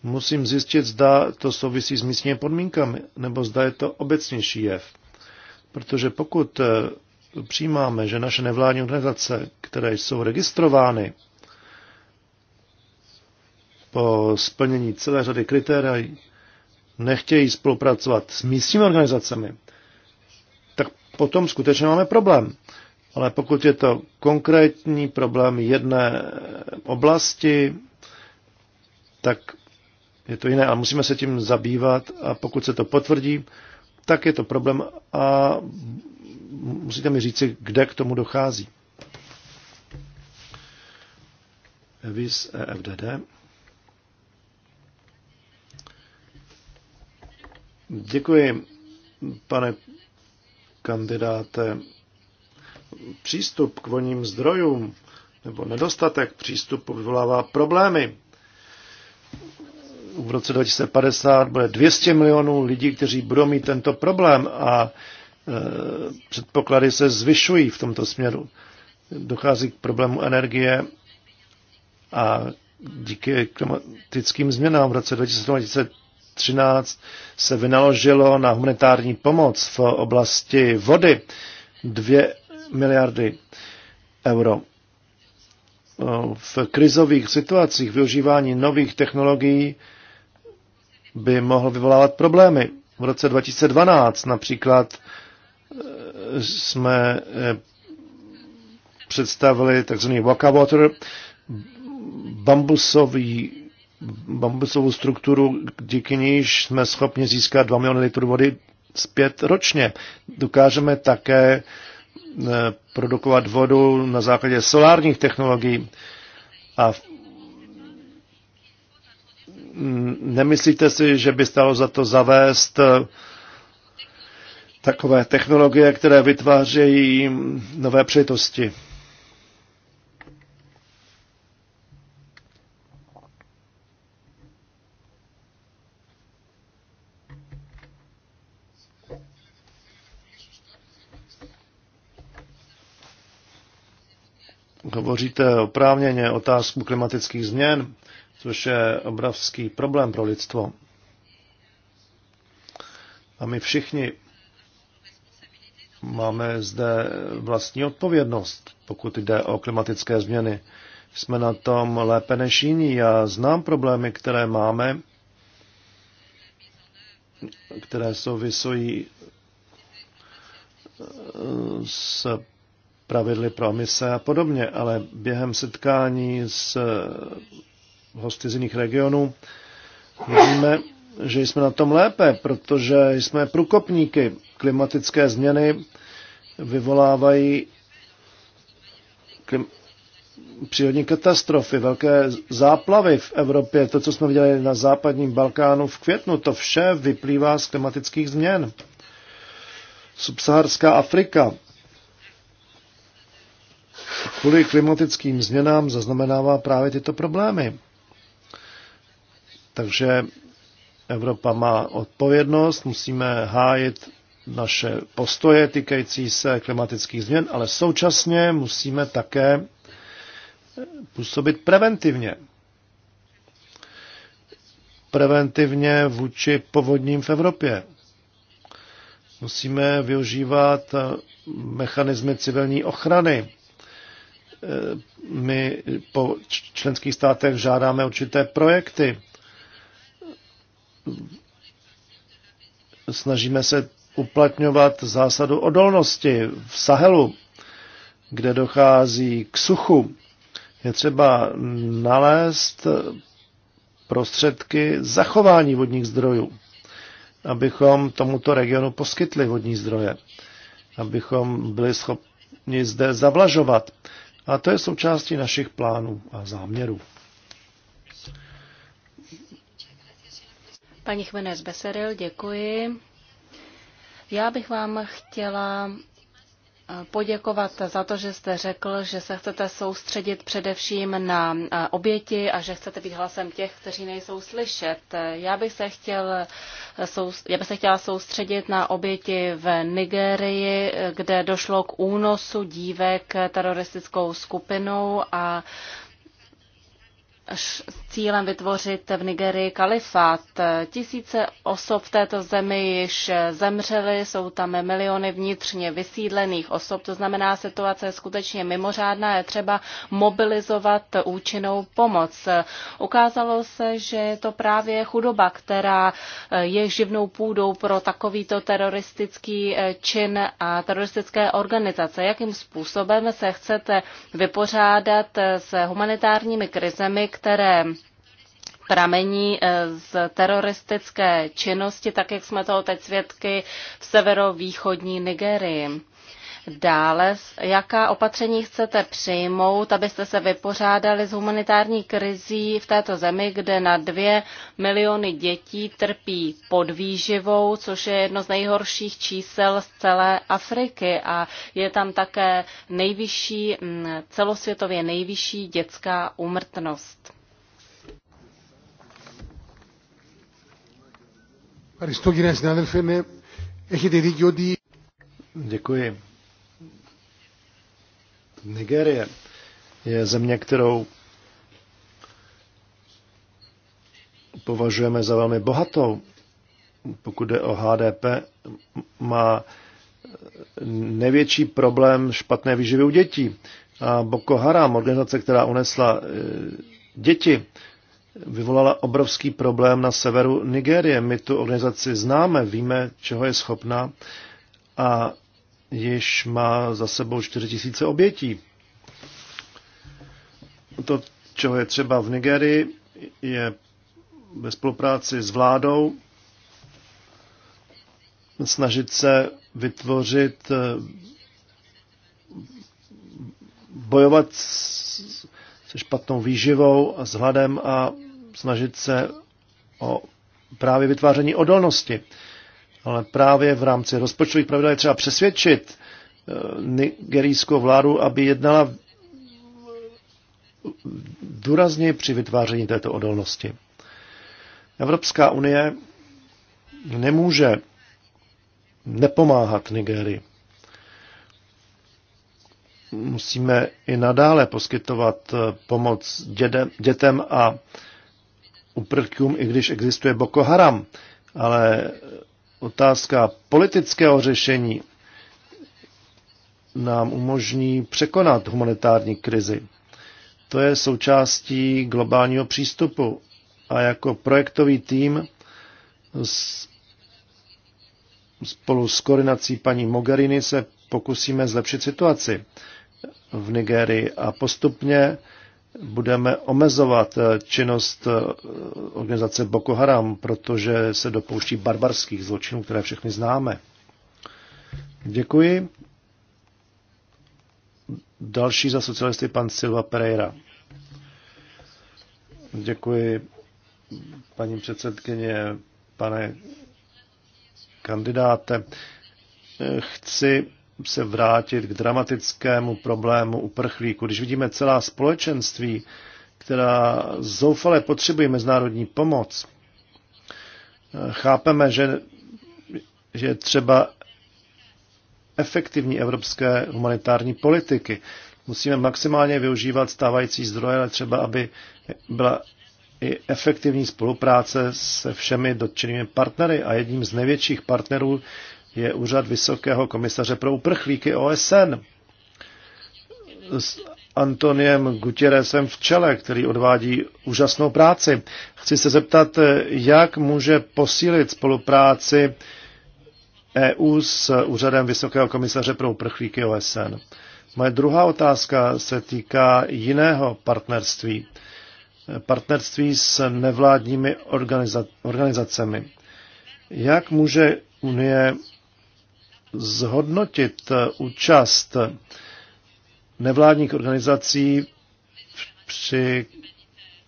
musím zjistit, zda to souvisí s místními podmínkami, nebo zda je to obecnější jev. Protože pokud eh, přijímáme, že naše nevládní organizace, které jsou registrovány po splnění celé řady kritérií, nechtějí spolupracovat s místními organizacemi, tak potom skutečně máme problém. Ale pokud je to konkrétní problém jedné oblasti, tak je to jiné a musíme se tím zabývat a pokud se to potvrdí, tak je to problém a musíte mi říci, kde k tomu dochází. Evis EFDD. Děkuji, pane kandidáte. Přístup k voním zdrojům nebo nedostatek přístupu vyvolává problémy. V roce 2050 bude 200 milionů lidí, kteří budou mít tento problém a Eh, předpoklady se zvyšují v tomto směru. Dochází k problému energie a díky klimatickým změnám v roce 2013 se vynaložilo na humanitární pomoc v oblasti vody 2 miliardy euro. V krizových situacích využívání nových technologií by mohlo vyvolávat problémy. V roce 2012 například jsme eh, představili takzvaný water, bambusový, bambusovou strukturu, díky níž jsme schopni získat 2 miliony litrů vody zpět ročně. Dokážeme také eh, produkovat vodu na základě solárních technologií. A nemyslíte si, že by stalo za to zavést eh, takové technologie, které vytvářejí nové přitosti. hovoříte oprávněně otázku klimatických změn, což je obrovský problém pro lidstvo. A my všichni máme zde vlastní odpovědnost, pokud jde o klimatické změny. Jsme na tom lépe než jiní. Já znám problémy, které máme, které souvisují eh, s pravidly pro mise a podobně, ale během setkání s eh, hosty z jiných regionů vidíme, že jsme na tom lépe, protože jsme průkopníky. Klimatické změny vyvolávají klim- přírodní katastrofy, velké záplavy v Evropě, to, co jsme viděli na západním Balkánu v květnu, to vše vyplývá z klimatických změn. Subsaharská Afrika kvůli klimatickým změnám zaznamenává právě tyto problémy. Takže Evropa má odpovědnost, musíme hájit naše postoje týkající se klimatických změn, ale současně musíme také působit preventivně. Preventivně vůči povodním v Evropě. Musíme využívat mechanismy civilní ochrany. My po členských státech žádáme určité projekty snažíme se uplatňovat zásadu odolnosti v Sahelu, kde dochází k suchu. Je třeba nalézt prostředky zachování vodních zdrojů, abychom tomuto regionu poskytli vodní zdroje, abychom byli schopni zde zavlažovat. A to je součástí našich plánů a záměrů. Paní Chmenez Beseril, děkuji. Já bych vám chtěla eh, poděkovat za to, že jste řekl, že se chcete soustředit především na eh, oběti a že chcete být hlasem těch, kteří nejsou slyšet. Já bych se, chtěl, eh, já bych se chtěla soustředit na oběti v Nigerii, kde došlo k únosu dívek teroristickou skupinou a s cílem vytvořit v Nigerii kalifát. Tisíce osob v této zemi již zemřely, jsou tam miliony vnitřně vysídlených osob, to znamená, situace je skutečně mimořádná, je třeba mobilizovat účinnou pomoc. Ukázalo se, že je to právě chudoba, která je živnou půdou pro takovýto teroristický čin a teroristické organizace. Jakým způsobem se chcete vypořádat s humanitárními krizemi, které pramení eh, z teroristické činnosti, tak jak jsme toho teď svědky v severovýchodní Nigerii. Dále, jaká opatření chcete přijmout, abyste se vypořádali s humanitární krizí v této zemi, kde na dvě miliony dětí trpí podvýživou, což je jedno z nejhorších čísel z celé Afriky a je tam také nejvyšší, mm, celosvětově nejvyšší dětská úmrtnost. Děkuji. Nigerie je země, kterou považujeme za velmi bohatou. Pokud jde o HDP, má největší problém špatné výživy u dětí. A Boko Haram, organizace, která unesla e, děti, vyvolala obrovský problém na severu Nigérie. My tu organizaci známe, víme, čeho je schopná a již má za sebou 4 tisíce obětí. To, čeho je třeba v Nigerii, je ve spolupráci s vládou snažit se vytvořit, eh, bojovat se špatnou výživou a s hladem a snažit se o právě vytváření odolnosti ale právě v rámci rozpočtových pravidel je třeba přesvědčit eh, nigerijskou vládu, aby jednala důrazně při vytváření této odolnosti. Evropská unie nemůže nepomáhat Nigerii. Musíme i nadále poskytovat eh, pomoc děde, dětem a uprchlíkům, i když existuje Boko Haram, ale otázka politického řešení nám umožní překonat humanitární krizi. To je součástí globálního přístupu a jako projektový tým s, spolu s koordinací paní Mogherini se pokusíme zlepšit situaci v Nigerii a postupně budeme omezovat eh, činnost eh, organizace Boko Haram, protože se dopouští barbarských zločinů, které všechny známe. Děkuji. Další za socialisty pan Silva Pereira. Děkuji, paní předsedkyně, pane kandidáte. Eh, chci se vrátit k dramatickému problému uprchlíku. Když vidíme celá společenství, která zoufale potřebuje mezinárodní pomoc, chápeme, že, že třeba efektivní evropské humanitární politiky. Musíme maximálně využívat stávající zdroje, ale třeba, aby byla i efektivní spolupráce se všemi dotčenými partnery a jedním z největších partnerů je úřad Vysokého komisaře pro uprchlíky OSN s Antoniem Gutierrezem v čele, který odvádí úžasnou práci. Chci se zeptat, jak může posílit spolupráci EU s úřadem Vysokého komisaře pro uprchlíky OSN. Moje druhá otázka se týká jiného partnerství. Partnerství s nevládními organizacemi. Jak může Unie zhodnotit účast nevládních organizací při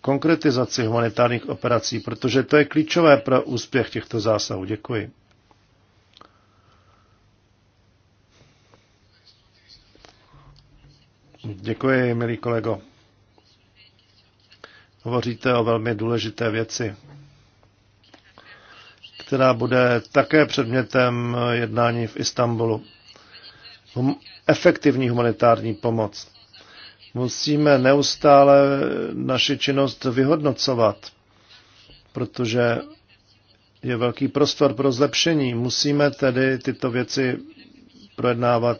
konkretizaci humanitárních operací, protože to je klíčové pro úspěch těchto zásahů. Děkuji. Děkuji, milý kolego. Hovoříte o velmi důležité věci která bude také předmětem jednání v Istanbulu. Hum, efektivní humanitární pomoc. Musíme neustále naši činnost vyhodnocovat, protože je velký prostor pro zlepšení. Musíme tedy tyto věci projednávat,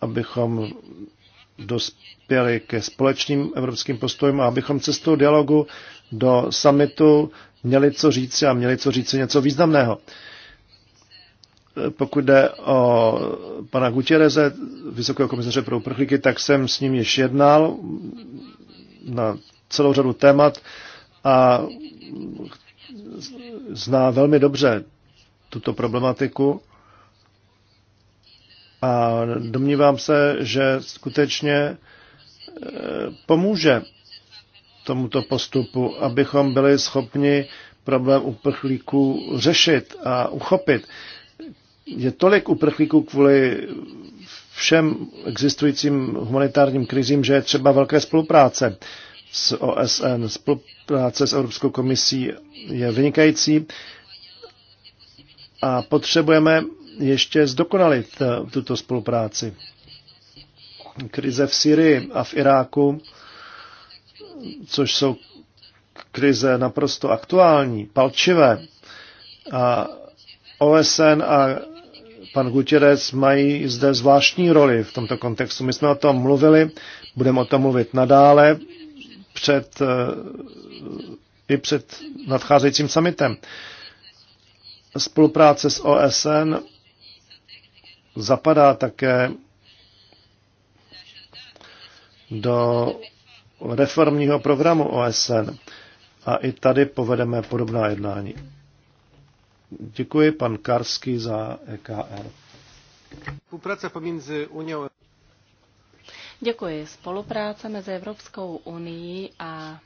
abychom dospěli ke společným evropským postojům a abychom cestou dialogu do summitu měli co říci a měli co říci něco významného. Pokud jde o pana Gutiereze, Vysokého komisaře pro uprchlíky, tak jsem s ním již jednal na celou řadu témat a zná velmi dobře tuto problematiku a domnívám se, že skutečně eh, pomůže tomuto postupu, abychom byli schopni problém uprchlíků řešit a uchopit. Je tolik uprchlíků kvůli všem existujícím humanitárním krizím, že je třeba velké spolupráce s OSN. Spolupráce s Evropskou komisí je vynikající a potřebujeme ještě zdokonalit tuto spolupráci. Krize v Syrii a v Iráku což jsou krize naprosto aktuální, palčivé. A OSN a pan Gutierrez mají zde zvláštní roli v tomto kontextu. My jsme o tom mluvili, budeme o tom mluvit nadále před, eh, i před nadcházejícím summitem. Spolupráce s OSN zapadá také do reformního programu OSN. A i tady povedeme podobná jednání. Děkuji pan Karsky za EKR. Spolupráce pomiędzy Unii. Děkuji. Spolupráce mezi Evropskou unii a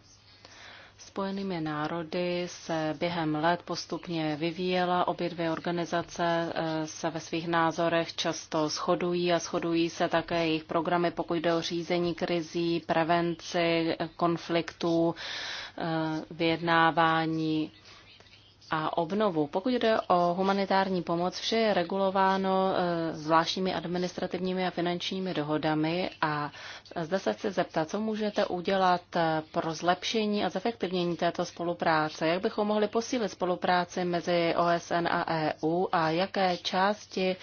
Spojenými národy se během let postupně vyvíjela. Obě dvě organizace eh, se ve svých názorech často shodují a shodují se také jejich programy, pokud jde o řízení krizí, prevenci eh, konfliktů, eh, vyjednávání a obnovu. Pokud jde o humanitární pomoc, vše je regulováno eh, zvláštními administrativními a finančními dohodami a zde se chci zeptat, co můžete udělat eh, pro zlepšení a zefektivnění této spolupráce? Jak bychom mohli posílit spolupráci mezi OSN a EU a jaké části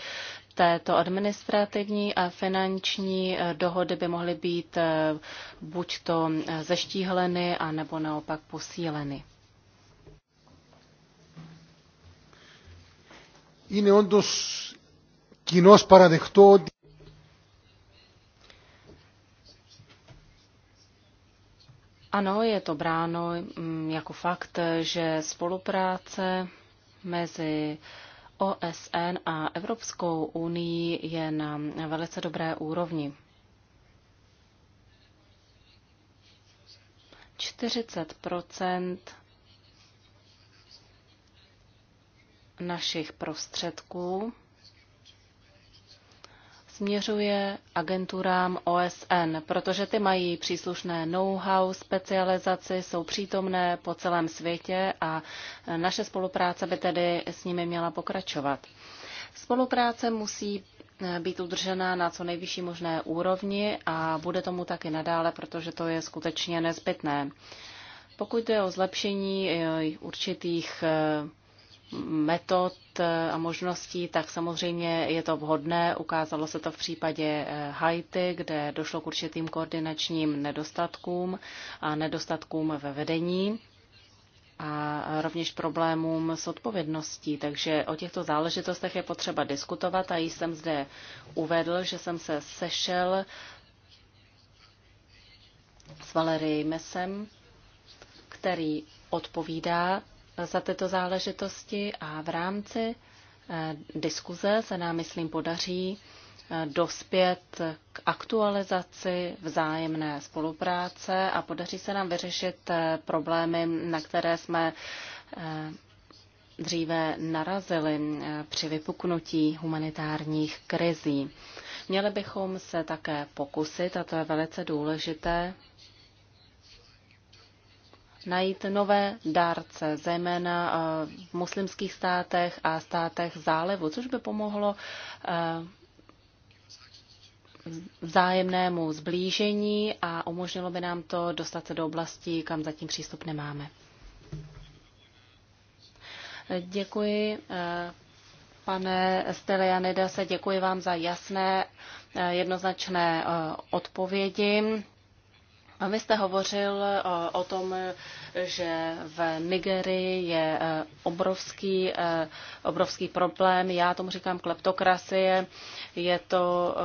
této administrativní a finanční eh, dohody by mohly být buď to zeštíhleny, anebo naopak posíleny? είναι όντως κοινώς παραδεχτό ότι Ano, je to bráno mm, jako fakt, že spolupráce mezi OSN a Evropskou unii je na velice dobré úrovni. 40 našich prostředků směřuje agenturám OSN, protože ty mají příslušné know-how, specializaci, jsou přítomné po celém světě a naše spolupráce by tedy s nimi měla pokračovat. Spolupráce musí být udržena na co nejvyšší možné úrovni a bude tomu taky nadále, protože to je skutečně nezbytné. Pokud jde o zlepšení eh, určitých eh, metod a možností, tak samozřejmě je to vhodné. Ukázalo se to v případě eh, Haiti, kde došlo k určitým koordinačním nedostatkům a nedostatkům ve vedení a rovněž problémům s odpovědností. Takže o těchto záležitostech je potřeba diskutovat a jsem zde uvedl, že jsem se sešel s Valery Mesem, který odpovídá za této záležitosti a v rámci eh, diskuze se nám, myslím, podaří eh, dospět k aktualizaci vzájemné spolupráce a podaří se nám vyřešit eh, problémy, na které jsme dříve narazili při vypuknutí humanitárních krizí. Měli bychom se také pokusit, a to je velice důležité, najít nové dárce, zejména eh, v muslimských státech a státech zálevu, což by pomohlo eh, vzájemnému zblížení a umožnilo by nám to dostat se do oblasti, kam zatím přístup nemáme. Děkuji, eh, pane se děkuji vám za jasné, jednoznačné odpovědi. Vy jste hovořil eh, o tom, že v Nigerii je eh, obrovský, eh, obrovský problém. Já tomu říkám kleptokracie. Je to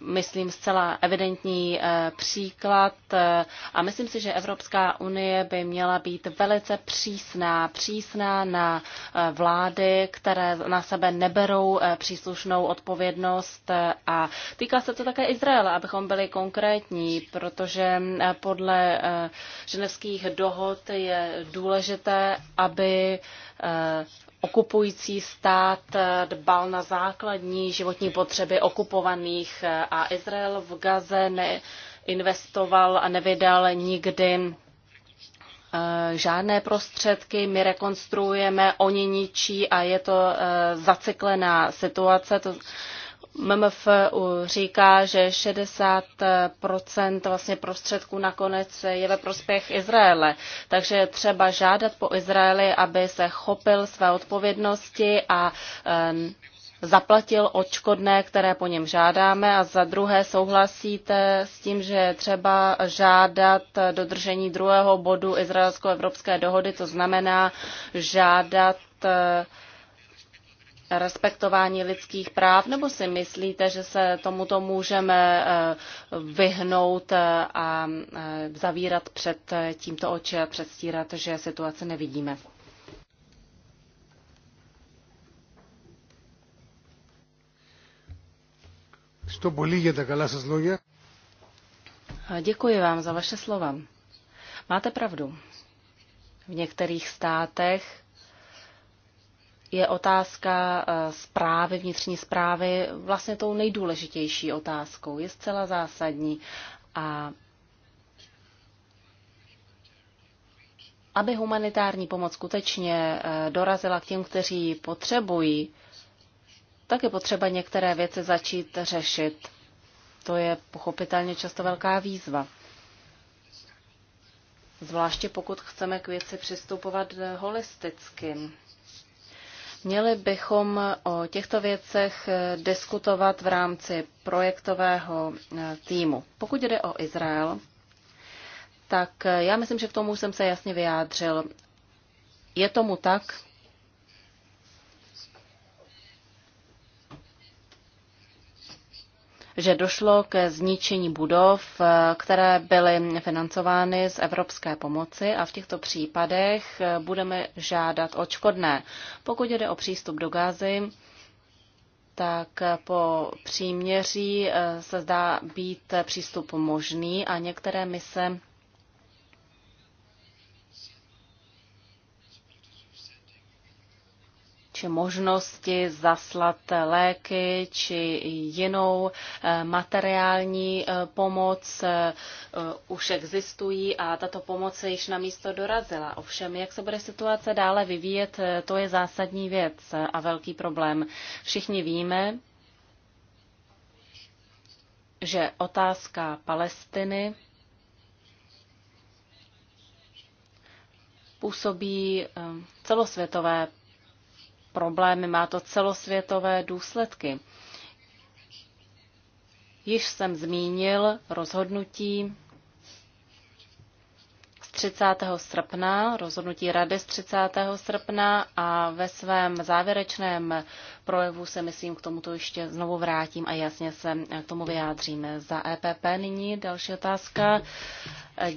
myslím, zcela evidentní eh, příklad eh, a myslím si, že Evropská unie by měla být velice přísná, přísná na eh, vlády, které na sebe neberou příslušnou odpovědnost a týká se to také Izraela, abychom byli konkrétní, protože podle ženevských dohod je důležité, aby okupující stát eh, dbal na základní životní potřeby okupovaných eh, a Izrael v Gaze neinvestoval a nevydal nikdy eh, žádné prostředky, my rekonstruujeme, oni ničí a je to zaciklená situace. To MMF říká, že 60 vlastně prostředků nakonec je ve prospěch Izraele. Takže je třeba žádat po Izraeli, aby se chopil své odpovědnosti a zaplatil odškodné, které po něm žádáme a za druhé souhlasíte s tím, že je třeba žádat dodržení druhého bodu izraelsko-evropské dohody, to znamená žádat respektování lidských práv, nebo si myslíte, že se tomuto můžeme eh, vyhnout eh, a eh, zavírat před tímto oči a předstírat, že situace nevidíme? Děkuji vám za vaše slova. Máte pravdu. V některých státech je otázka eh, zprávy, vnitřní zprávy, vlastně tou nejdůležitější otázkou. Je zcela zásadní. A aby humanitární pomoc skutečně eh, dorazila k těm, kteří ji potřebují, tak je potřeba některé věci začít řešit. To je pochopitelně často velká výzva. Zvláště pokud chceme k věci přistupovat eh, holisticky. Měli bychom o těchto věcech eh, diskutovat v rámci projektového eh, týmu. Pokud jde o Izrael, tak eh, já myslím, že k tomu jsem se jasně vyjádřil. Je tomu tak, že došlo ke zničení budov, eh, které byly financovány z evropské pomoci a v těchto případech eh, budeme žádat očkodné. Pokud jde o přístup do Gázy, tak po příměří eh, se zdá být přístup možný a některé mise či možnosti zaslat léky či jinou eh, materiální eh, pomoc eh, už existují a tato pomoc se již na místo dorazila. Ovšem, jak se bude situace dále vyvíjet, to je zásadní věc a velký problém. Všichni víme, že otázka Palestiny působí celosvětové problémy, má to celosvětové důsledky. Již jsem zmínil rozhodnutí z 30. srpna, rozhodnutí Rady z 30. srpna a ve svém závěrečném projevu se, myslím, k tomuto ještě znovu vrátím a jasně se k tomu vyjádřím. Za EPP nyní další otázka.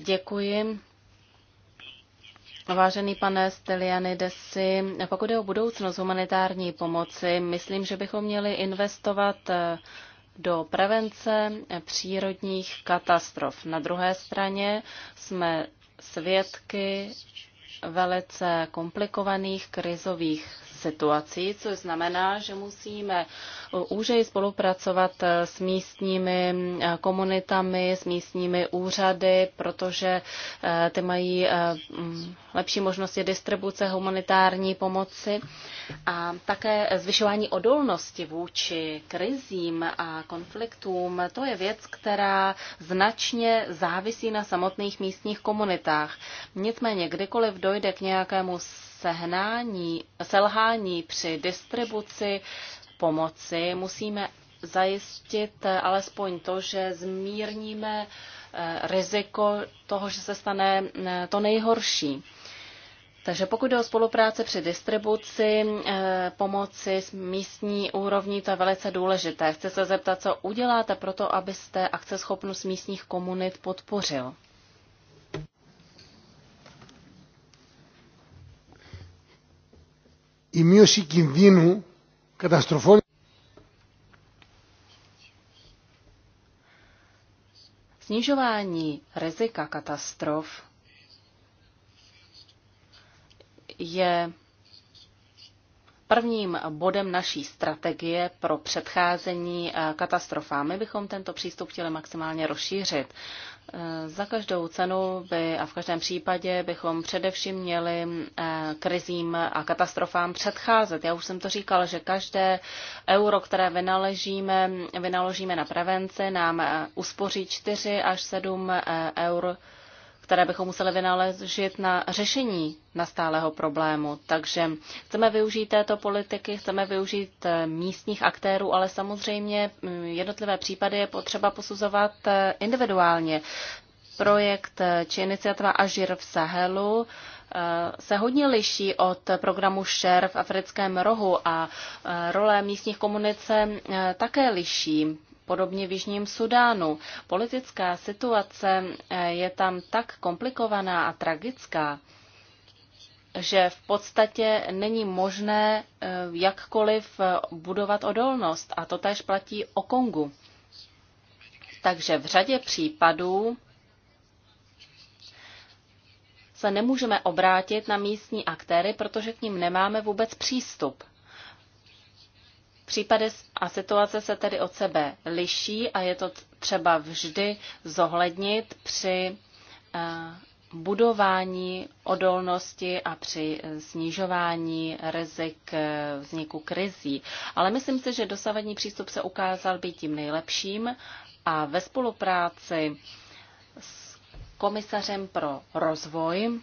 Děkuji. Vážený pane Desi, pokud je o budoucnost humanitární pomoci, myslím, že bychom měli investovat eh, do prevence přírodních katastrof. Na druhé straně jsme svědky velice komplikovaných krizových situací, což znamená, že musíme úžeji spolupracovat s místními eh, komunitami, s místními úřady, protože eh, ty mají eh, mm, lepší možnosti distribuce humanitární pomoci a také zvyšování odolnosti vůči krizím a konfliktům. To je věc, která značně závisí na samotných místních komunitách. Nicméně, kdykoliv dojde k nějakému sehnání, selhání při distribuci pomoci musíme zajistit alespoň to, že zmírníme eh, riziko toho, že se stane eh, to nejhorší. Takže pokud jde o spolupráce při distribuci eh, pomoci s místní úrovní, to je velice důležité. Chci se zeptat, co uděláte pro to, abyste akceschopnost místních komunit podpořil. η μείωση κινδύνου καταστροφών. Snižování rizika katastrof je prvním bodem naší strategie pro předcházení eh, katastrofám. My bychom tento přístup chtěli maximálně rozšířit. Eh, za každou cenu by a v každém případě bychom především měli eh, krizím a katastrofám předcházet. Já už jsem to říkal, že každé euro, které vynaložíme, vynaložíme na prevenci, nám uspoří 4 až 7 eur které bychom museli vynaležit na řešení nastálého problému. Takže chceme využít této politiky, chceme využít eh, místních aktérů, ale samozřejmě mm, jednotlivé případy je potřeba posuzovat eh, individuálně. Projekt eh, či iniciativa Ažir v Sahelu se hodně liší od programu Šer v africkém rohu a role místních komunice také liší podobně v Jižním Sudánu. Politická situace eh, je tam tak komplikovaná a tragická, že v podstatě není možné eh, jakkoliv eh, budovat odolnost. A to též platí o Kongu. Takže v řadě případů se nemůžeme obrátit na místní aktéry, protože k ním nemáme vůbec přístup. Případy a situace se tedy od sebe liší a je to třeba vždy zohlednit při eh, budování odolnosti a při eh, snižování rizik eh, vzniku krizí. Ale myslím si, že dosavadní přístup se ukázal být tím nejlepším a ve spolupráci s komisařem pro rozvoj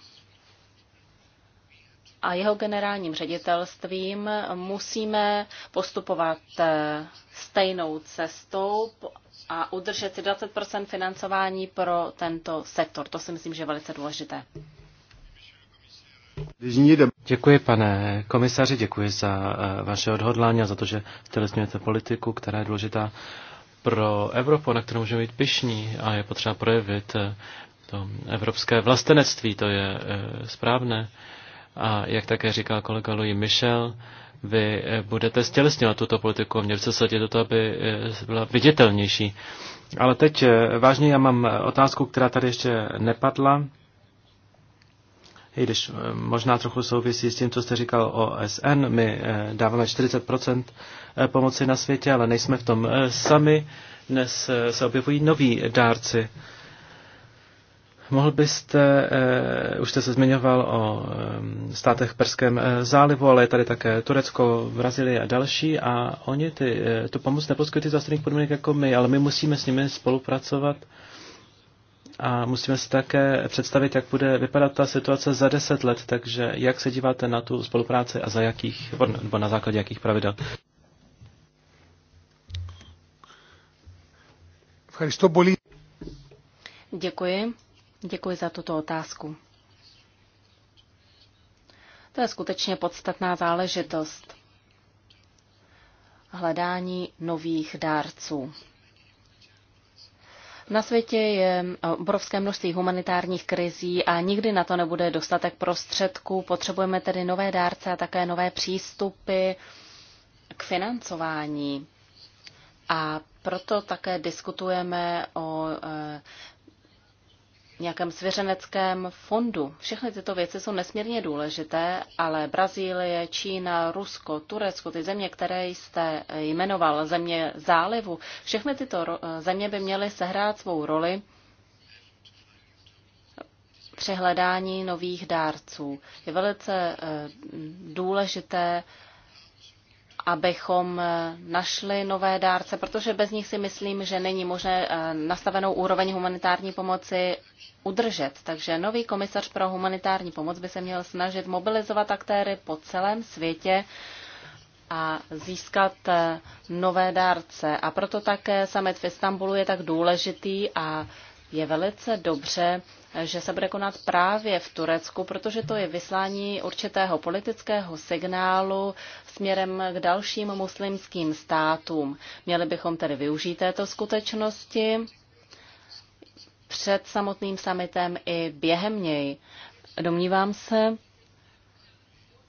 a jeho generálním ředitelstvím musíme postupovat eh, stejnou cestou a udržet si 20 financování pro tento sektor. To si myslím, že je velice důležité. Děkuji, pane komisaři, děkuji za eh, vaše odhodlání a za to, že stělesňujete politiku, která je důležitá pro Evropu, na kterou můžeme být pišní a je potřeba projevit eh, to evropské vlastenectví, to je správné. A jak také říká kolega Louis Michel, vy eh, budete stělesňovat tuto politiku, měl se sadit do toho, aby eh, byla viditelnější. Ale teď eh, vážně já mám otázku, která tady ještě nepadla, i když možná trochu souvisí s tím, co jste říkal o SN. My dáváme 40% pomoci na světě, ale nejsme v tom sami. Dnes se objevují noví dárci Mohl byste, eh, už jste se zmiňoval o eh, státech v Perském eh, zálivu, ale je tady také Turecko, Brazílie a další a oni ty, tu pomoc neposkytují za stejných podmínek jako my, ale my musíme s nimi spolupracovat a musíme si také představit, jak bude vypadat ta situace za deset let, takže jak se díváte na tu spolupráci a za jakých, nebo na základě jakých pravidel? Děkuji. Děkuji za tuto otázku. To je skutečně podstatná záležitost. Hledání nových dárců. Na světě je obrovské množství humanitárních krizí a nikdy na to nebude dostatek prostředků. Potřebujeme tedy nové dárce a také nové přístupy k financování. A proto také diskutujeme o eh, nějakém svěřeneckém fondu. Všechny tyto věci jsou nesmírně důležité, ale Brazílie, Čína, Rusko, Turecko, ty země, které jste jmenoval, země zálivu, všechny tyto země by měly sehrát svou roli při hledání nových dárců. Je velice eh, důležité, abychom eh, našli nové dárce, protože bez nich si myslím, že není možné eh, nastavenou úroveň humanitární pomoci udržet. Takže nový komisař pro humanitární pomoc by se měl snažit mobilizovat aktéry po celém světě a získat eh, nové dárce. A proto také summit v Istanbulu je tak důležitý a je velice dobře, eh, že se bude konat právě v Turecku, protože to je vyslání určitého politického signálu směrem k dalším muslimským státům. Měli bychom tedy využít této skutečnosti před samotným summitem i během něj. Domnívám se,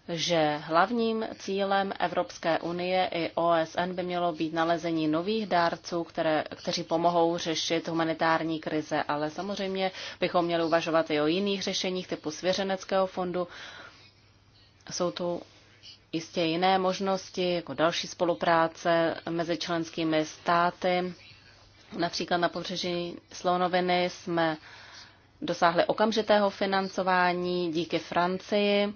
že hlavním cílem Evropské unie i OSN by mělo být nalezení nových dárců, které, kteří pomohou řešit humanitární krize, ale samozřejmě bychom měli uvažovat i o jiných řešeních typu svěřeneckého fondu. Jsou tu jistě jiné možnosti, jako další spolupráce mezi členskými státy Například na pobřeží Slonoviny jsme dosáhli okamžitého financování díky Francii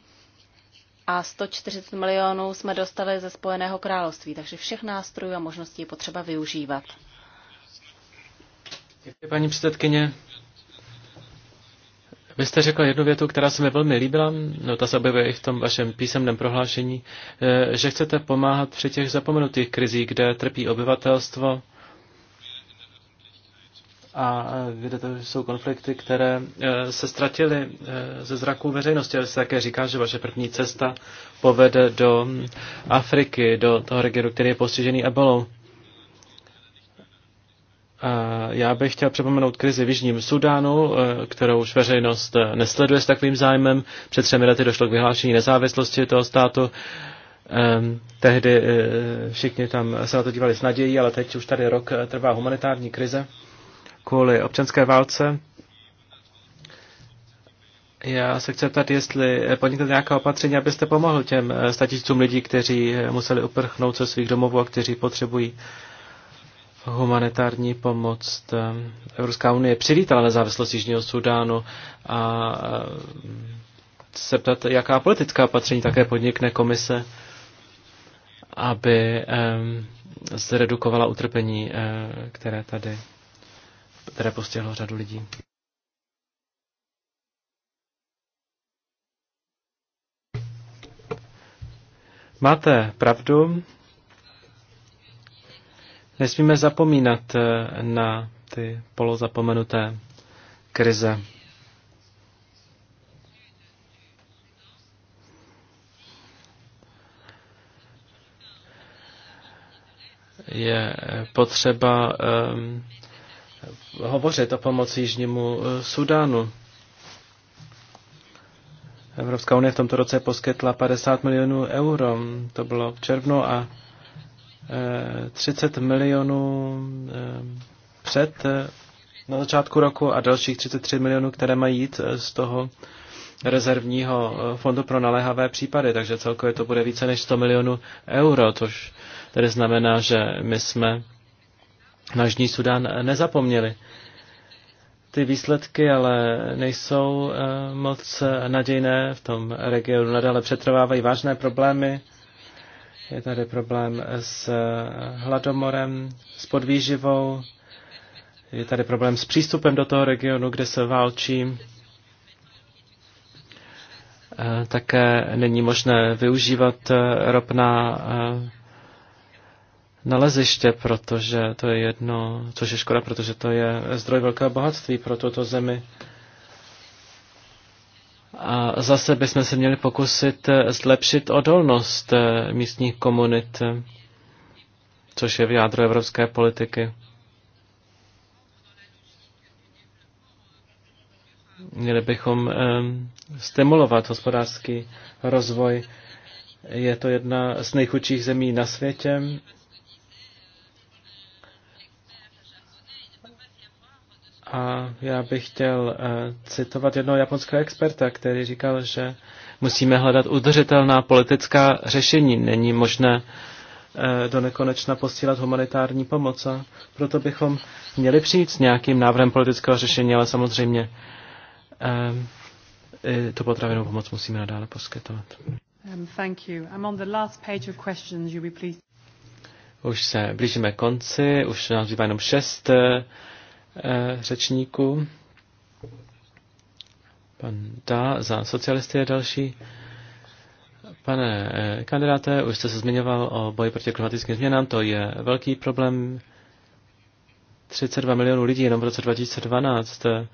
a 140 milionů jsme dostali ze Spojeného království, takže všech nástrojů a možností je potřeba využívat. Děkuji, paní předsedkyně. Vy jste řekla jednu větu, která se mi velmi líbila, no ta se objevuje i v tom vašem písemném prohlášení, eh, že chcete pomáhat při těch zapomenutých krizích, kde trpí obyvatelstvo a kde to jsou konflikty, které e, se ztratily e, ze zraku veřejnosti. Ale se také říká, že vaše první cesta povede do Afriky, do toho regionu, který je postižený ebolou. Já bych chtěl připomenout krizi v Jižním Sudánu, e, kterou už veřejnost nesleduje s takovým zájmem. Před třemi lety došlo k vyhlášení nezávislosti toho státu. Tehdy všichni tam se na to dívali s nadějí, ale teď už tady rok trvá humanitární krize kvůli občanské válce. Já se chci zeptat, jestli podnikl nějaká opatření, abyste pomohl těm statisícům lidí, kteří museli uprchnout ze svých domovů a kteří potřebují humanitární pomoc. Evropská unie přivítala nezávislost Jižního Sudánu a se ptat, jaká politická opatření také podnikne komise, aby zredukovala utrpení, které tady které postihlo řadu lidí. Máte pravdu. Nesmíme zapomínat eh, na ty polozapomenuté krize. Je potřeba um, hovořit o pomoci Jižnímu eh, Sudánu. Evropská unie v tomto roce poskytla 50 milionů euro, to bylo v červnu, a 30 eh, milionů eh, před na začátku roku a dalších 33 milionů, které mají jít z toho rezervního fondu pro naléhavé případy, takže celkově to bude více než 100 milionů euro, což tedy znamená, že my jsme na Jižní Sudán nezapomněli. Ty výsledky ale nejsou eh, moc eh, nadějné, v tom regionu nadále přetrvávají vážné problémy. Je tady problém s eh, hladomorem, s podvýživou, je tady problém s přístupem do toho regionu, kde se válčí. Také není možné využívat ropná naleziště, protože to je jedno, což je škoda, protože to je zdroj velkého bohatství pro tuto zemi. A zase bychom se měli pokusit zlepšit odolnost místních komunit, což je v jádru evropské politiky. Měli bychom eh, stimulovat hospodářský rozvoj. Je to jedna z nejchudších zemí na světě A já bych chtěl eh, citovat jednoho japonského experta, který říkal, že musíme hledat udržitelná politická řešení. Není možné eh, do nekonečna posílat humanitární pomoc. A proto bychom měli přijít s nějakým návrhem politického řešení, ale samozřejmě eh, to potravinou pomoc musíme nadále poskytovat. Um, thank you. I'm on the last page of questions. be pleased. Už se blížíme konci, už nás zbývá jenom šest Eh, řečníků. Pan Dá za socialisty je další. Pane eh, kandidáte, už jste se zmiňoval o boji proti klimatickým změnám, to je velký problém. 32 milionů lidí jenom v roce 2012 eh,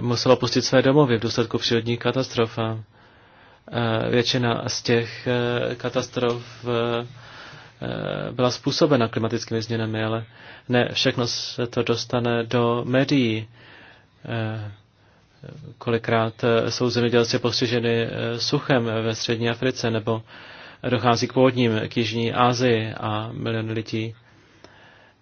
muselo pustit své domovy v důsledku přírodní katastrofa. většina z těch katastrof Eh, byla způsobena klimatickými změnami, ale ne všechno se to dostane do médií. Eh, kolikrát eh, jsou zemědělci postiženy suchem ve střední Africe nebo dochází k povodním k Jižní Asii a miliony lidí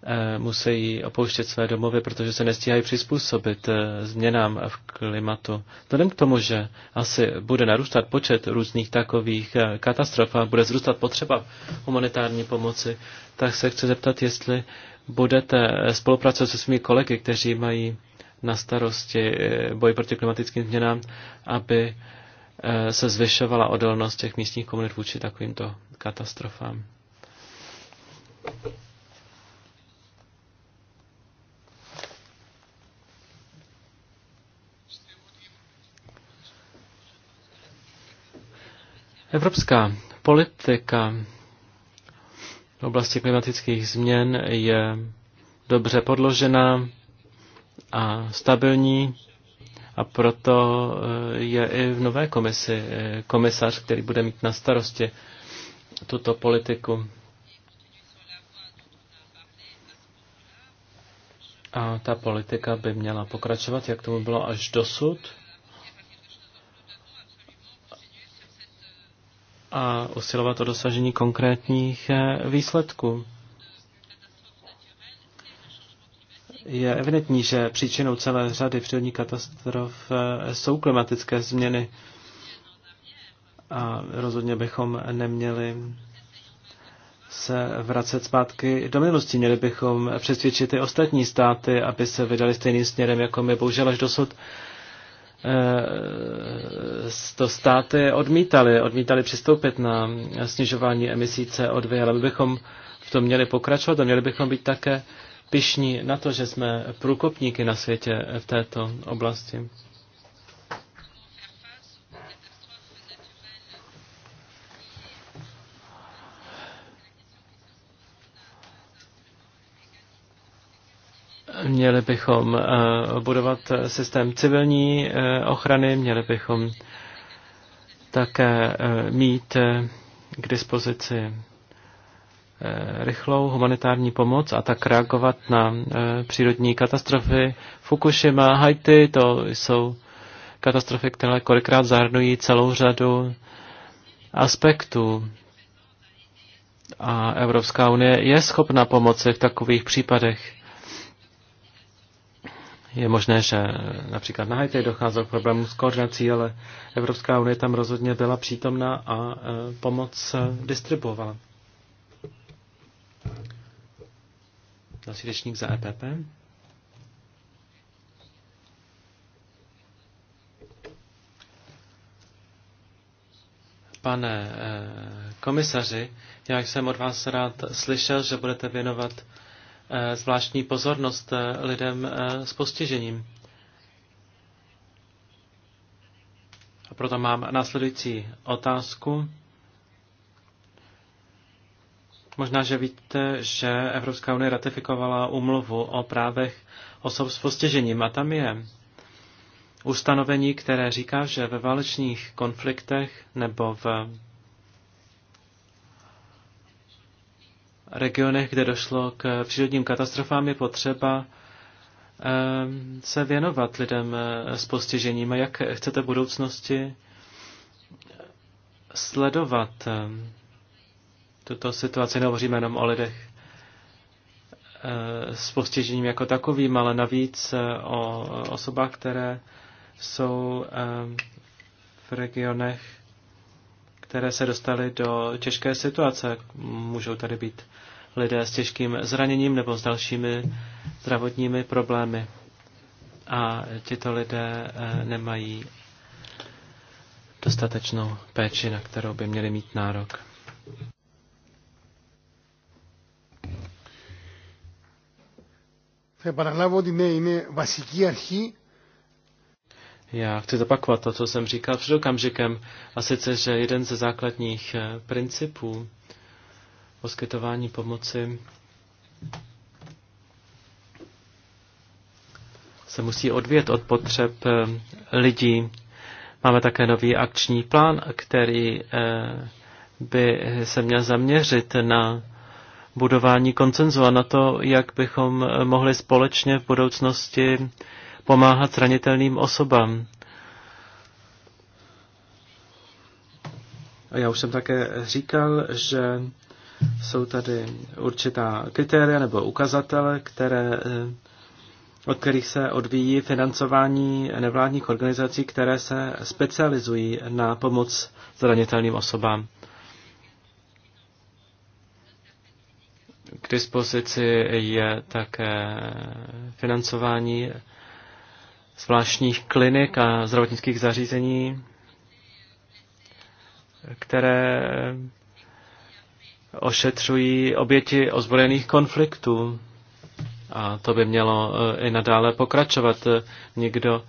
Eh, musí opouštět své domovy, protože se nestíhají přizpůsobit eh, změnám v klimatu. Vzhledem k tomu, že asi bude narůstat počet různých takových eh, katastrof a bude zrůstat potřeba humanitární pomoci, tak se chci zeptat, jestli budete spolupracovat se svými kolegy, kteří mají na starosti boj proti klimatickým změnám, aby se zvyšovala odolnost těch místních komunit vůči takovýmto katastrofám. Evropská politika v oblasti klimatických změn je dobře podložená a stabilní a proto eh, je i v nové komisi eh, komisař, který bude mít na starosti tuto politiku. A ta politika by měla pokračovat, jak tomu bylo až dosud. a usilovat o dosažení konkrétních eh, výsledků. Je evidentní, že příčinou celé řady přírodních katastrof eh, jsou klimatické změny a rozhodně bychom neměli se vracet zpátky do minulosti. Měli bychom přesvědčit i ostatní státy, aby se vydali stejným směrem, jako my bohužel až dosud Eh, to státy odmítali, odmítali přistoupit na snižování emisí CO2, ale my bychom v tom měli pokračovat a měli bychom být také pišní na to, že jsme průkopníky na světě v této oblasti. Měli bychom eh, budovat systém civilní eh, ochrany, měli bychom také eh, mít k dispozici rychlou humanitární pomoc a tak reagovat na přírodní katastrofy. Fukushima, Haiti, to jsou katastrofy, které kolikrát zahrnují celou řadu aspektů. A Evropská unie je schopna pomoci v takových případech. Je možné, že například na Haiti docházelo k problému s koordinací, ale Evropská unie tam rozhodně byla přítomná a e, pomoc e, distribuovala. Další řečník za EPP. Pane e, komisaři, já jsem od vás rád slyšel, že budete věnovat Eh, zvláštní pozornost eh, lidem eh, s postižením. A proto mám následující otázku. Možná, že víte, že Evropská unie ratifikovala umluvu o právech osob s postižením a tam je ustanovení, které říká, že ve válečných konfliktech nebo v regionech, kde došlo k přírodním katastrofám, je potřeba ehm, se věnovat lidem eh, s postižením a jak chcete v budoucnosti sledovat ehm, tuto situaci. Nehovoříme jenom o lidech eh, s postižením jako takovým, ale navíc eh, o osobách, které jsou ehm, v regionech, které se dostaly do těžké situace. Můžou tady být lidé s těžkým zraněním nebo s dalšími zdravotními problémy. A tito lidé eh, nemají dostatečnou péči, na kterou by měli mít nárok. Θα επαναλάβω ότι ναι, είναι βασική αρχή já chci zopakovat to, co jsem říkal před okamžikem, a sice, že jeden ze základních eh, principů poskytování pomoci se musí odvět od potřeb eh, lidí. Máme také nový akční plán, který eh, by se měl zaměřit na budování koncenzu a na to, jak bychom mohli společně v budoucnosti pomáhat zranitelným osobám. A já už jsem také říkal, že jsou tady určitá kritéria nebo ukazatele, které, eh, od kterých se odvíjí financování nevládních organizací, které se specializují na pomoc zranitelným osobám. K dispozici je také financování zvláštních klinik a zdravotnických zařízení, které ošetřují oběti ozbrojených konfliktů. A to by mělo eh, i nadále pokračovat. Nikdo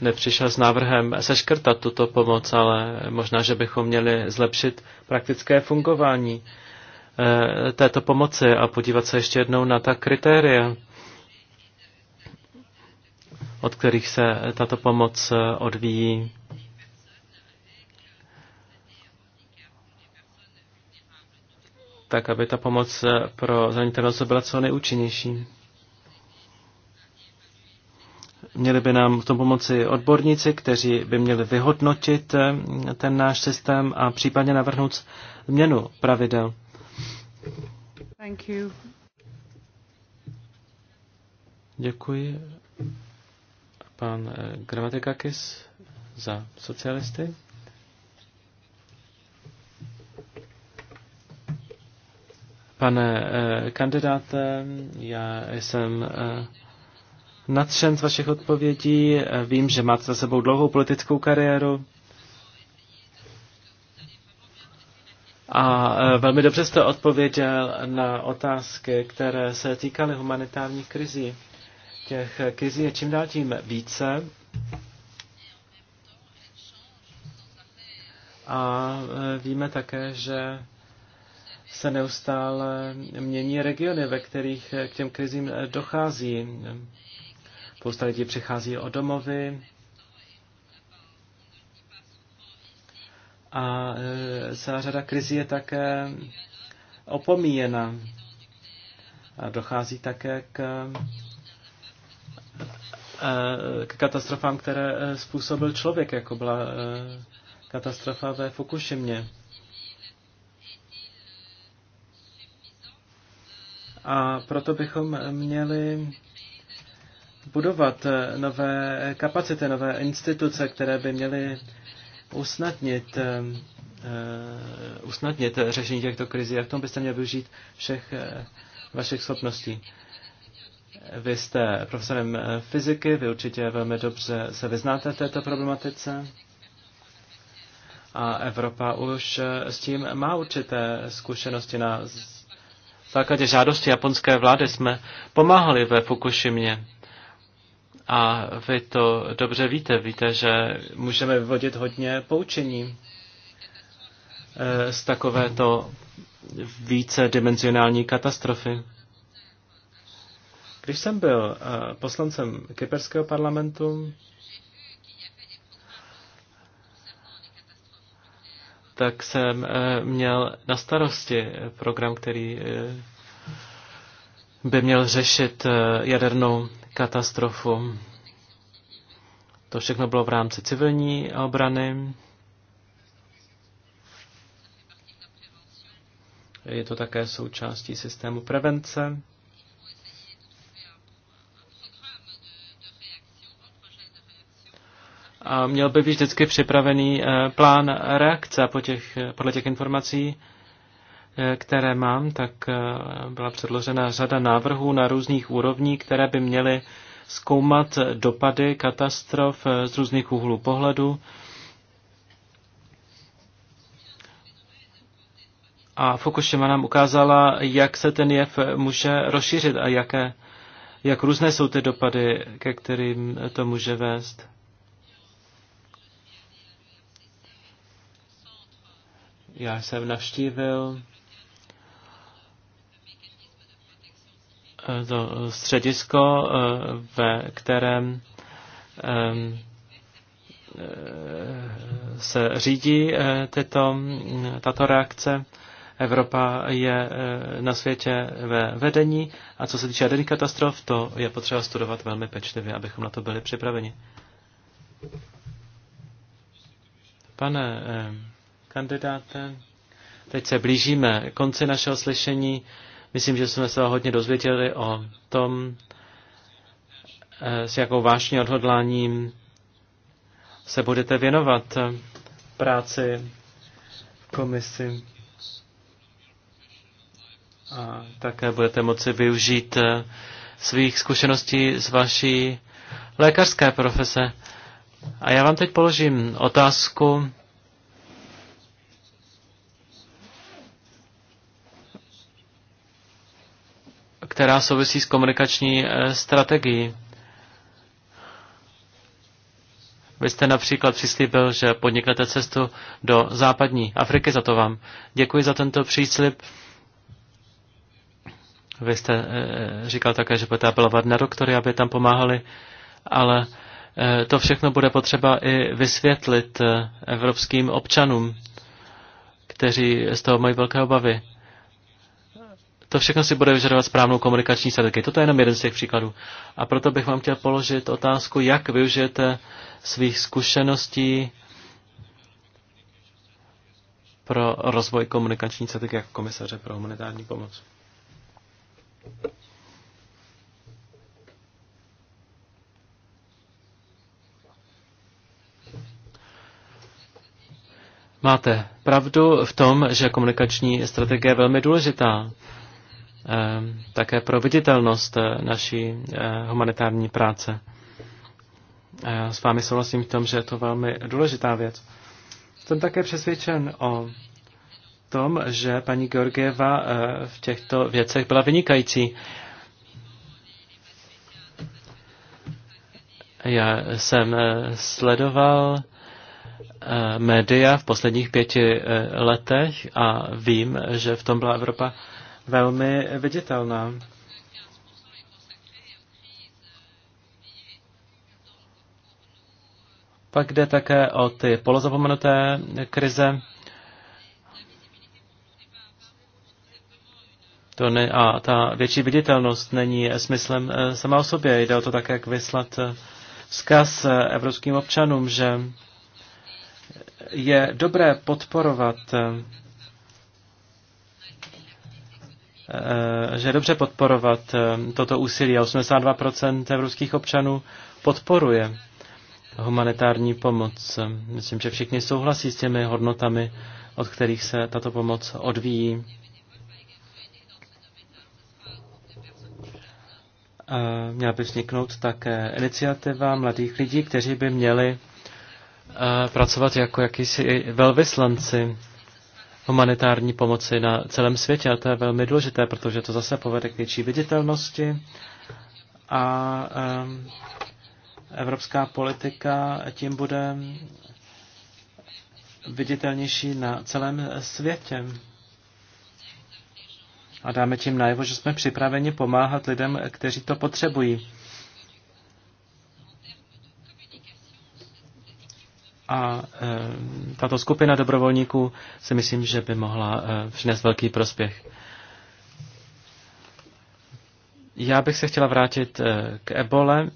nepřišel s návrhem seškrtat tuto pomoc, ale možná, že bychom měli zlepšit praktické fungování eh, této pomoci a podívat se ještě jednou na ta kritéria od kterých se tato pomoc eh, odvíjí. tak aby ta pomoc eh, pro zranitelné osoby byla co nejúčinnější. Měli by nám v tom pomoci odborníci, kteří by měli vyhodnotit eh, ten náš systém a případně navrhnout změnu pravidel. Thank you. Děkuji pan eh, Gramatikakis za socialisty. Pane eh, kandidáte, já jsem eh, nadšen z vašich odpovědí. Vím, že máte za sebou dlouhou politickou kariéru. A velmi dobře jste odpověděl na otázky, které se týkaly humanitárních krizí. Těch krizí je čím dál tím více. A e, víme také, že se neustále mění regiony, ve kterých e, k těm krizím e, dochází. Spousta lidí přichází o domovy a celá řada krizí je také opomíjena. A dochází také k Eh, k katastrofám, které eh, způsobil člověk, jako byla eh, katastrofa ve Fukushimě. A proto bychom měli budovat nové kapacity, nové instituce, které by měly usnadnit, usnadnit řešení těchto krizí. A v tom byste měli využít všech vašich schopností. Vy jste profesorem fyziky, vy určitě velmi dobře se vyznáte v této problematice. A Evropa už s tím má určité zkušenosti. Na základě žádosti japonské vlády jsme pomáhali ve Fukushimě. A vy to dobře víte. Víte, že můžeme vyvodit hodně poučení eh, z takovéto více dimenzionální katastrofy. Když jsem byl eh, poslancem kyperského parlamentu, tak jsem eh, měl na starosti program, který eh, by měl řešit jadernou katastrofu. To všechno bylo v rámci civilní obrany. Je to také součástí systému prevence. a měl by být vždycky připravený eh, plán reakce po těch, podle těch informací, eh, které mám, tak eh, byla předložena řada návrhů na různých úrovních, které by měly zkoumat dopady katastrof z různých úhlů pohledu. A Fukushima nám ukázala, jak se ten jev může rozšířit a jaké, jak různé jsou ty dopady, ke kterým to může vést. Já jsem navštívil eh, to středisko, eh, ve kterém eh, se řídí tyto, tato reakce. Evropa je na světě ve vedení a co se týče jaderných katastrof, to je potřeba studovat velmi pečlivě, abychom na to byli připraveni. Pane kandidáte. Teď se blížíme konci našeho slyšení. Myslím, že jsme se hodně dozvěděli o tom, eh, s jakou vášní odhodláním se budete věnovat práci v komisi. A také budete moci využít eh, svých zkušeností z vaší lékařské profese. A já vám teď položím otázku, která souvisí s komunikační eh, strategií. Vy jste například přislíbil, že podniknete cestu do západní Afriky, za to vám děkuji za tento příslip. Vy jste eh, říkal také, že budete apelovat na doktory, aby tam pomáhali, ale eh, to všechno bude potřeba i vysvětlit evropským občanům, kteří z toho mají velké obavy. To všechno si bude vyžadovat správnou komunikační strategii. Toto je jenom jeden z těch příkladů. A proto bych vám chtěl položit otázku, jak využijete svých zkušeností pro rozvoj komunikační strategie jako komisaře pro humanitární pomoc. Máte pravdu v tom, že komunikační strategie je velmi důležitá. Ehm, také pro viditelnost eh, naší eh, humanitární práce. A já s vámi souhlasím v tom, že je to velmi důležitá věc. Jsem také přesvědčen o tom, že paní Georgieva eh, v těchto věcech byla vynikající. Já jsem sledoval média v posledních pěti letech a vím, že v tom byla Evropa velmi viditelná. Pak jde také o ty polozapomenuté krize. To ne, a ta větší viditelnost není smyslem eh, sama o sobě. Jde o to také, jak vyslat eh, vzkaz eh, evropským občanům, že je dobré podporovat Eh, že je dobře podporovat eh, toto úsilí a 82% evropských občanů podporuje humanitární pomoc. Myslím, že všichni souhlasí s těmi hodnotami, od kterých se tato pomoc odvíjí. Měla by vzniknout také iniciativa mladých lidí, kteří by měli eh, pracovat jako jakýsi velvyslanci humanitární pomoci na celém světě a to je velmi důležité, protože to zase povede k větší viditelnosti a evropská politika tím bude viditelnější na celém světě. A dáme tím najevo, že jsme připraveni pomáhat lidem, kteří to potřebují. A e, tato skupina dobrovolníků si myslím, že by mohla e, přinést velký prospěch. Já bych se chtěla vrátit e, k ebole,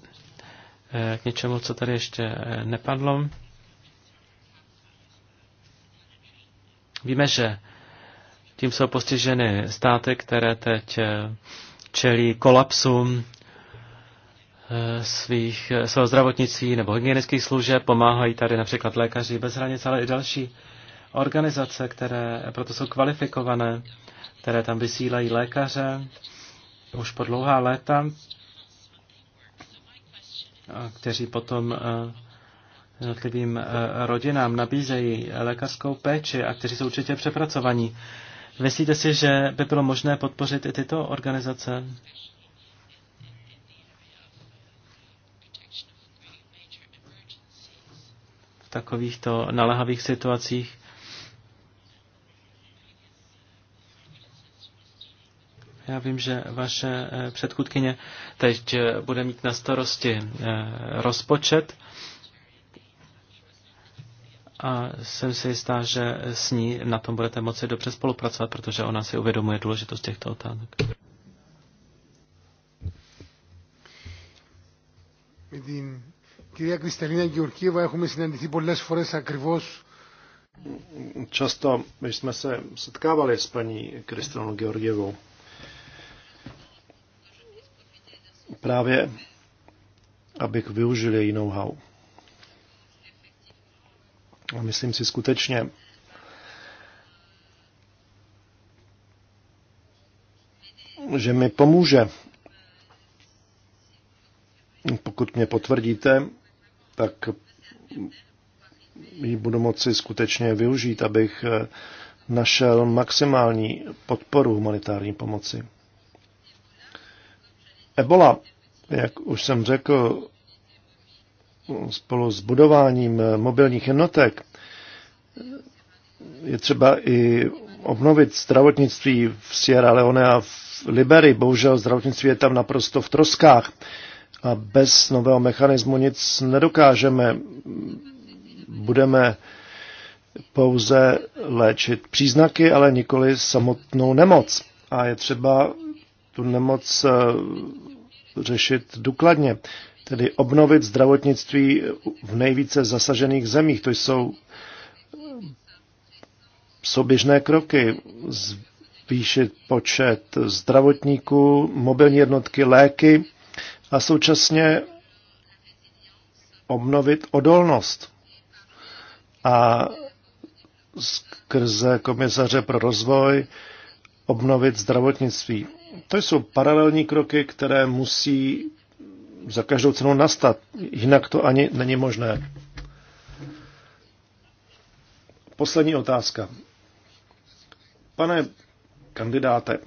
k něčemu, co tady ještě nepadlo. Víme, že tím jsou postiženy státy, které teď čelí kolapsu Eh, svých, eh, svého zdravotnictví nebo hygienických služeb, pomáhají tady například lékaři bez hranic, ale i další organizace, které proto jsou kvalifikované, které tam vysílají lékaře už po dlouhá léta, kteří potom eh, jednotlivým rodinám nabízejí lékařskou péči a kteří jsou určitě přepracovaní. Myslíte si, že by bylo možné podpořit i tyto organizace takovýchto naléhavých situacích. Já vím, že vaše eh, předchůdkyně teď eh, bude mít na starosti eh, rozpočet a jsem si jistá, že s ní na tom budete moci dobře spolupracovat, protože ona si uvědomuje důležitost těchto otázek. Vidím Κυρία Κρυσταλίνα Γεωργίευα, έχουμε συναντηθεί πολλές φορές ακριβώς Často my jsme se setkávali s paní Kristinou Georgievou. Právě, abych využil její know-how. A myslím si skutečně, že mi pomůže, pokud mě potvrdíte, tak ji budu moci skutečně využít, abych eh, našel maximální podporu humanitární pomoci. Ebola, jak už jsem řekl, spolu s budováním eh, mobilních jednotek eh, je třeba i obnovit zdravotnictví v Sierra Leone a v Liberii. Bohužel zdravotnictví je tam naprosto v troskách a bez nového mechanismu nic nedokážeme. Budeme pouze léčit příznaky, ale nikoli samotnou nemoc. A je třeba tu nemoc eh, řešit důkladně, tedy obnovit zdravotnictví v nejvíce zasažených zemích. To jsou eh, souběžné kroky, zvýšit počet zdravotníků, mobilní jednotky, léky, a současně obnovit odolnost. A skrze komisaře pro rozvoj obnovit zdravotnictví. To jsou paralelní kroky, které musí za každou cenu nastat. Jinak to ani není možné. Poslední otázka. Pane kandidáte,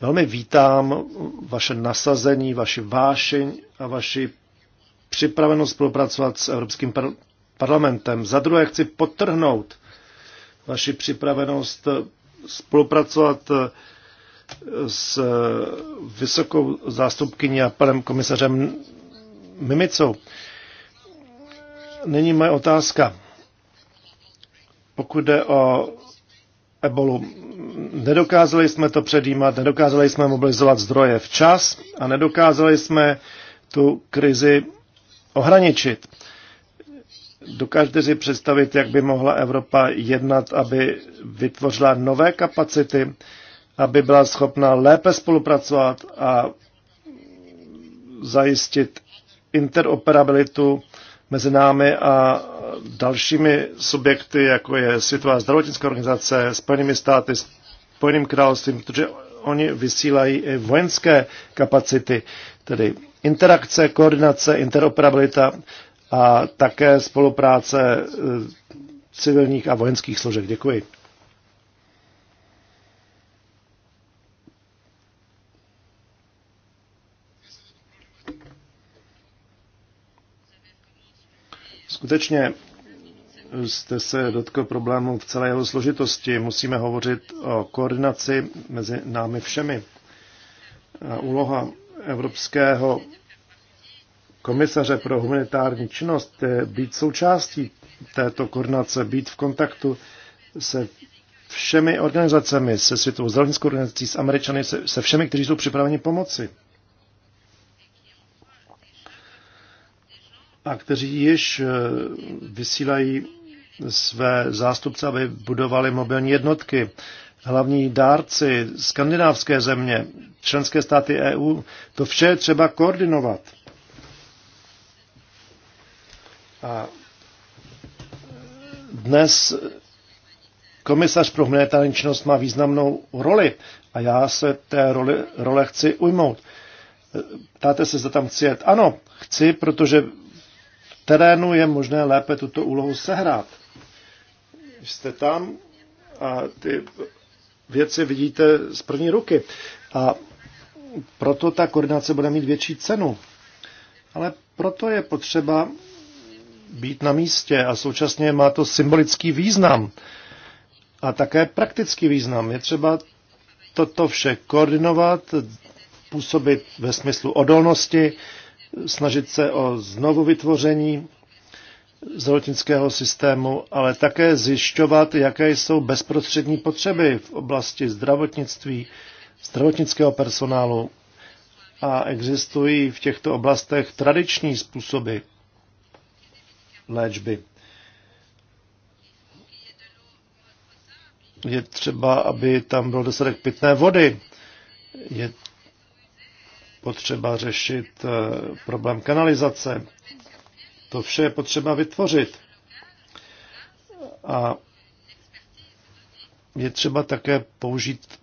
Velmi vítám vaše nasazení, vaši vášeň a vaši připravenost spolupracovat s Evropským parlamentem. Za druhé chci potrhnout vaši připravenost spolupracovat eh, s vysokou zástupkyní a panem komisařem Mimicou. není moje otázka. Pokud jde o ebolu, Nedokázali jsme to předjímat, nedokázali jsme mobilizovat zdroje včas a nedokázali jsme tu krizi ohraničit. Dokážete si představit, jak by mohla Evropa jednat, aby vytvořila nové kapacity, aby byla schopna lépe spolupracovat a zajistit interoperabilitu mezi námi a dalšími subjekty, jako je Světová zdravotnická organizace, Spojenými státy, Spojeným královstvím, protože oni vysílají i vojenské kapacity, tedy interakce, koordinace, interoperabilita a také spolupráce e, civilních a vojenských složek. Děkuji. Skutečně jste se dotkl problému v celé jeho složitosti. Musíme hovořit o koordinaci mezi námi všemi. úloha Evropského komisaře pro humanitární činnost je být součástí této koordinace, být v kontaktu se všemi organizacemi, se Světovou zdravotnickou organizací, s Američany, se, se všemi, kteří jsou připraveni pomoci. A kteří již eh, vysílají své zástupce, aby budovali mobilní jednotky. Hlavní dárci, skandinávské země, členské státy EU, to vše je třeba koordinovat. A dnes komisař pro humanitární činnost má významnou roli a já se té roli, role chci ujmout. Ptáte se, zda tam chci jet. Ano, chci, protože v terénu je možné lépe tuto úlohu sehrát jste tam a ty věci vidíte z první ruky. A proto ta koordinace bude mít větší cenu. Ale proto je potřeba být na místě a současně má to symbolický význam a také praktický význam. Je třeba toto vše koordinovat, působit ve smyslu odolnosti, snažit se o znovu vytvoření zdravotnického systému, ale také zjišťovat, jaké jsou bezprostřední potřeby v oblasti zdravotnictví, zdravotnického personálu. A existují v těchto oblastech tradiční způsoby léčby. Je třeba, aby tam byl dostatek pitné vody. Je potřeba řešit eh, problém kanalizace, to vše je potřeba vytvořit. A je třeba také použít